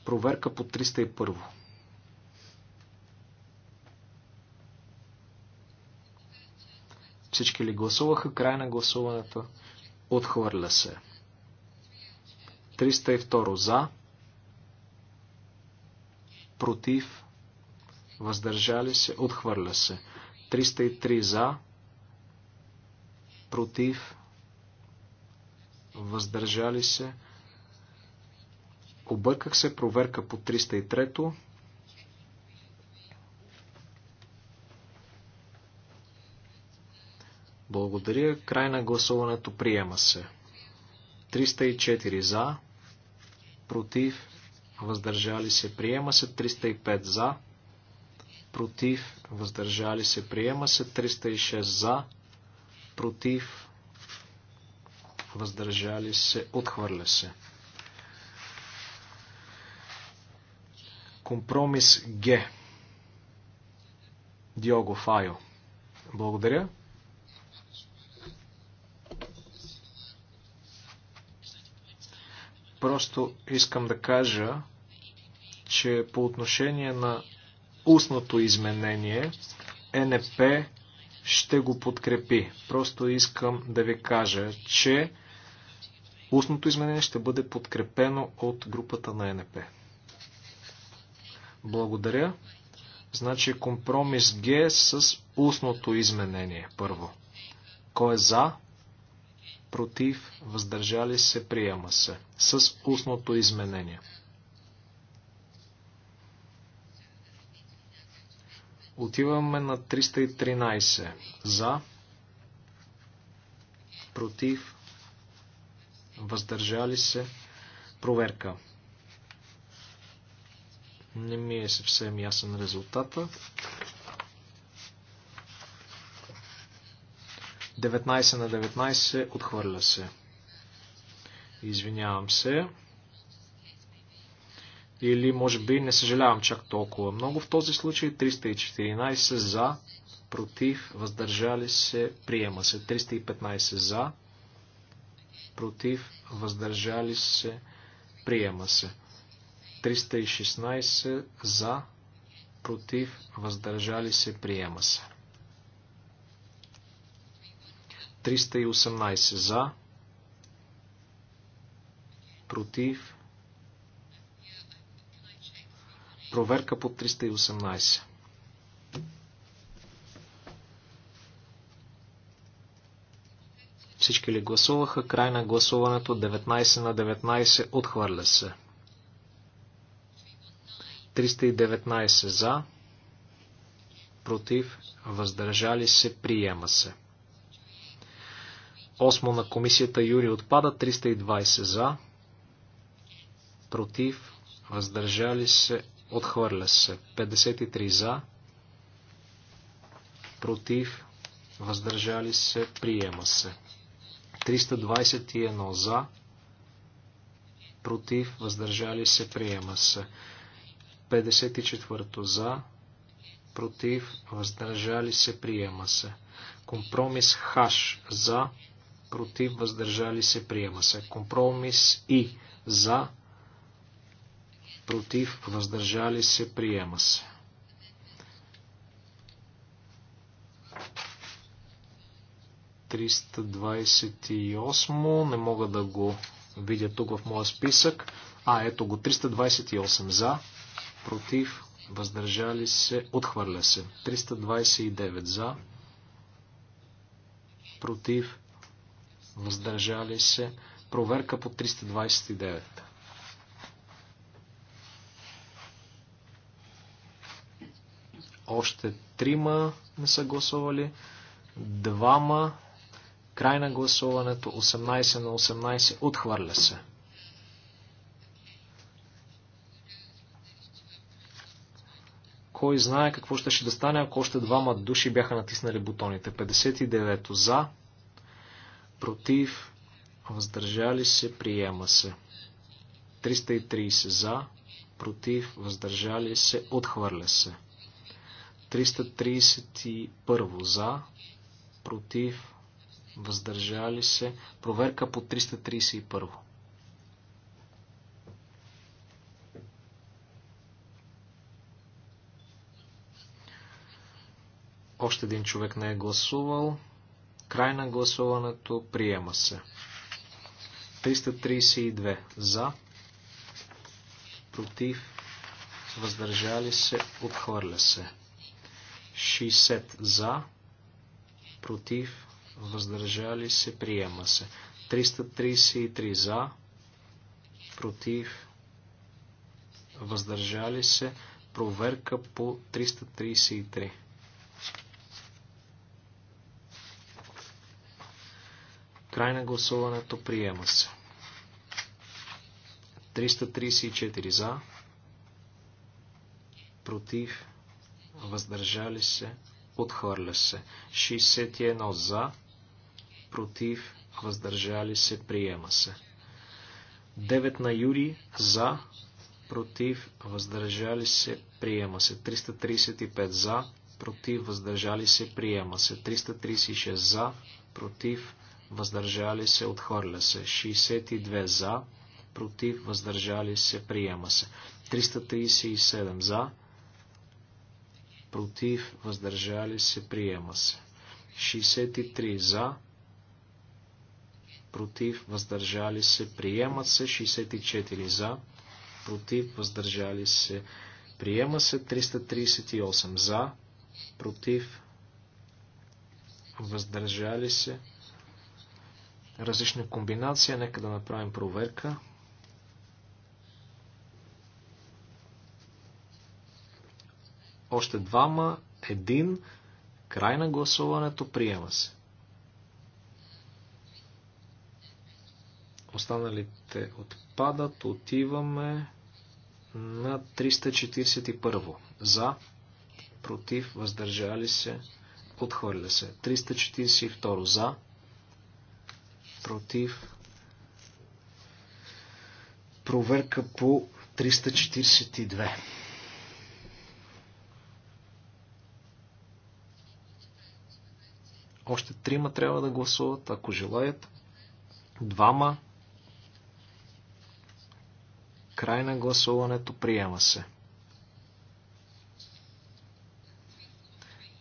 Проверка по 301. Всички ли гласуваха? Край на гласуването. Отхвърля се. 302 за. Против. Въздържали се. Отхвърля се. 303 за. Против. Въздържали се. Обърках се. Проверка по 303. Благодаря. Край на гласуването приема се. 304 за, против, въздържали се, приема се. 305 за, против, въздържали се, приема се. 306 за, против, въздържали се, отхвърля се. Компромис Г. Диого Файо. Благодаря. Просто искам да кажа, че по отношение на устното изменение, НП ще го подкрепи. Просто искам да ви кажа, че устното изменение ще бъде подкрепено от групата на НП. Благодаря. Значи компромис Г с устното изменение първо. Кой е за? против, въздържали се, приема се. С устното изменение. Отиваме на 313. За, против, въздържали се, проверка. Не ми е съвсем ясен резултата. 19 на 19 отхвърля се. Извинявам се. Или може би не съжалявам чак толкова много. В този случай 314 за, против, въздържали се, приема се. 315 за, против, въздържали се, приема се. 316 за, против, въздържали се, приема се. 318 за, против, проверка по 318. Всички ли гласуваха? Край на гласуването 19 на 19 отхвърля се. 319 за, против, въздържали се, приема се. 8 на комисията Юри отпада, 320 за, против, въздържали се, отхвърля се, 53 за, против, въздържали се, приема се. 321 за, против, въздържали се, приема се. 54 за, против, въздържали се, приема се. Компромис хаш за, против, въздържали се, приема се. Компромис и за, против, въздържали се, приема се. Триста не мога да го видя тук в моя списък. А, ето го, 328 за, против, въздържали се, отхвърля се. 329 за, против, въздържали се. Проверка по 329. Още трима не са гласували. Двама. Край на гласуването. 18 на 18. Отхвърля се. Кой знае какво ще, ще да стане, ако още двама души бяха натиснали бутоните. 59 за, против, въздържали се, приема се. 330 за, против, въздържали се, отхвърля се. 331 за, против, въздържали се. Проверка по 331. Още един човек не е гласувал. Край на гласуването. Приема се. 332 за. Против. Въздържали се. Отхвърля се. 60 за. Против. Въздържали се. Приема се. 333 за. Против. Въздържали се. Проверка по 333. Край на гласуването. Приема се. 334 за. Против. Въздържали се. Отхвърля се. 61 за. Против. Въздържали се. Приема се. 9 на Юри. За. Против. Въздържали се. Приема се. 335 за. Против. Въздържали се. Приема се. 336 за. Против въздържали се, отхвърля се. 62 за, против, въздържали се, приема се. 337 за, против, въздържали се, приема се. 63 за, против, въздържали се, приема се. 64 за, против, въздържали се, приема се. 338 за, против, въздържали се, различна комбинация. Нека да направим проверка. Още двама, един, край на гласуването, приема се. Останалите отпадат, отиваме на 341. За, против, въздържали се, отхвърля се. 342 за, против. Проверка по 342. Още трима трябва да гласуват, ако желаят. Двама. Край на гласуването приема се.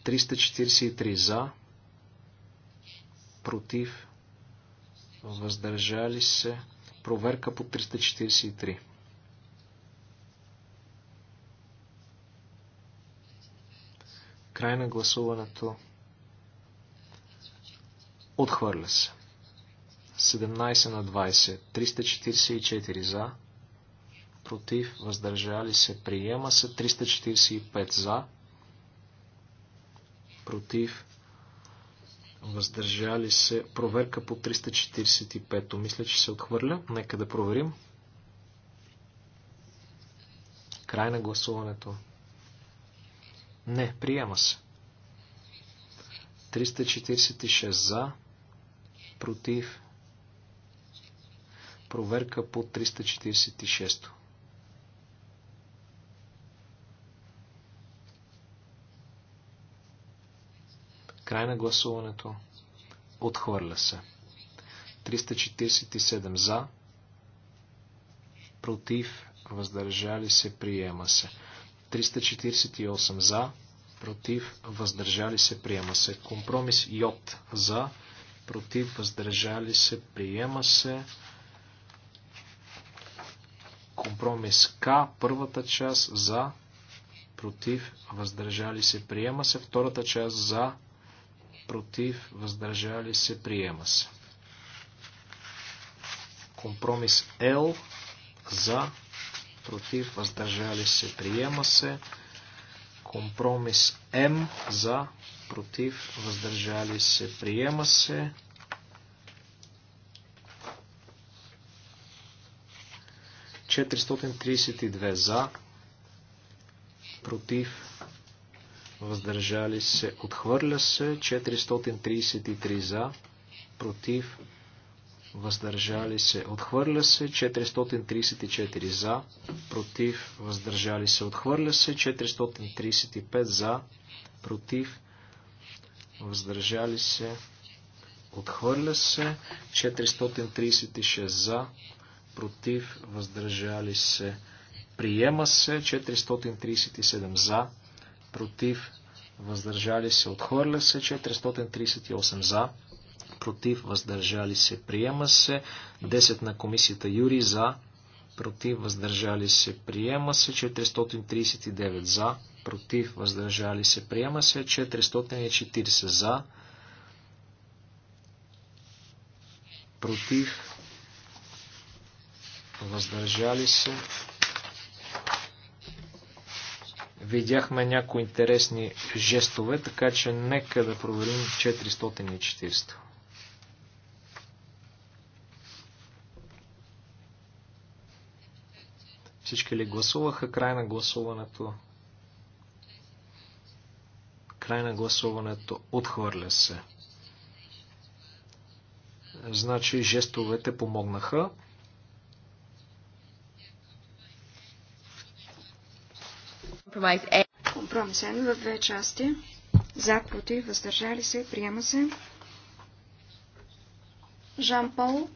343 за, против въздържали се, проверка по 343. Край на гласуването. Отхвърля се. 17 на 20. 344 за. Против. Въздържали се. Приема се. 345 за. Против въздържали се, проверка по 345. то Мисля, че се отхвърля. Нека да проверим. Край на гласуването. Не, приема се. 346 за, против, проверка по 346. Край на гласуването. Отхвърля се. 347 за. Против. Въздържали се. Приема се. 348 за. Против. Въздържали се. Приема се. Компромис Йот за. Против. Въздържали се. Приема се компромис К, първата част за, против, въздържали се, приема се, втората част за, против, въздържали се, приема се. Компромис L за, против, въздържали се, приема се. Компромис М за, против, въздържали се, приема се. Четиристотин за, против, въздържали се, отхвърля се, 433 за, против, въздържали се, отхвърля се, 434 за, против, въздържали се, отхвърля се, 435 за, против, въздържали се, отхвърля се, 436 за, против, въздържали се, приема се, 437 за, против, въздържали се, отхвърля се, 438 за, против, въздържали се, приема се, 10 на комисията Юри за, против, въздържали се, приема се, 439 за, против, въздържали се, приема се, 440 за, против, въздържали се, видяхме някои интересни жестове, така че нека да проверим 440. Всички ли гласуваха? Край на гласуването. Край на гласуването. Отхвърля се. Значи жестовете помогнаха. Компромис N е. в две части. За, против, въздържали се, приема се. Жан Пол.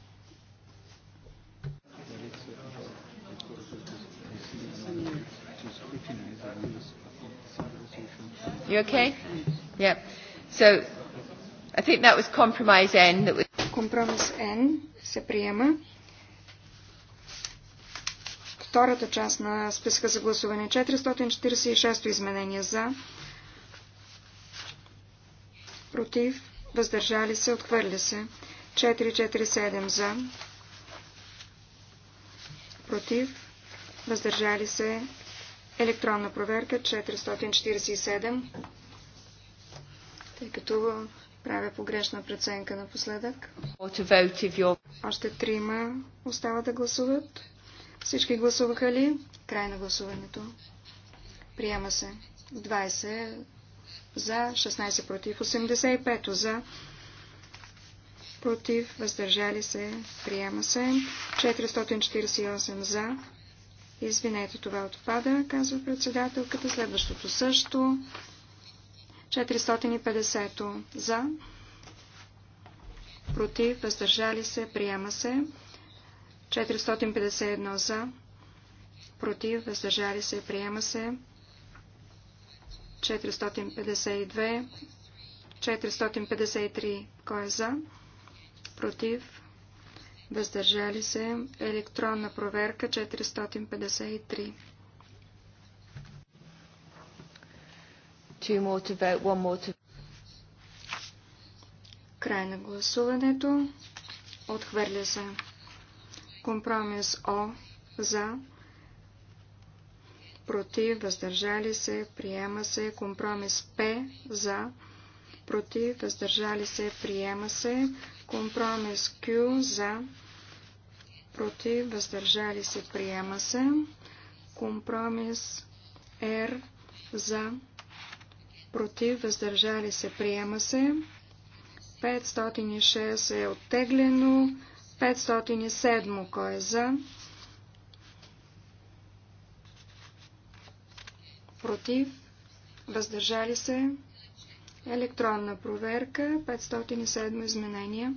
You okay? Yeah. So, I think that was compromise N. That was... Compromise N се приема втората част на списка за гласуване. 446 изменение за, против, въздържали се, отхвърля се. 447 за, против, въздържали се, електронна проверка 447, тъй като правя погрешна преценка напоследък. Още трима остава да гласуват. Всички гласуваха ли? Край на гласуването. Приема се. 20 за, 16 против, 85 за, против, въздържали се, приема се, 448 за. Извинете, това отпада, казва председателката. Следващото също. 450 за, против, въздържали се, приема се. 451 за, против, въздържали се, приема се. 452, 453, кой е за, против, въздържали се, електронна проверка 453. Two more to vote, one more to... Край на гласуването. Отхвърля се. Компромис О за, против, въздържали се, приема се. Компромис П за, против, въздържали се, приема се. Компромис Q за, против, въздържали се, приема се. Компромис Р за, против, въздържали се, приема се. 506 е оттеглено. 507. Кой е за? Против? Въздържали се? Електронна проверка. 507 изменения.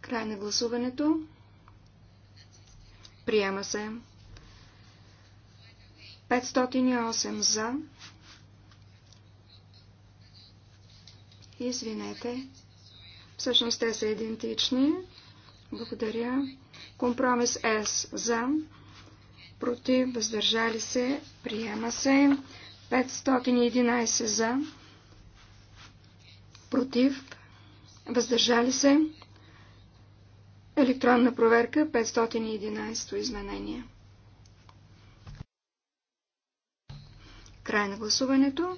Край на гласуването. Приема се. 508 за. Извинете. Всъщност те са идентични. Благодаря. Компромис С за. Против. Въздържали се. Приема се. 511 за. Против. Въздържали се. Електронна проверка 511 изменение. Край на гласуването.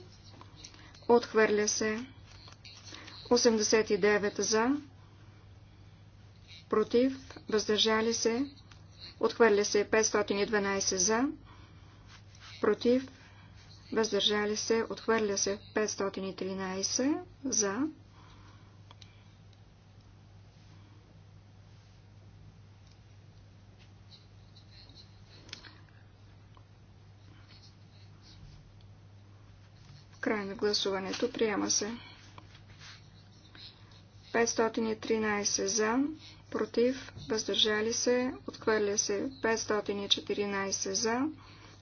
Отхвърля се. 89 за, против, въздържали се, отхвърля се 512 за, против, въздържали се, отхвърля се 513 за, Край на гласуването. Приема се. 513 за, против, въздържали се, отхвърля се 514 за,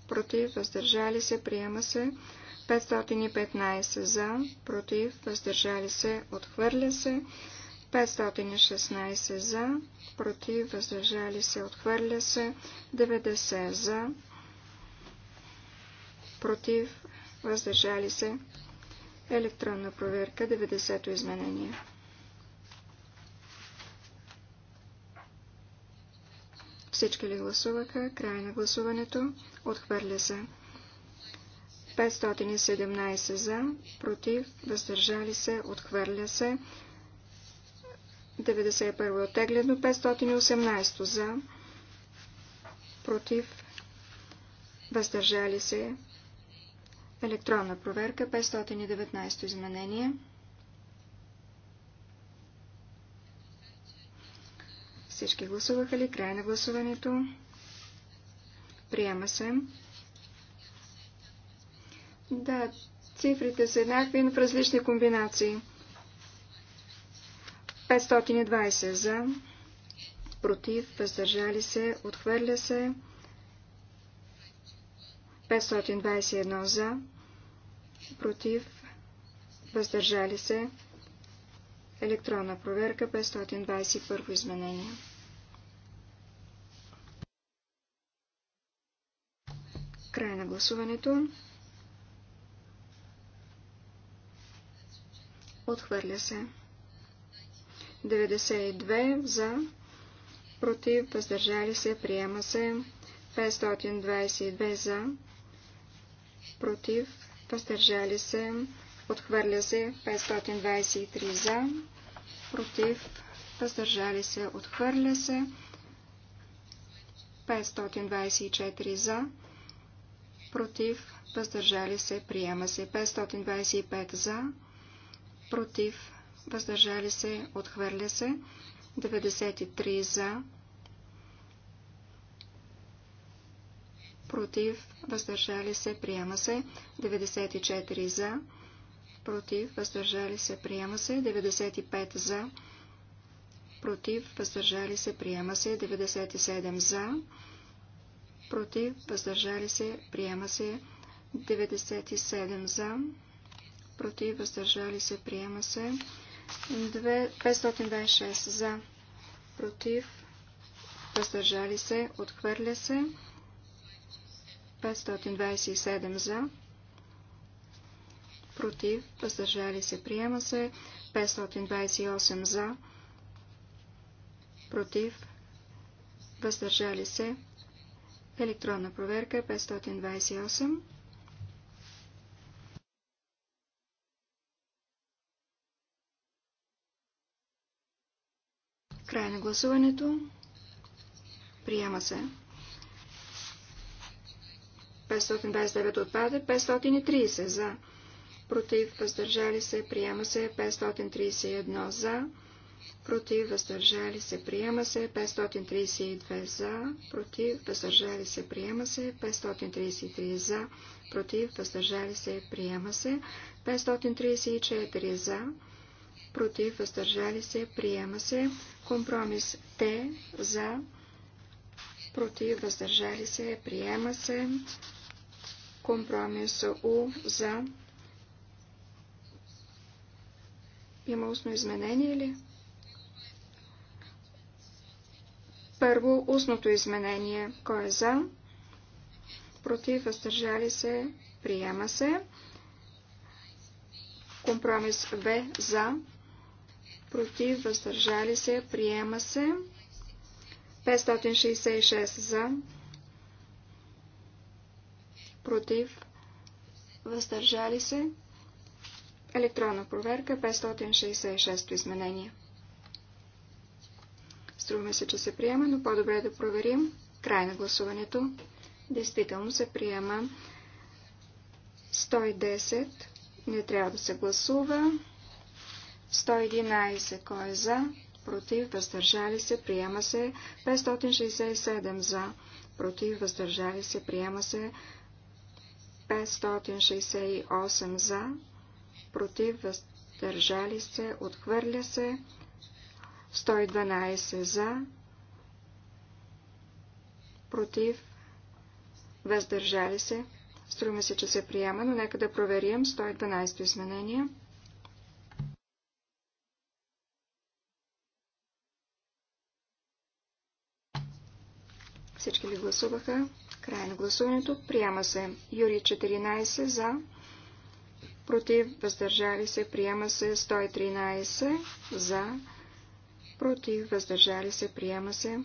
против, въздържали се, приема се 515 за, против, въздържали се, отхвърля се 516 за, против, въздържали се, отхвърля се 90 за, против, въздържали се, електронна проверка 90-то изменение. Всички ли гласуваха? Край на гласуването. Отхвърля се. 517 за, против, въздържали се, отхвърля се. 91 е оттеглено, 518 за, против, въздържали се. Електронна проверка, 519 изменение. Всички гласуваха ли? Край на гласуването. Приема се. Да, цифрите са еднакви, но в различни комбинации. 520 за, против, въздържали се, отхвърля се. 521 за, против, въздържали се. Електронна проверка 521 изменение. Край на гласуването. Отхвърля се. 92 за, против, въздържали се, приема се. 522 за, против, въздържали се, отхвърля се. 523 за, против, въздържали се, отхвърля се. 524 за, против, въздържали се, приема се. 525 за, против, въздържали се, отхвърля се. 93 за, против, въздържали се, приема се. 94 за, против, въздържали се, приема се. 95 за, против, въздържали се, приема се. 97 за, против, въздържали се, приема се 97 за, против, въздържали се, приема се 526 за, против, въздържали се, отхвърля се 527 за, против, въздържали се, приема се 528 за, против, въздържали се, Електронна проверка 528. Е Край на гласуването. Приема се. 529 отпада, 530 за. Против, въздържали се, приема се, 531 за против, въздържали се, приема се, 532 за, против, въздържали се, приема се, 533 за, против, въздържали се, приема се, 534 за, против, въздържали се, приема се, компромис Т за, против, въздържали се, приема се, компромис У за, има устно изменение ли? Първо, устното изменение. Кой е за? Против, въздържали се, приема се. Компромис В за. Против, въздържали се, приема се. 566 за. Против, въздържали се. Електронна проверка 566 изменение. Струваме се, че се приема, но по-добре е да проверим. Край на гласуването. Действително се приема 110. Не трябва да се гласува. 111. Кой е за? Против. Въздържали се. Приема се. 567 за. Против. Въздържали се. Приема се. 568 за. Против. Въздържали се. Отхвърля се. 112 за, против, въздържали се. Струваме се, че се приема, но нека да проверим 112 изменение. Всички ли гласуваха? Край на гласуването. Приема се. Юри 14 за. Против въздържали се. Приема се 113 за против, въздържали се, приема се.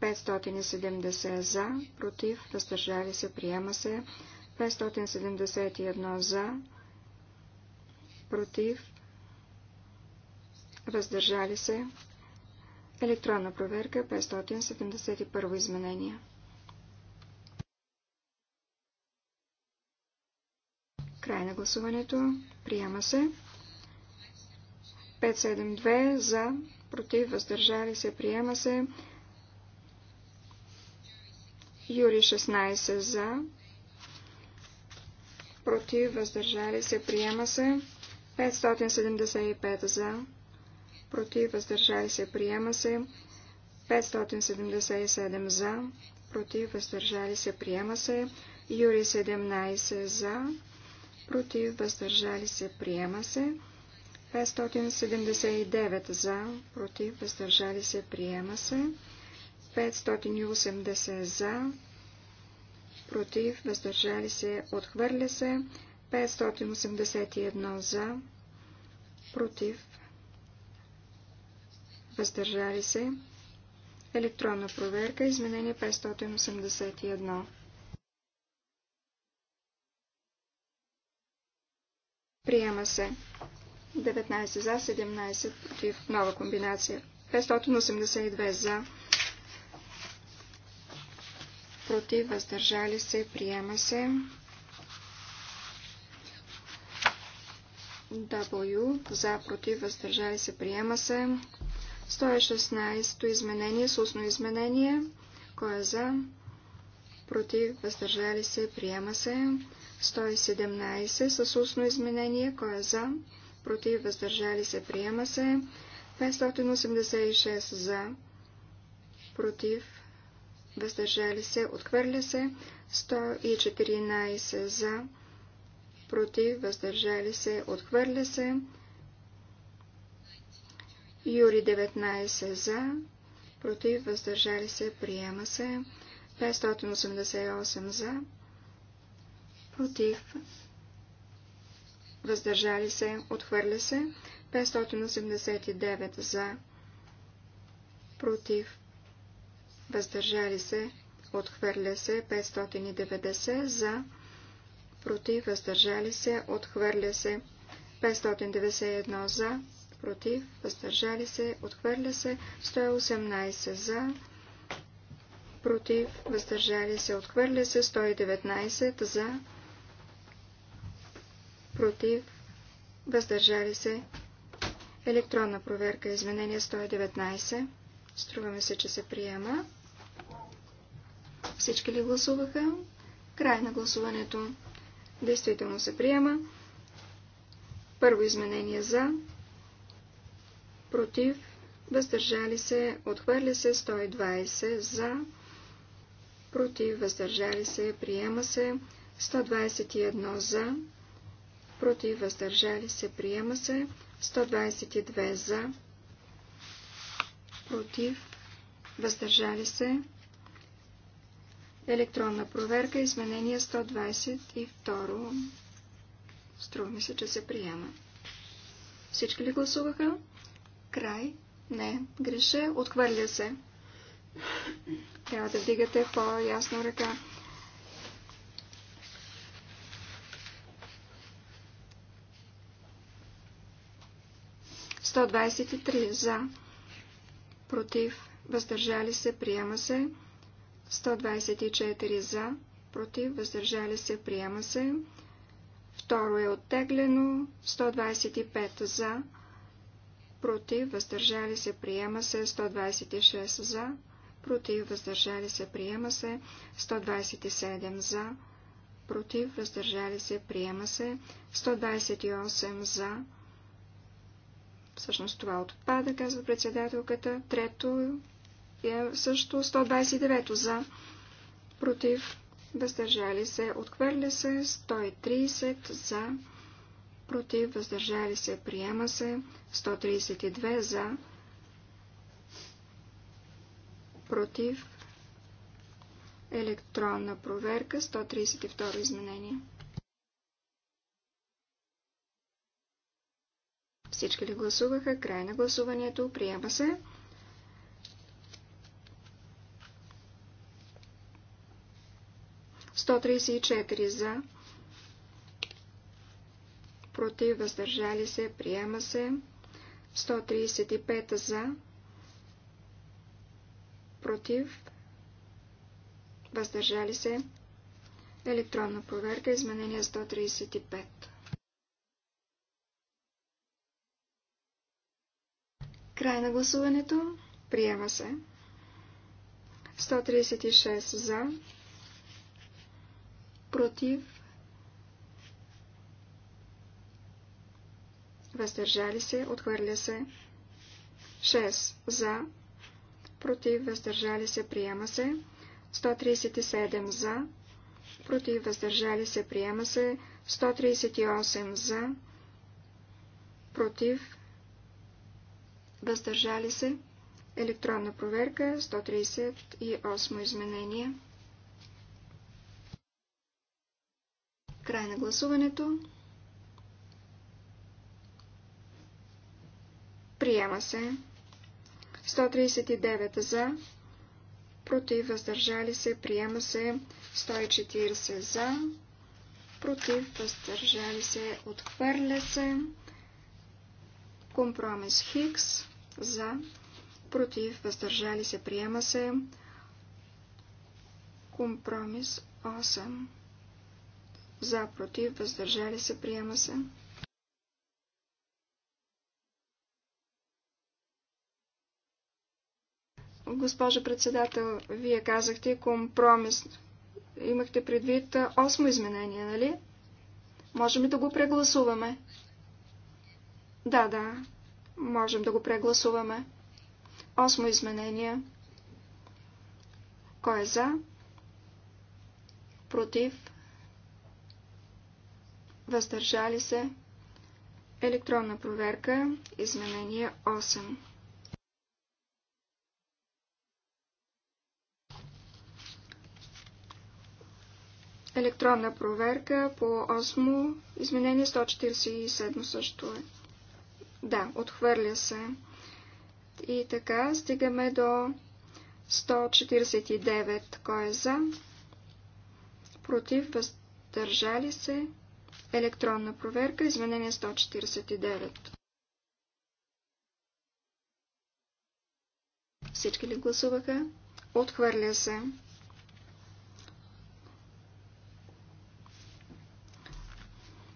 570 за, против, въздържали се, приема се. 571 за, против, въздържали се. Електронна проверка 571 изменение. Край на гласуването. Приема се. 572 за, против, въздържали се, приема се. Юри 16 за, против, въздържали се, приема се. 575 за, против, въздържали се, приема се. 577 за, против, въздържали се, приема се. Юри 17 за, против, въздържали се, приема се. 579 за, против, въздържали се, приема се. 580 за, против, въздържали се, отхвърля се. 581 за, против, въздържали се. Електронна проверка, изменение 581. Приема се. 19 за, 17 против. Нова комбинация. 582 за. Против, въздържали се, приема се. W за, против, въздържали се, приема се. 116 изменение, сусно изменение. Кой е за? Против, въздържали се, приема се. 117 с устно изменение. Кой е за? против, въздържали се, приема се. 586 за, против, въздържали се, отхвърля се. 114 за, против, въздържали се, отхвърля се. Юри 19 за, против, въздържали се, приема се. 588 за, против, въздържали се, отхвърля се, 589 за, против, въздържали се, отхвърля се, 590 за, против, въздържали се, отхвърля се, 591 за, против, въздържали се, отхвърля се, 118 за, против, въздържали се, отхвърля се, 119 за, против, въздържали се. Електронна проверка, изменение 119. Струваме се, че се приема. Всички ли гласуваха? Край на гласуването. Действително се приема. Първо изменение за, против, въздържали се, отхвърля се 120 за, против, въздържали се, приема се 121 за, против, въздържали се, приема се. 122 за, против, въздържали се. Електронна проверка, изменение 122. Струва ми се, че се приема. Всички ли гласуваха? Край. Не. Греша. Отхвърля се. Трябва да вдигате по-ясно ръка. 123 за, против, въздържали се, приема се. 124 за, против, въздържали се, приема се. Второ е оттеглено. 125 за, против, въздържали се, приема се. 126 за, против, въздържали се, приема се. 127 за, против, въздържали се, приема се. 128 за, против, Всъщност това отпада, казва председателката. Трето е също 129 за, против, въздържали се, отхвърля се, 130 за, против, въздържали се, приема се, 132 за, против, електронна проверка, 132 изменение. Всички ли гласуваха? Край на гласуването. Приема се. Сто за. Против. Въздържали се. Приема се. 135 за. Против. Въздържали се. Електронна проверка. Изменение 135. Край на гласуването. Приема се. 136 за. Против. Въздържали се. Отхвърля се. 6 за. Против. Въздържали се. Приема се. 137 за. Против. Въздържали се. Приема се. 138 за. Против въздържали се, електронна проверка, 138 изменение. Край на гласуването. Приема се. 139 за. Против въздържали се. Приема се. 140 за. Против въздържали се. Отхвърля се. Компромис Хикс за, против, въздържали се, приема се. Компромис 8 за, против, въздържали се, приема се. Госпожа председател, вие казахте компромис. Имахте предвид осмо изменение, нали? Можем ли да го прегласуваме? Да, да. Можем да го прегласуваме. Осмо изменение. Кой е за? Против? Въздържали се? Електронна проверка. Изменение 8. електронна проверка по 8 изменение 147 също е. Да, отхвърля се. И така стигаме до 149. Кой е за? Против, въздържали се. Електронна проверка, изменение 149. Всички ли гласуваха? Отхвърля се.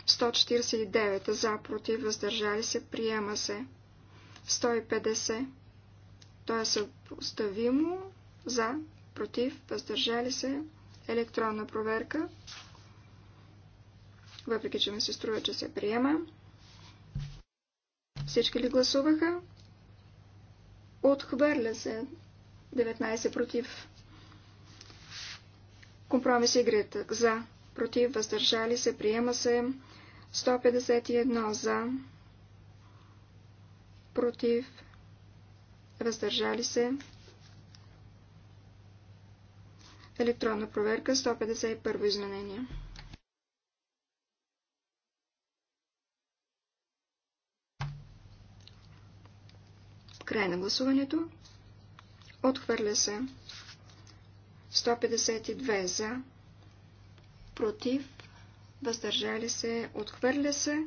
149 за, против, въздържали се, приема се. 150. То е съпоставимо за, против, въздържали се, електронна проверка. Въпреки, че ми се струва, че се приема. Всички ли гласуваха? Отхвърля се. 19 против. Компромис игрите за, против, въздържали се, приема се. 151 за, против, въздържали се. Електронна проверка 151 изменение. Край на гласуването. Отхвърля се. 152 за. Против въздържали се, отхвърля се,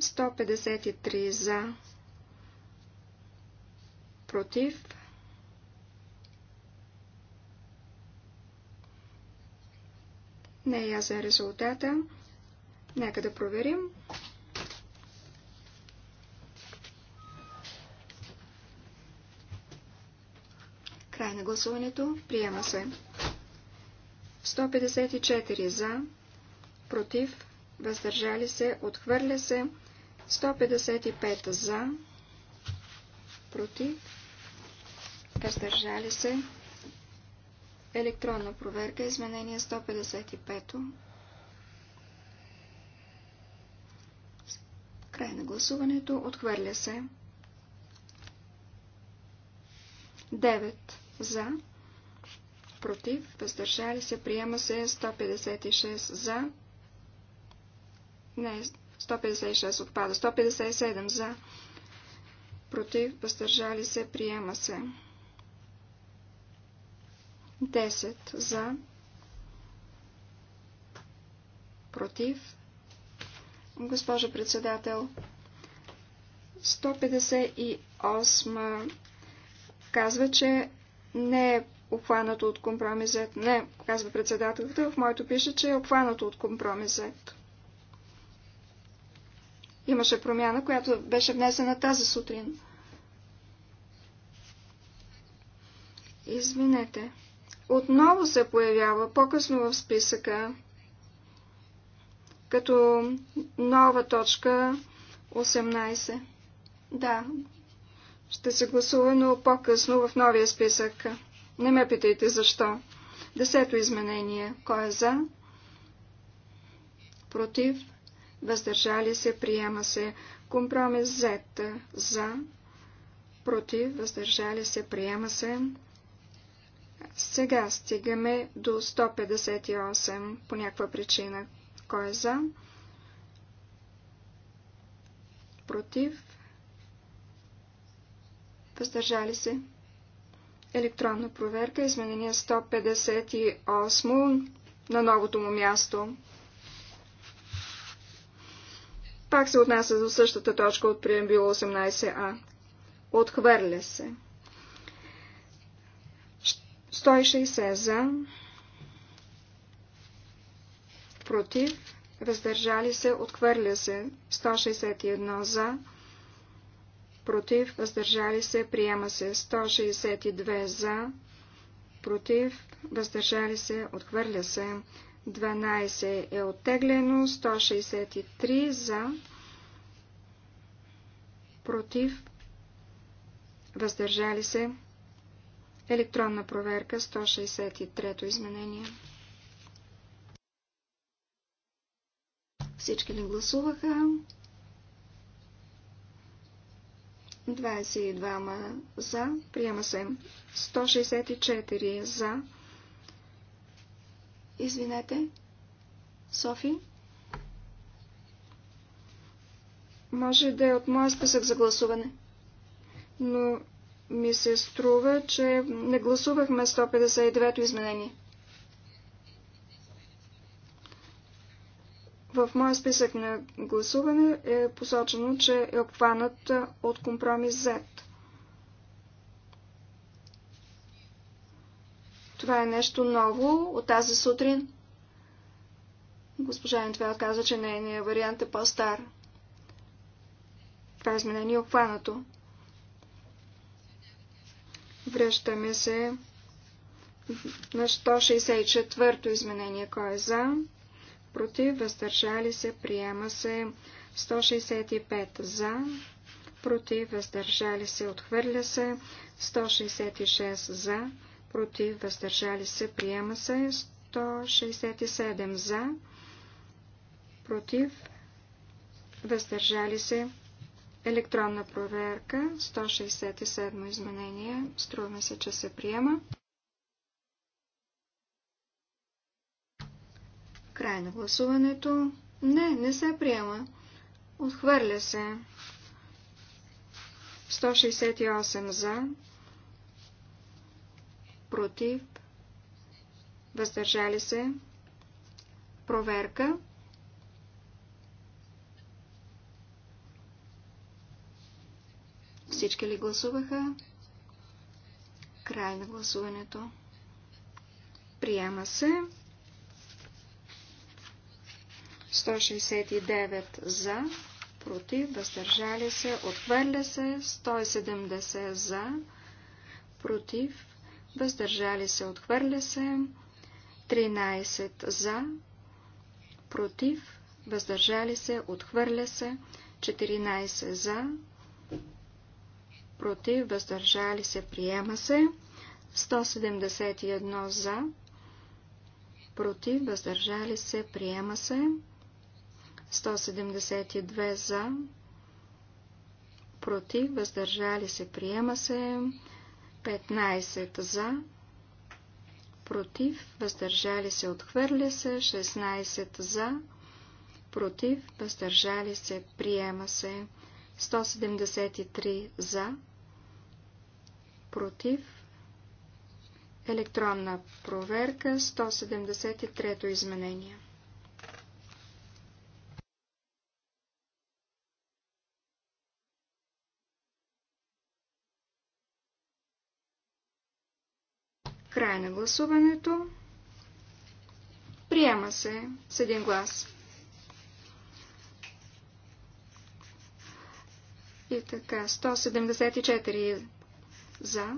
153 за, против, не е ясен резултата, нека да проверим. Край на гласуването. Приема се. 154 за, против, въздържали се, отхвърля се. 155 за, против, въздържали се. Електронна проверка, изменение 155. Край на гласуването, отхвърля се. 9 за, против, въздържали се, приема се 156 за, не, 156 отпада. 157 за. Против, въздържали се, приема се. 10 за. Против. Госпожо председател, 158 казва, че не е обхванато от компромисът. Не, казва председателката, в моето пише, че е обхванато от компромисът. Имаше промяна, която беше внесена тази сутрин. Извинете. Отново се появява по-късно в списъка като нова точка 18. Да, ще се гласува, но по-късно в новия списък. Не ме питайте защо. Десето изменение. Кой е за? Против? въздържали се, приема се. Компромис Z за, против, въздържали се, приема се. Сега стигаме до 158 по някаква причина. Кой е за? Против? Въздържали се? Електронна проверка, изменение 158 на новото му място. Пак се отнася до същата точка от преамбюла 18а. Отхвърля се. 160 за. Против. Въздържали се. Отхвърля се. 161 за. Против. Въздържали се. Приема се. 162 за. Против. Въздържали се. Отхвърля се. 12 е оттеглено, 163 за, против, въздържали се. Електронна проверка, 163 изменение. Всички ли гласуваха? 22 за, приема се. 164 за, Извинете, Софи. Може да е от моя списък за гласуване. Но ми се струва, че не гласувахме 159-то изменение. В моя списък на гласуване е посочено, че е обхванат от компромис Z. Това е нещо ново от тази сутрин. Госпожа Ентвел каза, че нейният вариант е по-стар. Това изменение е обхванато. Връщаме се на 164-то изменение. Кой е за? Против, въздържали се, приема се 165 за, против, въздържали се, отхвърля се 166 за, против, въздържали се, приема се 167 за, против, въздържали се, електронна проверка, 167 изменение, струваме се, че се приема. Край на гласуването. Не, не се приема. Отхвърля се. 168 за, против, въздържали се, проверка. Всички ли гласуваха? Край на гласуването. Приема се. 169 за, против, въздържали се, отвърля се, 170 за, против, въздържали се, отхвърля се, 13 за, против, въздържали се, отхвърля се, 14 за, против, въздържали се, приема се, 171 за, против, въздържали се, приема се, 172 за, против, въздържали се, приема се, 15 за, против, въздържали се, отхвърля се, 16 за, против, въздържали се, приема се, 173 за, против, електронна проверка, 173 изменение. Край на гласуването. Приема се с един глас. И така, 174 за,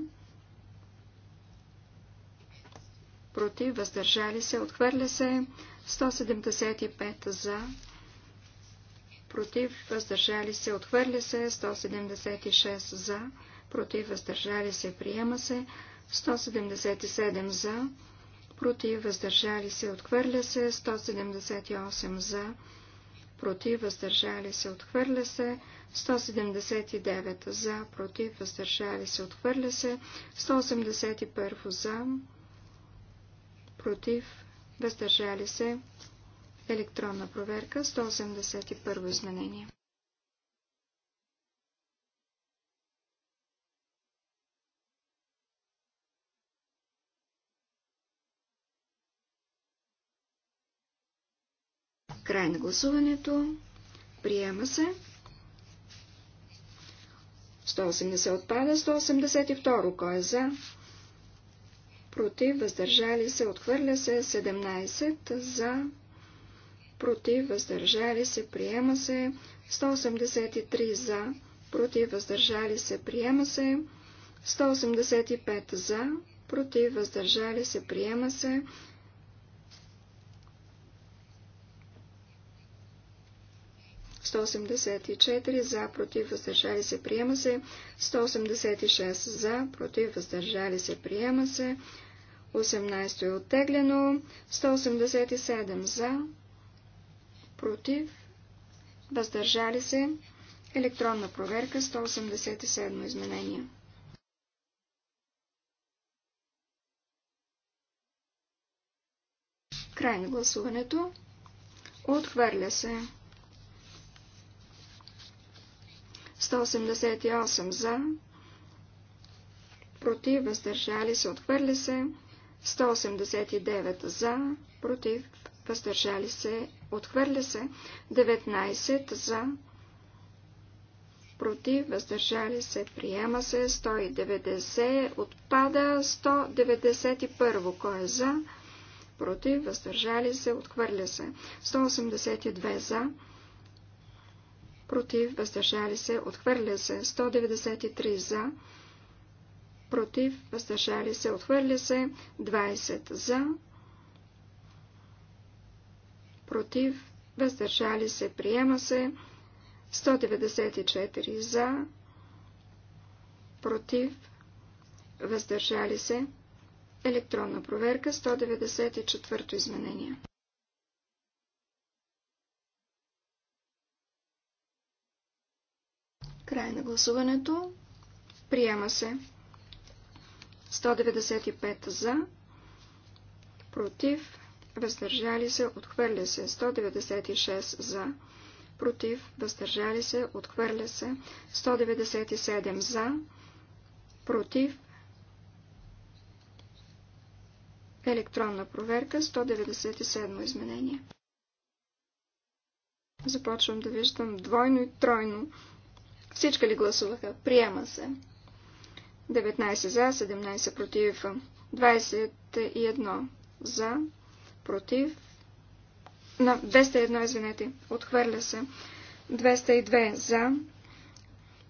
против, въздържали се, отхвърля се, 175 за, против, въздържали се, отхвърля се, 176 за, против, въздържали се, приема се, 177 за, против, въздържали се, отхвърля се, 178 за, против, въздържали се, отхвърля се, 179 за, против, въздържали се, отхвърля се, 181 за, против, въздържали се, електронна проверка, 181 изменение. Край на гласуването. Приема се. 180 отпада. 182. Кой е за? Против. Въздържали се. Отхвърля се. 17 за. Против. Въздържали се. Приема се. 183 за. Против. Въздържали се. Приема се. 185 за. Против. Въздържали се. Приема се. 184 за, против, въздържали се, приема се. 186 за, против, въздържали се, приема се. 18 е оттеглено. 187 за, против, въздържали се. Електронна проверка 187 изменения. Край на гласуването. Отхвърля се. 188 за, против, въздържали се, отхвърли се, 189 за, против, въздържали се, отхвърли се, 19 за, против, въздържали се, приема се, 190, отпада, 191, кой е за, против, въздържали се, отхвърля се, 182 за, против, въздържали се, отхвърля се. 193 за, против, въздържали се, отхвърля се. 20 за, против, въздържали се, приема се. 194 за, против, въздържали се. Електронна проверка 194 изменения. Край на гласуването. Приема се. 195 за, против, въздържали се, отхвърля се. 196 за, против, въздържали се, отхвърля се. 197 за, против, електронна проверка, 197 изменение. Започвам да виждам двойно и тройно всички ли гласуваха? Приема се. 19 за, 17 против, 21 за, против, на 201, извинете, отхвърля се. 202 за,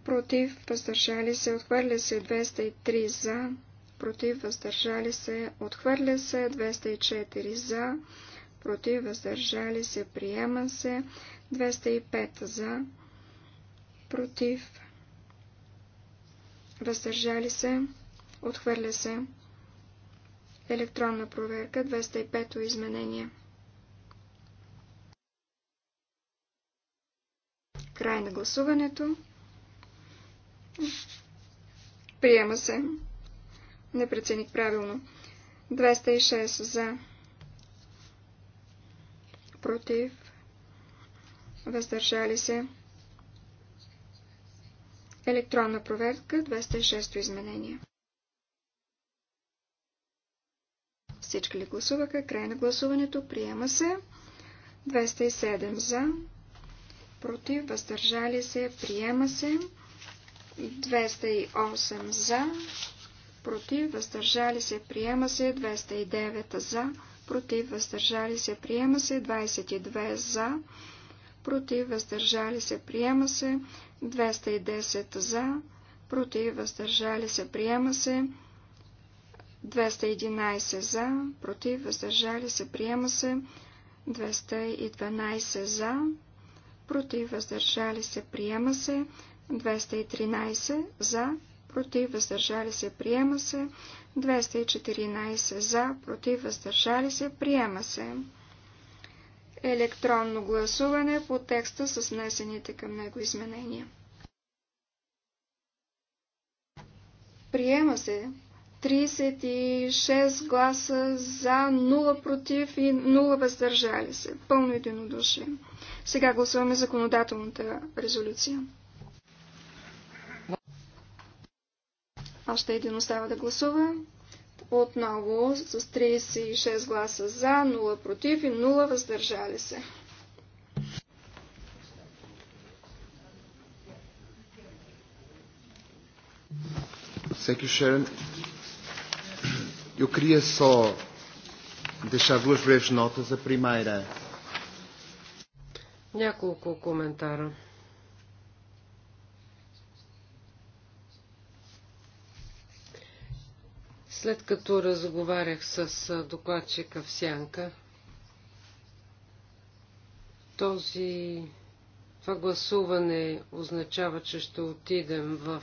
против, въздържали се, отхвърля се, 203 за, против, въздържали се, отхвърля се, 204 за, против, въздържали се, приема се, 205 за, против, въздържали се, отхвърля се. Електронна проверка, 205-то изменение. Край на гласуването. Приема се. Не прецених правилно. 206 за. Против. Въздържали се. Електронна проверка, 206 изменение. Всички ли гласуваха? Край на гласуването. Приема се. 207 за. Против. Въздържали се. Приема се. 208 за. Против. Въздържали се. Приема се. 209 за. Против. Въздържали се. Приема се. 22 за против, въздържали се, приема се, 210 за, против, въздържали се, приема се, 211 за, против, въздържали се, приема се, 212 за, против, въздържали се, приема се, 213 за, против, въздържали се, приема се, 214 за, против, въздържали се, приема се електронно гласуване по текста с внесените към него изменения. Приема се 36 гласа за, 0 против и 0 въздържали се. Пълно единодушие. Сега гласуваме законодателната резолюция. Още един остава да гласува отново с 36 гласа за, 0 против и 0 въздържали се. Thank you, Sharon. Eu queria só deixar duas breves notas. A primeira. Няколко коментара. След като разговарях с докладчика в Сянка, този, това гласуване означава, че ще отидем в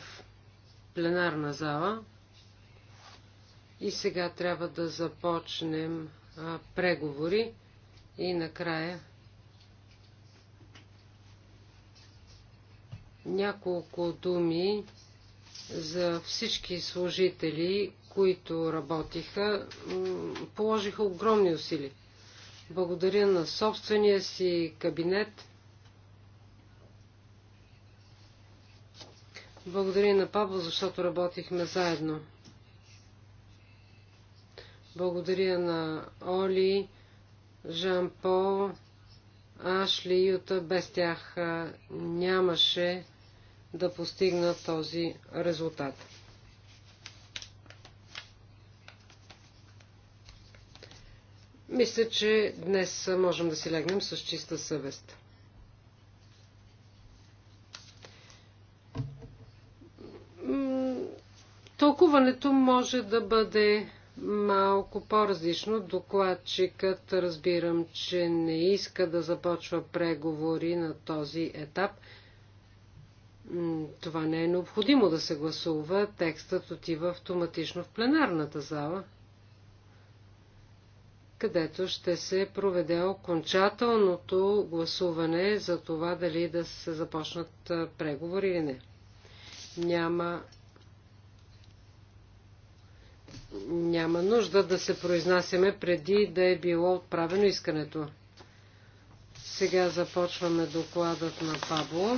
пленарна зала и сега трябва да започнем а, преговори и накрая няколко думи за всички служители, които работиха, положиха огромни усилия. Благодаря на собствения си кабинет. Благодаря на Пабло, защото работихме заедно. Благодаря на Оли, Жан Пол, Ашли и Юта. Без тях нямаше да постигна този резултат. Мисля, че днес можем да си легнем с чиста съвест. Тълкуването може да бъде малко по-различно. Докладчикът разбирам, че не иска да започва преговори на този етап. Това не е необходимо да се гласува. Текстът отива автоматично в пленарната зала където ще се проведе окончателното гласуване за това дали да се започнат преговори или не. Няма няма нужда да се произнасяме преди да е било отправено искането. Сега започваме докладът на Пабло.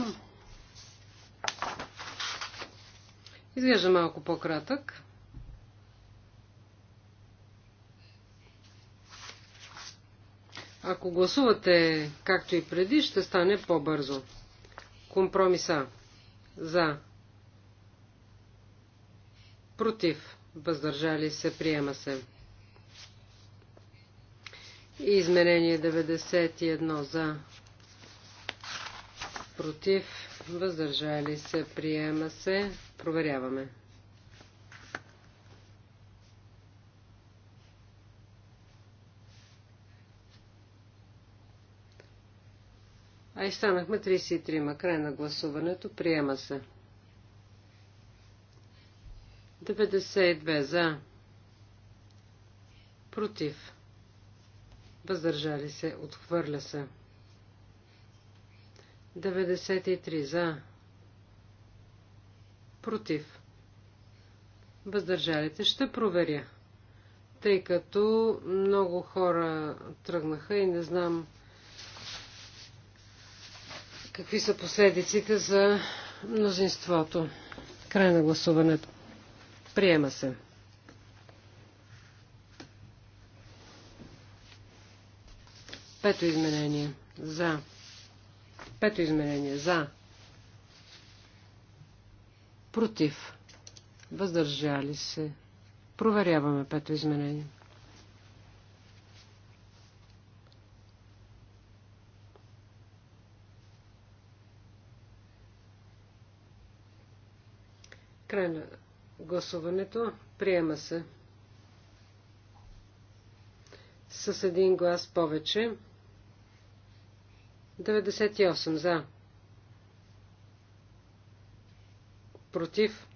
Изглежда малко по-кратък. Ако гласувате както и преди, ще стане по-бързо. Компромиса. За. Против. Въздържали се. Приема се. Изменение 91 за. Против. Въздържали се. Приема се. Проверяваме. А е, изстанахме 33. Ма край на гласуването. Приема се. 92 за. Против. Въздържали се. Отхвърля се. 93 за. Против. Въздържалите ще проверя. Тъй като много хора тръгнаха и не знам Какви са последиците за мнозинството? Край на гласуването. Приема се. Пето изменение. За. Пето изменение. За. Против. Въздържали се. Проверяваме пето изменение. Край на гласуването. Приема се. С един глас повече. 98 за. Против.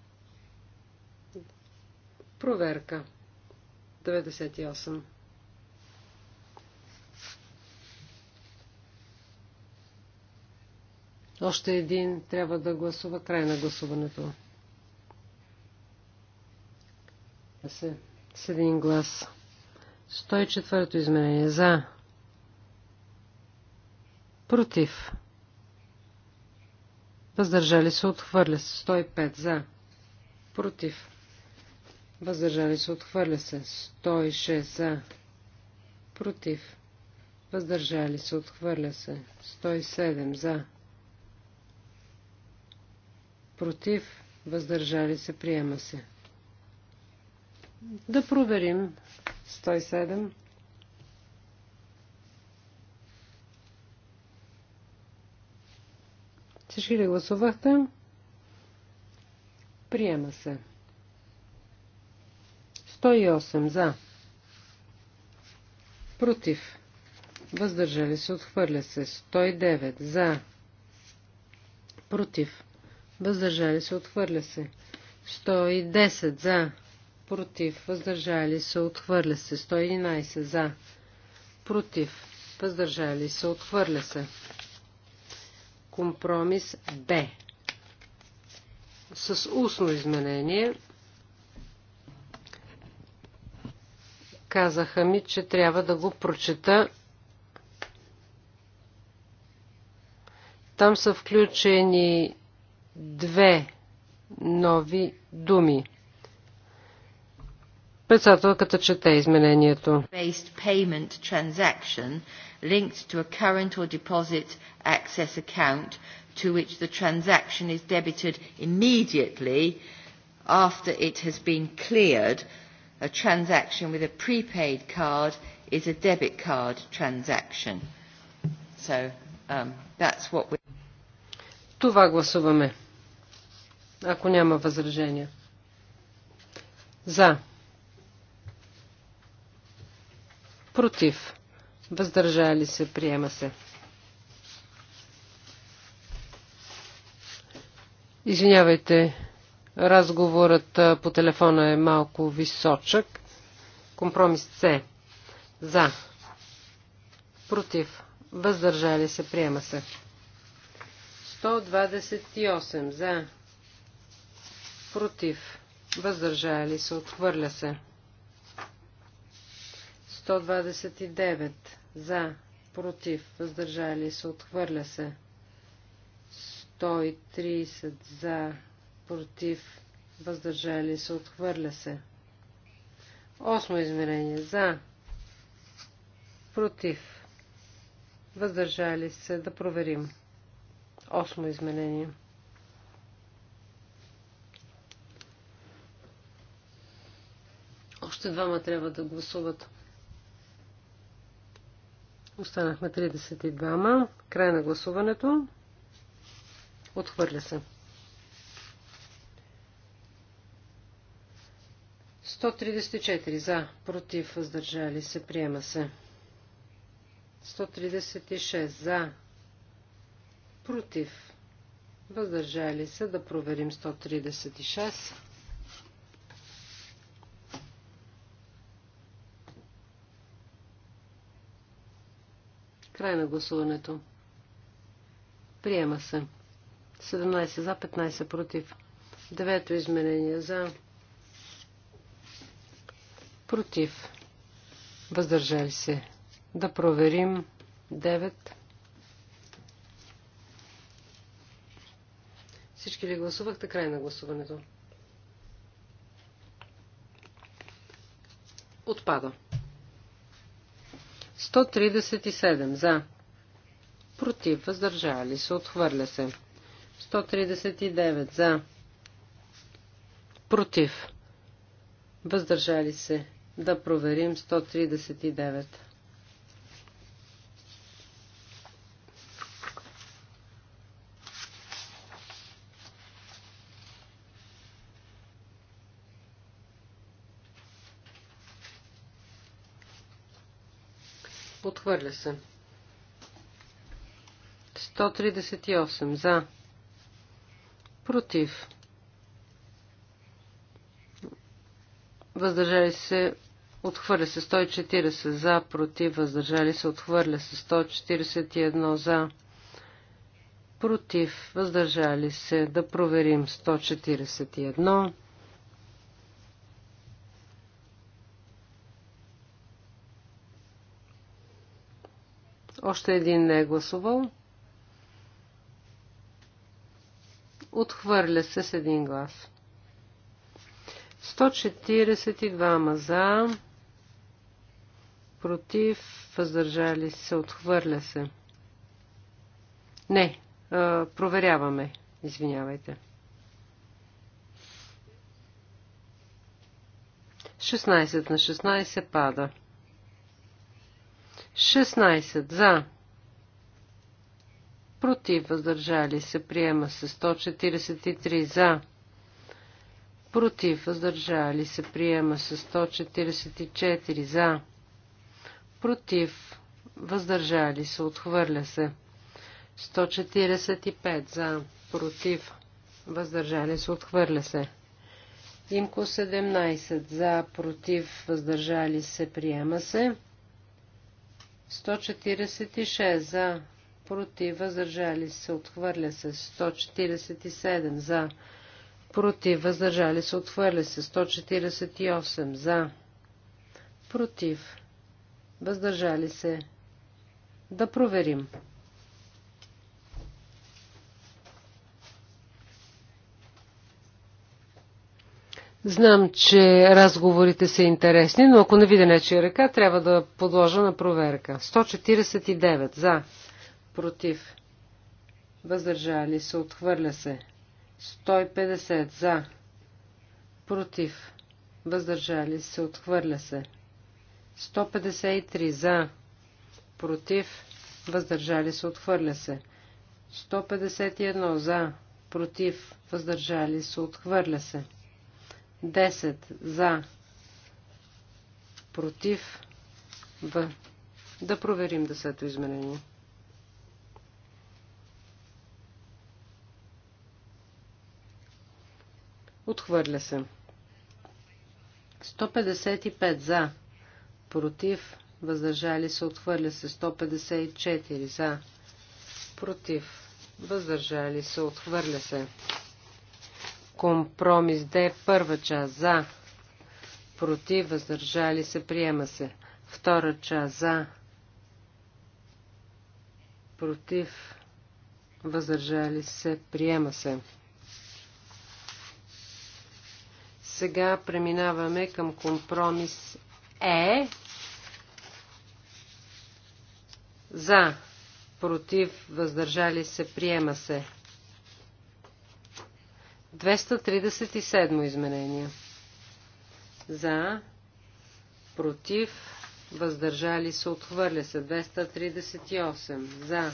Проверка. 98. Още един трябва да гласува край на гласуването. с един глас. 104-то изменение за. Против. Въздържали се отхвърля се. 105 за. Против. Въздържали се отхвърля се. 106 за. Против. Въздържали се отхвърля се. 107 за. Против. Въздържали се приема се. Да проверим 107. Всички ли гласувахте? Приема се. 108 за. Против. Въздържали се. Отхвърля се. 109 за. Против. Въздържали се. Отхвърля се. 110 за против, въздържали се, отхвърля се. 111 за, против, въздържали се, отхвърля се. Компромис Б. С устно изменение казаха ми, че трябва да го прочета. Там са включени две нови думи – Председателката чете изменението. Based payment transaction linked to a current or deposit access account to which the transaction is debited immediately after it has been cleared. A transaction with a prepaid card is a debit card transaction. So um, that's what we... Това гласуваме. Ако няма възражения. За. Против. Въздържали се. Приема се. Извинявайте, разговорът по телефона е малко височък. Компромис С. За. Против. Въздържали се. Приема се. 128. За. Против. Въздържали се. Отхвърля се. 129 за, против, въздържали се, отхвърля се. 130 за, против, въздържали се, отхвърля се. Осмо измерение за, против, въздържали се, да проверим. Осмо измерение. Още двама трябва да гласуват. Останахме 32-ма. Край на гласуването. Отхвърля се. 134 за, против, въздържали се, приема се. 136 за, против, въздържали се, да проверим 136. Край на гласуването. Приема се. 17 за, 15 против. Девето изменение за. Против. Въздържали се. Да проверим. 9. Всички ли гласувахте край на гласуването? Отпада. 137 за. Против. Въздържали се. Отхвърля се. 139 за. Против. Въздържали се. Да проверим 139. Отхвърля се. 138 за. Против. Въздържали се. Отхвърля се 140 за, против, въздържали се, отхвърля се 141 за, против, въздържали се, да проверим 141. Още един не е гласувал. Отхвърля се с един глас. 142 за, против, въздържали се, отхвърля се. Не, проверяваме, извинявайте. 16 на 16 пада. 16 за. Против въздържали се приема се 143 за. Против въздържали се приема се 144 за. Против въздържали се отхвърля се 145 за. Против въздържали се отхвърля се. Имко 17 за. Против въздържали се приема се. 146 за, против, въздържали се, отхвърля се. 147 за, против, въздържали се, отхвърля се. 148 за, против, въздържали се. Да проверим. Знам, че разговорите са интересни, но ако не видя нечия ръка, трябва да подложа на проверка. 149 за, против, въздържали се, отхвърля се. 150 за, против, въздържали се, отхвърля се. 153 за, против, въздържали се, отхвърля се. 151 за, против, въздържали се, отхвърля се. 10 за, против, в. Да проверим десето изменение. Отхвърля се. 155 за, против, въздържали се, отхвърля се. 154 за, против, въздържали се, отхвърля се. Компромис Д, първа част за, против, въздържали се, приема се. Втора част за, против, въздържали се, приема се. Сега преминаваме към компромис Е. За, против, въздържали се, приема се. 237 изменение. За, против, въздържали се, отхвърля се. 238. За,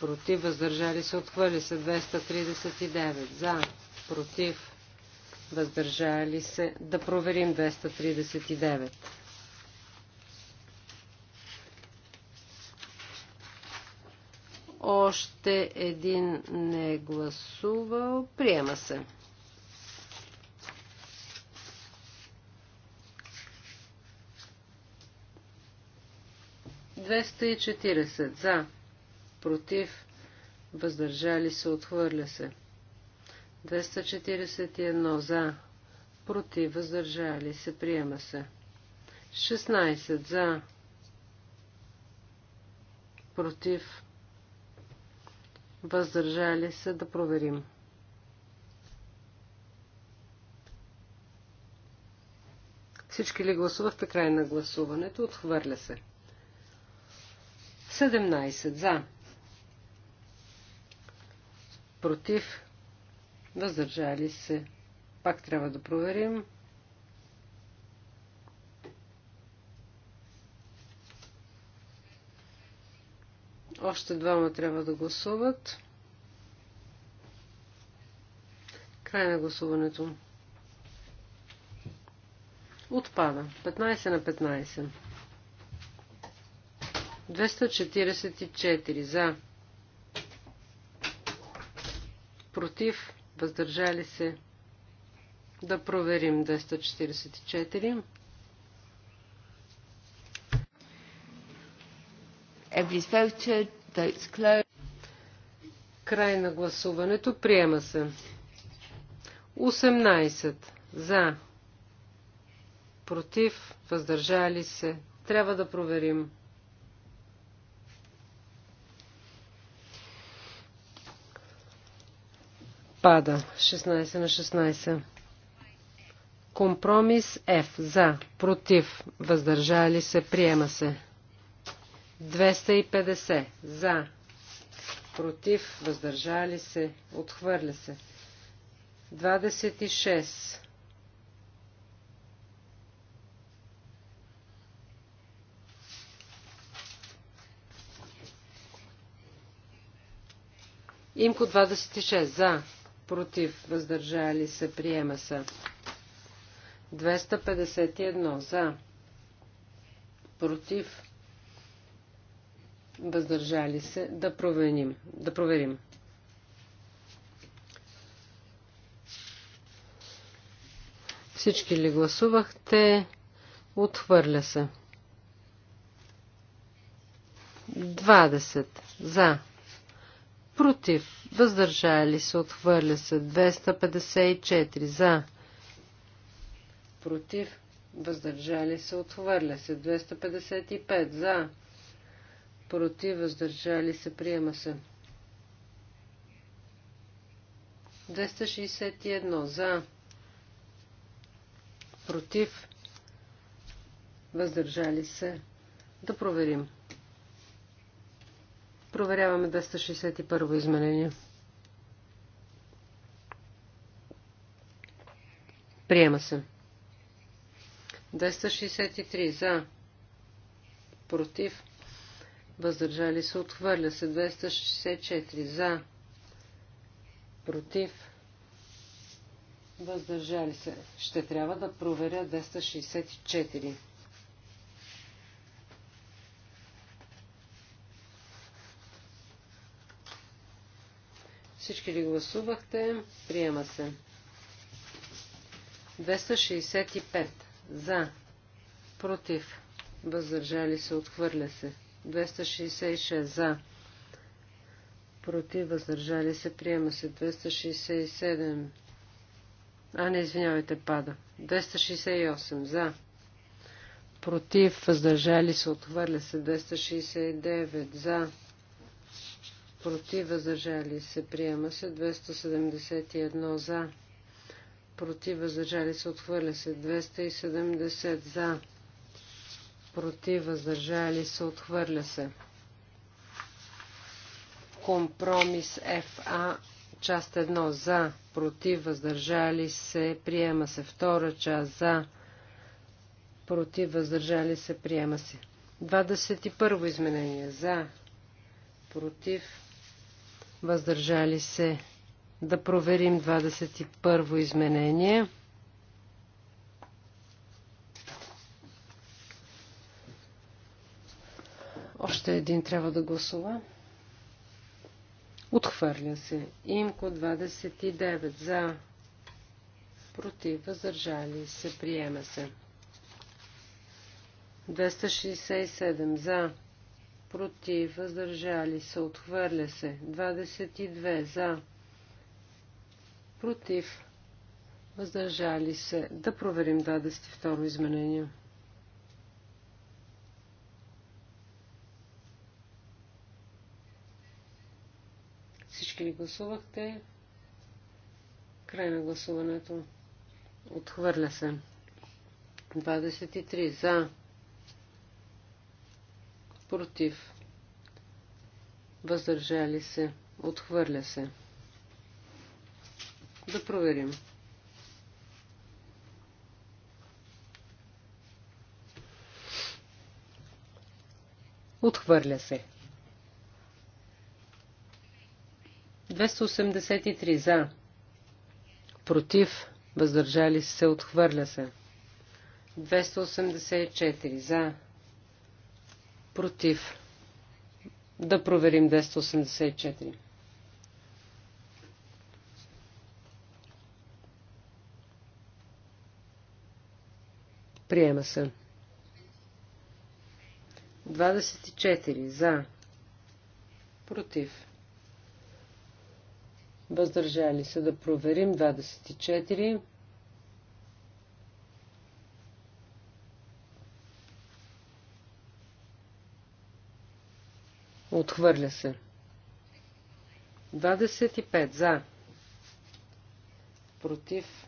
против, въздържали се, отхвърля се. 239. За, против, въздържали се. Да проверим 239. Още един не е гласувал. Приема се. Двеста За. Против. Въздържали се. Отхвърля се. 241 за, против, въздържали се, приема се. 16 за, против, въздържали се да проверим. Всички ли гласувахте край на гласуването? Отхвърля се. 17 за. Против. Въздържали се. Пак трябва да проверим. Още двама трябва да гласуват. Край на гласуването. Отпада. 15 на 15. 244 за. Против. Въздържали се. Да проверим 244. voted. Votes closed. Край на гласуването. Приема се. 18. За. Против. Въздържали се. Трябва да проверим. Пада. 16 на 16. Компромис F. За. Против. Въздържали се. Приема се. 250 за, против, въздържали се, отхвърля се. 26 Имко 26 за, против, въздържали се, приема се? 251 за, против, въздържали се, да, проверим. да проверим. Всички ли гласувахте? Отхвърля се. 20. За. Против. Въздържали се. Отхвърля се. 254. За. Против. Въздържали се. Отхвърля се. 255. За против, въздържали се, приема се. 261 за, против, въздържали се. Да проверим. Проверяваме 261 изменение. Приема се. 263 за, против, въздържали се, отхвърля се 264 за, против, въздържали се. Ще трябва да проверя 264. Всички ли гласувахте? Приема се. 265. За. Против. Въздържали се. Отхвърля се. 266. 266 за. Против, въздържали се, приема се. 267. А, не, извинявайте, пада. 268 за. Против, въздържали се, отхвърля се. 269 за. Против, въздържали се, приема се. 271 за. Против, въздържали се, отхвърля се. 270 за против, въздържали се, отхвърля се. Компромис ФА, част 1, за, против, въздържали се, приема се. Втора част, за, против, въздържали се, приема се. 21 изменение, за, против, въздържали се. Да проверим 21 изменение. Още един трябва да гласува. Отхвърля се. Имко 29 за. Против. Въздържали се. Приема се. 267 за. Против. Въздържали се. Отхвърля се. 22 за. Против. Въздържали се. Да проверим 22 изменение. Всички ли гласувахте? Край на гласуването. Отхвърля се. 23 за. Против. Въздържали се. Отхвърля се. Да проверим. Отхвърля се. 283 за. Против. Въздържали се. Отхвърля се. 284 за. Против. Да проверим 284. Приема се. 24 за. Против въздържали се да проверим 24. Отхвърля се. 25 за. Против.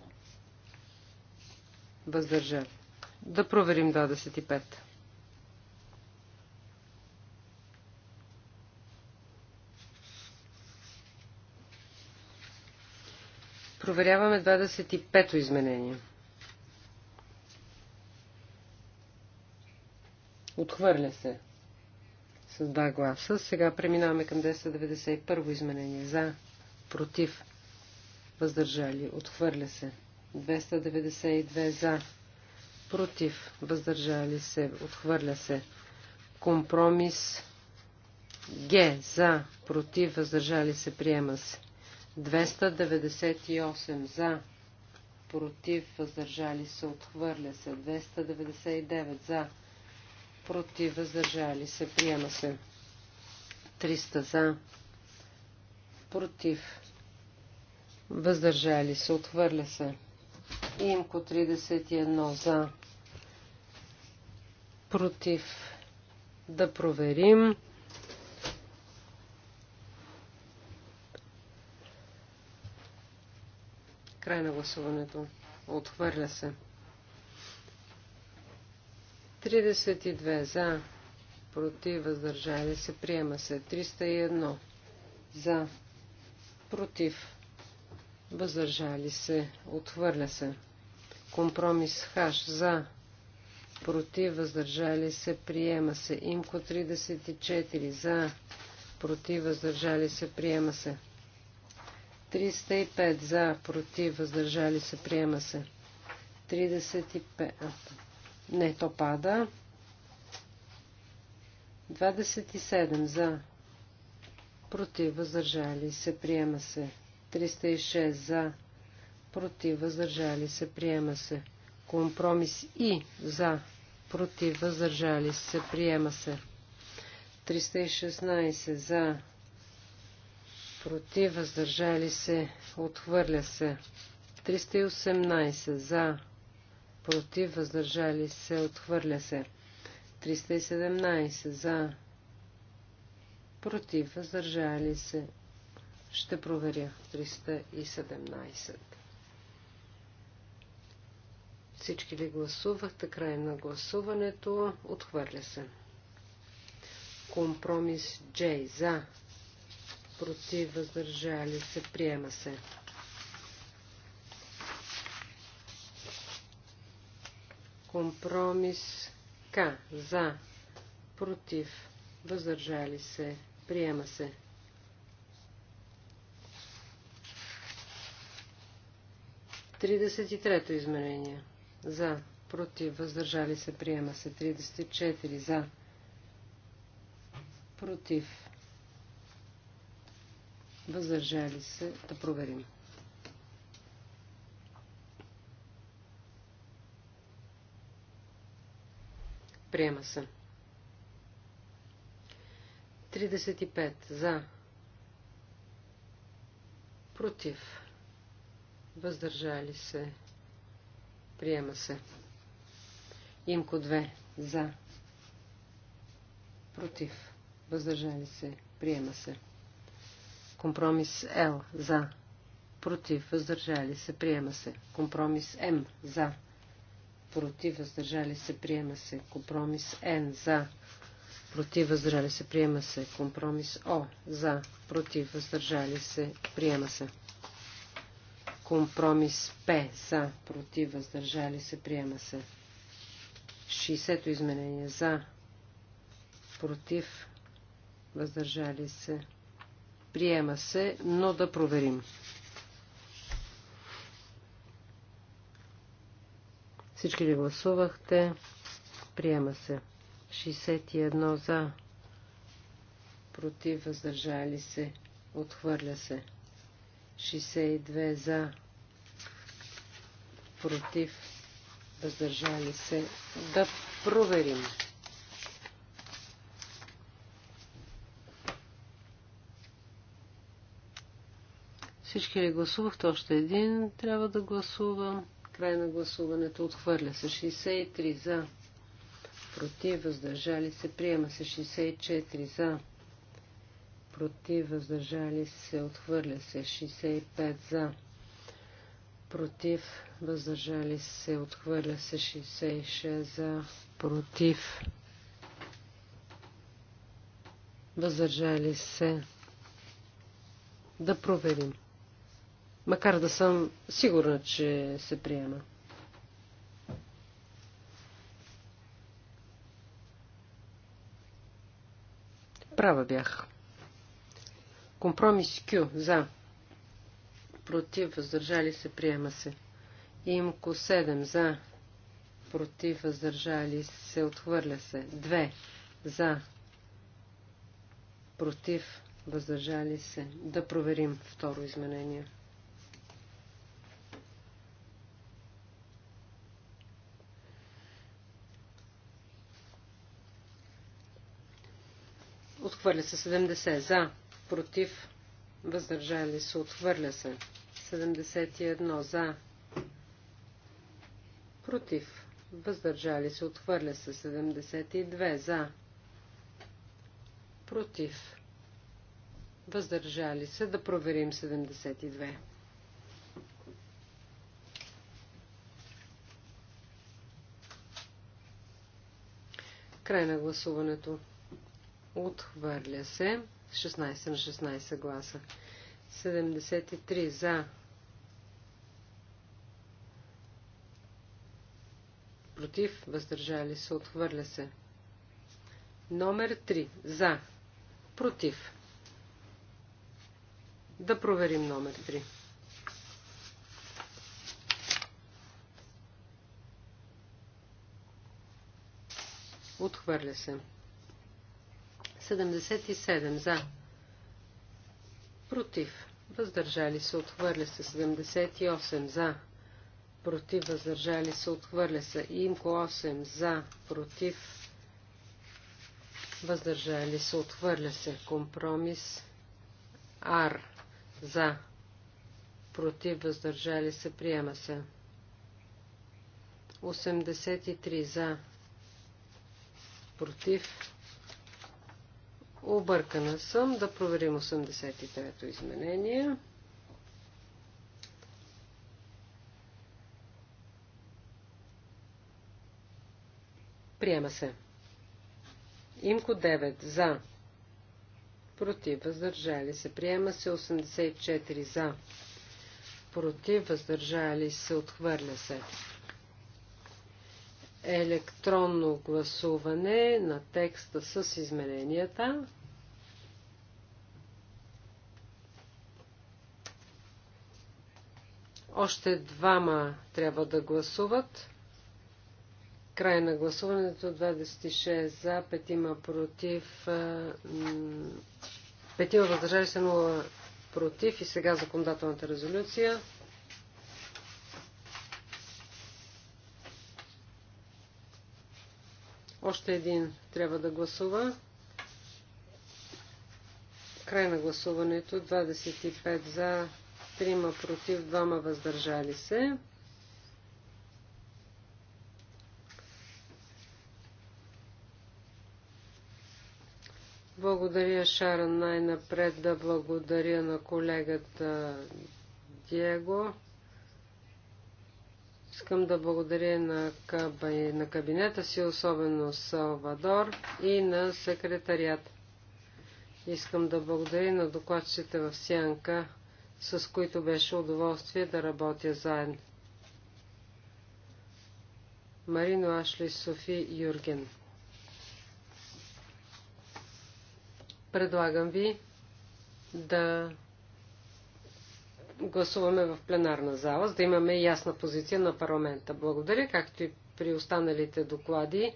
въздържа. Да проверим 25. Проверяваме 25-то изменение. Отхвърля се с два гласа. Сега преминаваме към 291-во изменение. За, против, въздържали, отхвърля се. 292 за, против, въздържали се, отхвърля се. Компромис Г за, против, въздържали се, приема се. 298 за, против, въздържали се, отхвърля се. 299 за, против, въздържали се, приема се. 300 за, против, въздържали се, отхвърля се. Имко 31 за, против, да проверим. Край на гласуването. Отхвърля се. 32 за. Против. Въздържали се. Приема се. 301 за. Против. Въздържали се. Отхвърля се. Компромис хаш за. Против. Въздържали се. Приема се. Имко 34 за. Против. Въздържали се. Приема се. 305 за, против, въздържали се, приема се. 35. Не, то пада. 27 за, против, въздържали се, приема се. 306 за, против, въздържали се, приема се. Компромис и за, против, въздържали се, приема се. 316 за, против, въздържали се, отхвърля се. 318 за, против, въздържали се, отхвърля се. 317 за, против, въздържали се. Ще проверя. 317. Всички ли гласувахте? Край на гласуването. Отхвърля се. Компромис J за, против, въздържали се, приема се. Компромис К. За, против, въздържали се, приема се. Тридесет и трето измерение. За, против, въздържали се, приема се. 34 за, против, въздържали се да проверим. Приема се. 35 за. Против. Въздържали се. Приема се. Имко 2 за. Против. Въздържали се. Приема се. Компромис Л. За. Против. Въздържали се. Приема се. Компромис М. За. Против. Въздържали се. Приема се. Компромис Н. За. Против. Въздържали се. Приема се. Компромис О. За. Против. Въздържали се. Приема се. Компромис П. За. Против. Въздържали се. Приема се. 60-то изменение. За. Против. Въздържали се приема се, но да проверим. Всички ли гласувахте? Приема се. 61 за. Против, въздържали се. Отхвърля се. 62 за. Против, въздържали се. Да проверим. Всички ли гласувахте? Още един трябва да гласува. Край на гласуването отхвърля се 63 за. Против, въздържали се, приема се 64 за. Против, въздържали се, отхвърля се 65 за. Против, въздържали се, отхвърля се 66 за. Против, въздържали се. Да проверим макар да съм сигурна, че се приема. Права бях. Компромис Q за. Против, въздържали се, приема се. Имко 7 за. Против, въздържали се, отхвърля се. 2 за. Против, въздържали се. Да проверим второ изменение. Отхвърля се 70 за. Против. Въздържали се. Отхвърля се. 71 за. Против. Въздържали се. Отхвърля се. 72 за. Против. Въздържали се. Да проверим 72. Край на гласуването. Отхвърля се. 16 на 16 гласа. 73 за. Против. Въздържали се. Отхвърля се. Номер 3. За. Против. Да проверим номер 3. Отхвърля се. 77 за. Против. Въздържали се. Отхвърля се. 78 за. Против. Въздържали се. Отхвърля се. Имко 8 за. Против. Въздържали се. Отхвърля се. Компромис. Ар. За. Против. Въздържали се. Приема се. 83 за. Против Объркана съм. Да проверим 83-то изменение. Приема се. Имко 9. За. Против. Въздържали се. Приема се 84. За. Против. Въздържали се. Отхвърля се. Електронно гласуване на текста с измененията. Още двама трябва да гласуват. Край на гласуването 26 за, 5 има против, 5 има въздържали се 0 против и сега законодателната резолюция. Още един трябва да гласува. Край на гласуването 25 за, трима против, двама въздържали се. Благодаря, Шаран, най-напред да благодаря на колегата Диего. Искам да благодаря на, каб... на кабинета си, особено Салвадор и на секретарият. Искам да благодаря на докладчите в Сянка с които беше удоволствие да работя заедно. Марино Ашли Софи Юрген Предлагам ви да гласуваме в пленарна зала, за да имаме ясна позиция на парламента. Благодаря, както и при останалите доклади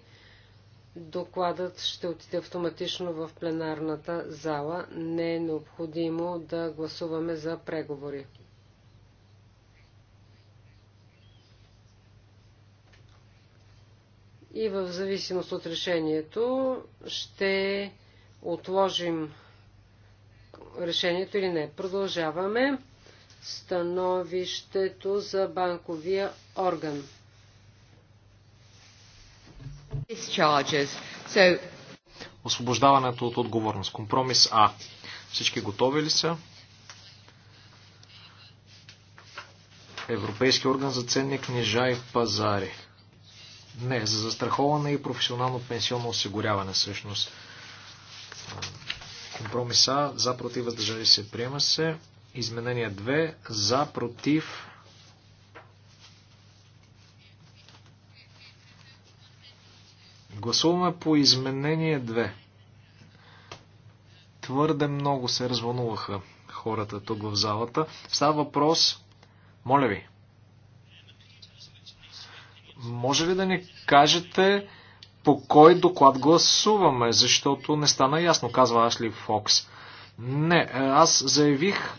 докладът ще отиде автоматично в пленарната зала. Не е необходимо да гласуваме за преговори. И в зависимост от решението ще отложим решението или не. Продължаваме становището за банковия орган. Освобождаването от отговорност. Компромис А. Всички готови ли са? Европейски орган за ценни книжа и пазари. Не, за застраховане и професионално пенсионно осигуряване всъщност. Компромиса за против въздържали се приема се. Изменение 2 за против Гласуваме по изменение 2. Твърде много се развълнуваха хората тук в залата. Става въпрос, моля ви, може ли да ни кажете по кой доклад гласуваме, защото не стана ясно, казва Ашли Фокс. Не, аз заявих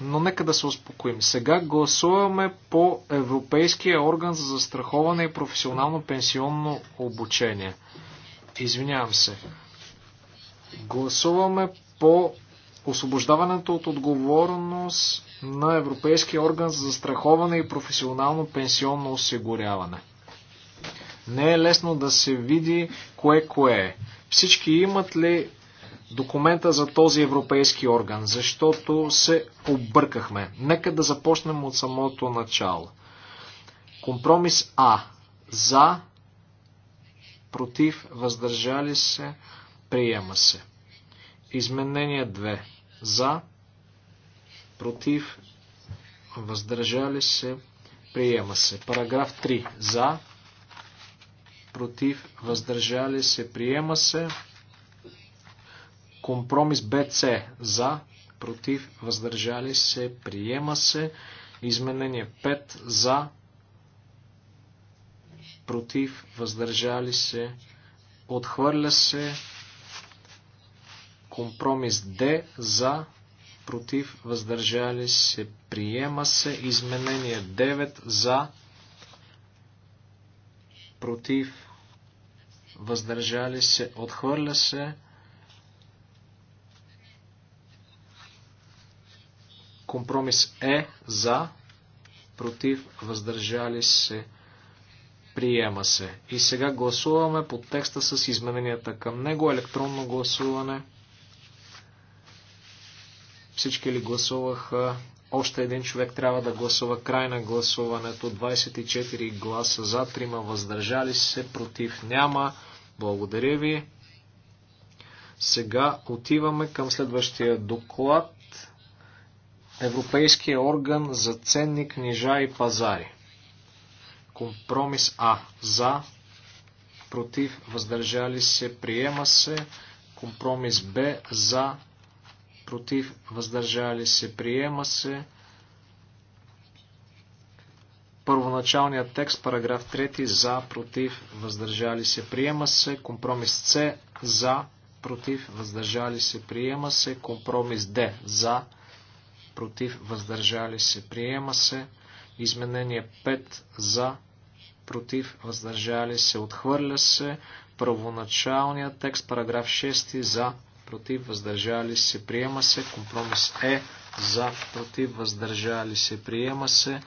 но нека да се успокоим. Сега гласуваме по Европейския орган за застраховане и професионално пенсионно обучение. Извинявам се. Гласуваме по освобождаването от отговорност на Европейския орган за застраховане и професионално пенсионно осигуряване. Не е лесно да се види кое кое е. Всички имат ли документа за този европейски орган, защото се объркахме. Нека да започнем от самото начало. Компромис А. За, против, въздържали се, приема се. Изменение 2. За, против, въздържали се, приема се. Параграф 3. За, против, въздържали се, приема се. Компромис БЦ за, против, въздържали се, приема се. Изменение 5 за, против, въздържали се, отхвърля се. Компромис Д за, против, въздържали се, приема се. Изменение 9 за, против, въздържали се, отхвърля се. Компромис Е за, против, въздържали се, приема се. И сега гласуваме по текста с измененията към него. Електронно гласуване. Всички ли гласуваха? Още един човек трябва да гласува край на гласуването. 24 гласа за, 3 въздържали се, против няма. Благодаря ви. Сега отиваме към следващия доклад. Европейския орган за ценни книжа и пазари. Компромис А. За. Против. Въздържали се. Приема се. Компромис Б. За. Против. Въздържали се. Приема се. Първоначалният текст, параграф 3. За. Против. Въздържали се. Приема се. Компромис С. За. Против. Въздържали се. Приема се. Компромис Д. За. Против против, въздържали се, приема се. Изменение 5 за, против, въздържали се, отхвърля се. Първоначалният текст, параграф 6 за, против, въздържали се, приема се. Компромис е за, против, въздържали се, приема се.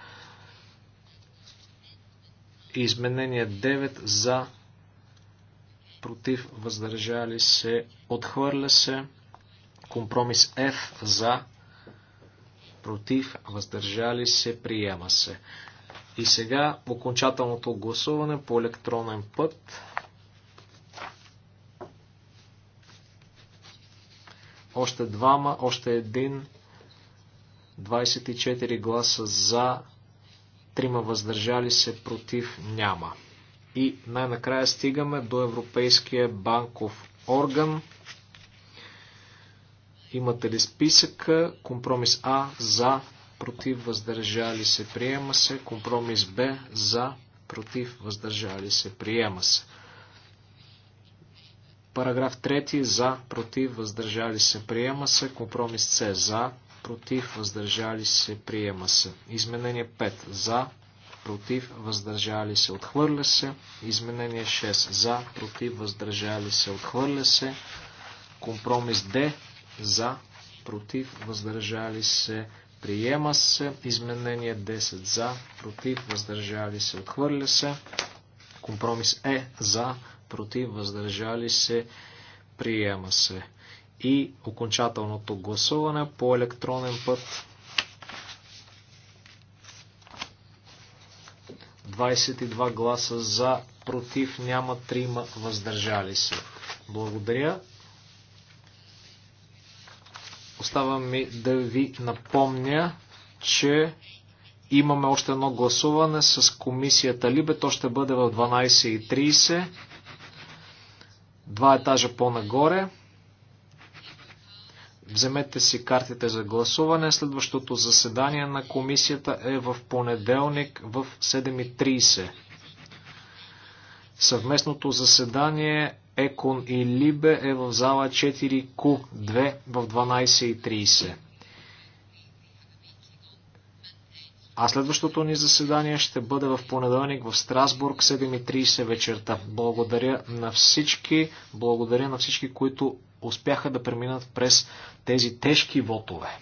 Изменение 9 за, против, въздържали се, отхвърля се. Компромис F за, против, въздържали се, приема се. И сега окончателното гласуване по електронен път. Още двама, още един, 24 гласа за, трима въздържали се, против няма. И най-накрая стигаме до Европейския банков орган. Имате ли списъка? Компромис А за, против, въздържали се, приема се. Компромис Б за, против, въздържали се, приема се. Параграф 3 за, против, въздържали се, приема се. Компромис С за, против, въздържали се, приема се. Изменение 5 за, против, въздържали се, отхвърля се. Изменение 6 за, против, въздържали се, отхвърля се. Компромис Д за, против, въздържали се, приема се. Изменение 10 за, против, въздържали се, отхвърля се. Компромис е за, против, въздържали се, приема се. И окончателното гласуване по електронен път. 22 гласа за, против няма, 3 въздържали се. Благодаря. Остава ми да ви напомня, че имаме още едно гласуване с комисията Либе. То ще бъде в 12.30. Два етажа по-нагоре. Вземете си картите за гласуване. Следващото заседание на комисията е в понеделник в 7.30. Съвместното заседание Екон и Либе е в зала 4Q2 в 12.30. А следващото ни заседание ще бъде в понеделник в Страсбург 7.30 вечерта. Благодаря на всички, благодаря на всички, които успяха да преминат през тези тежки вотове.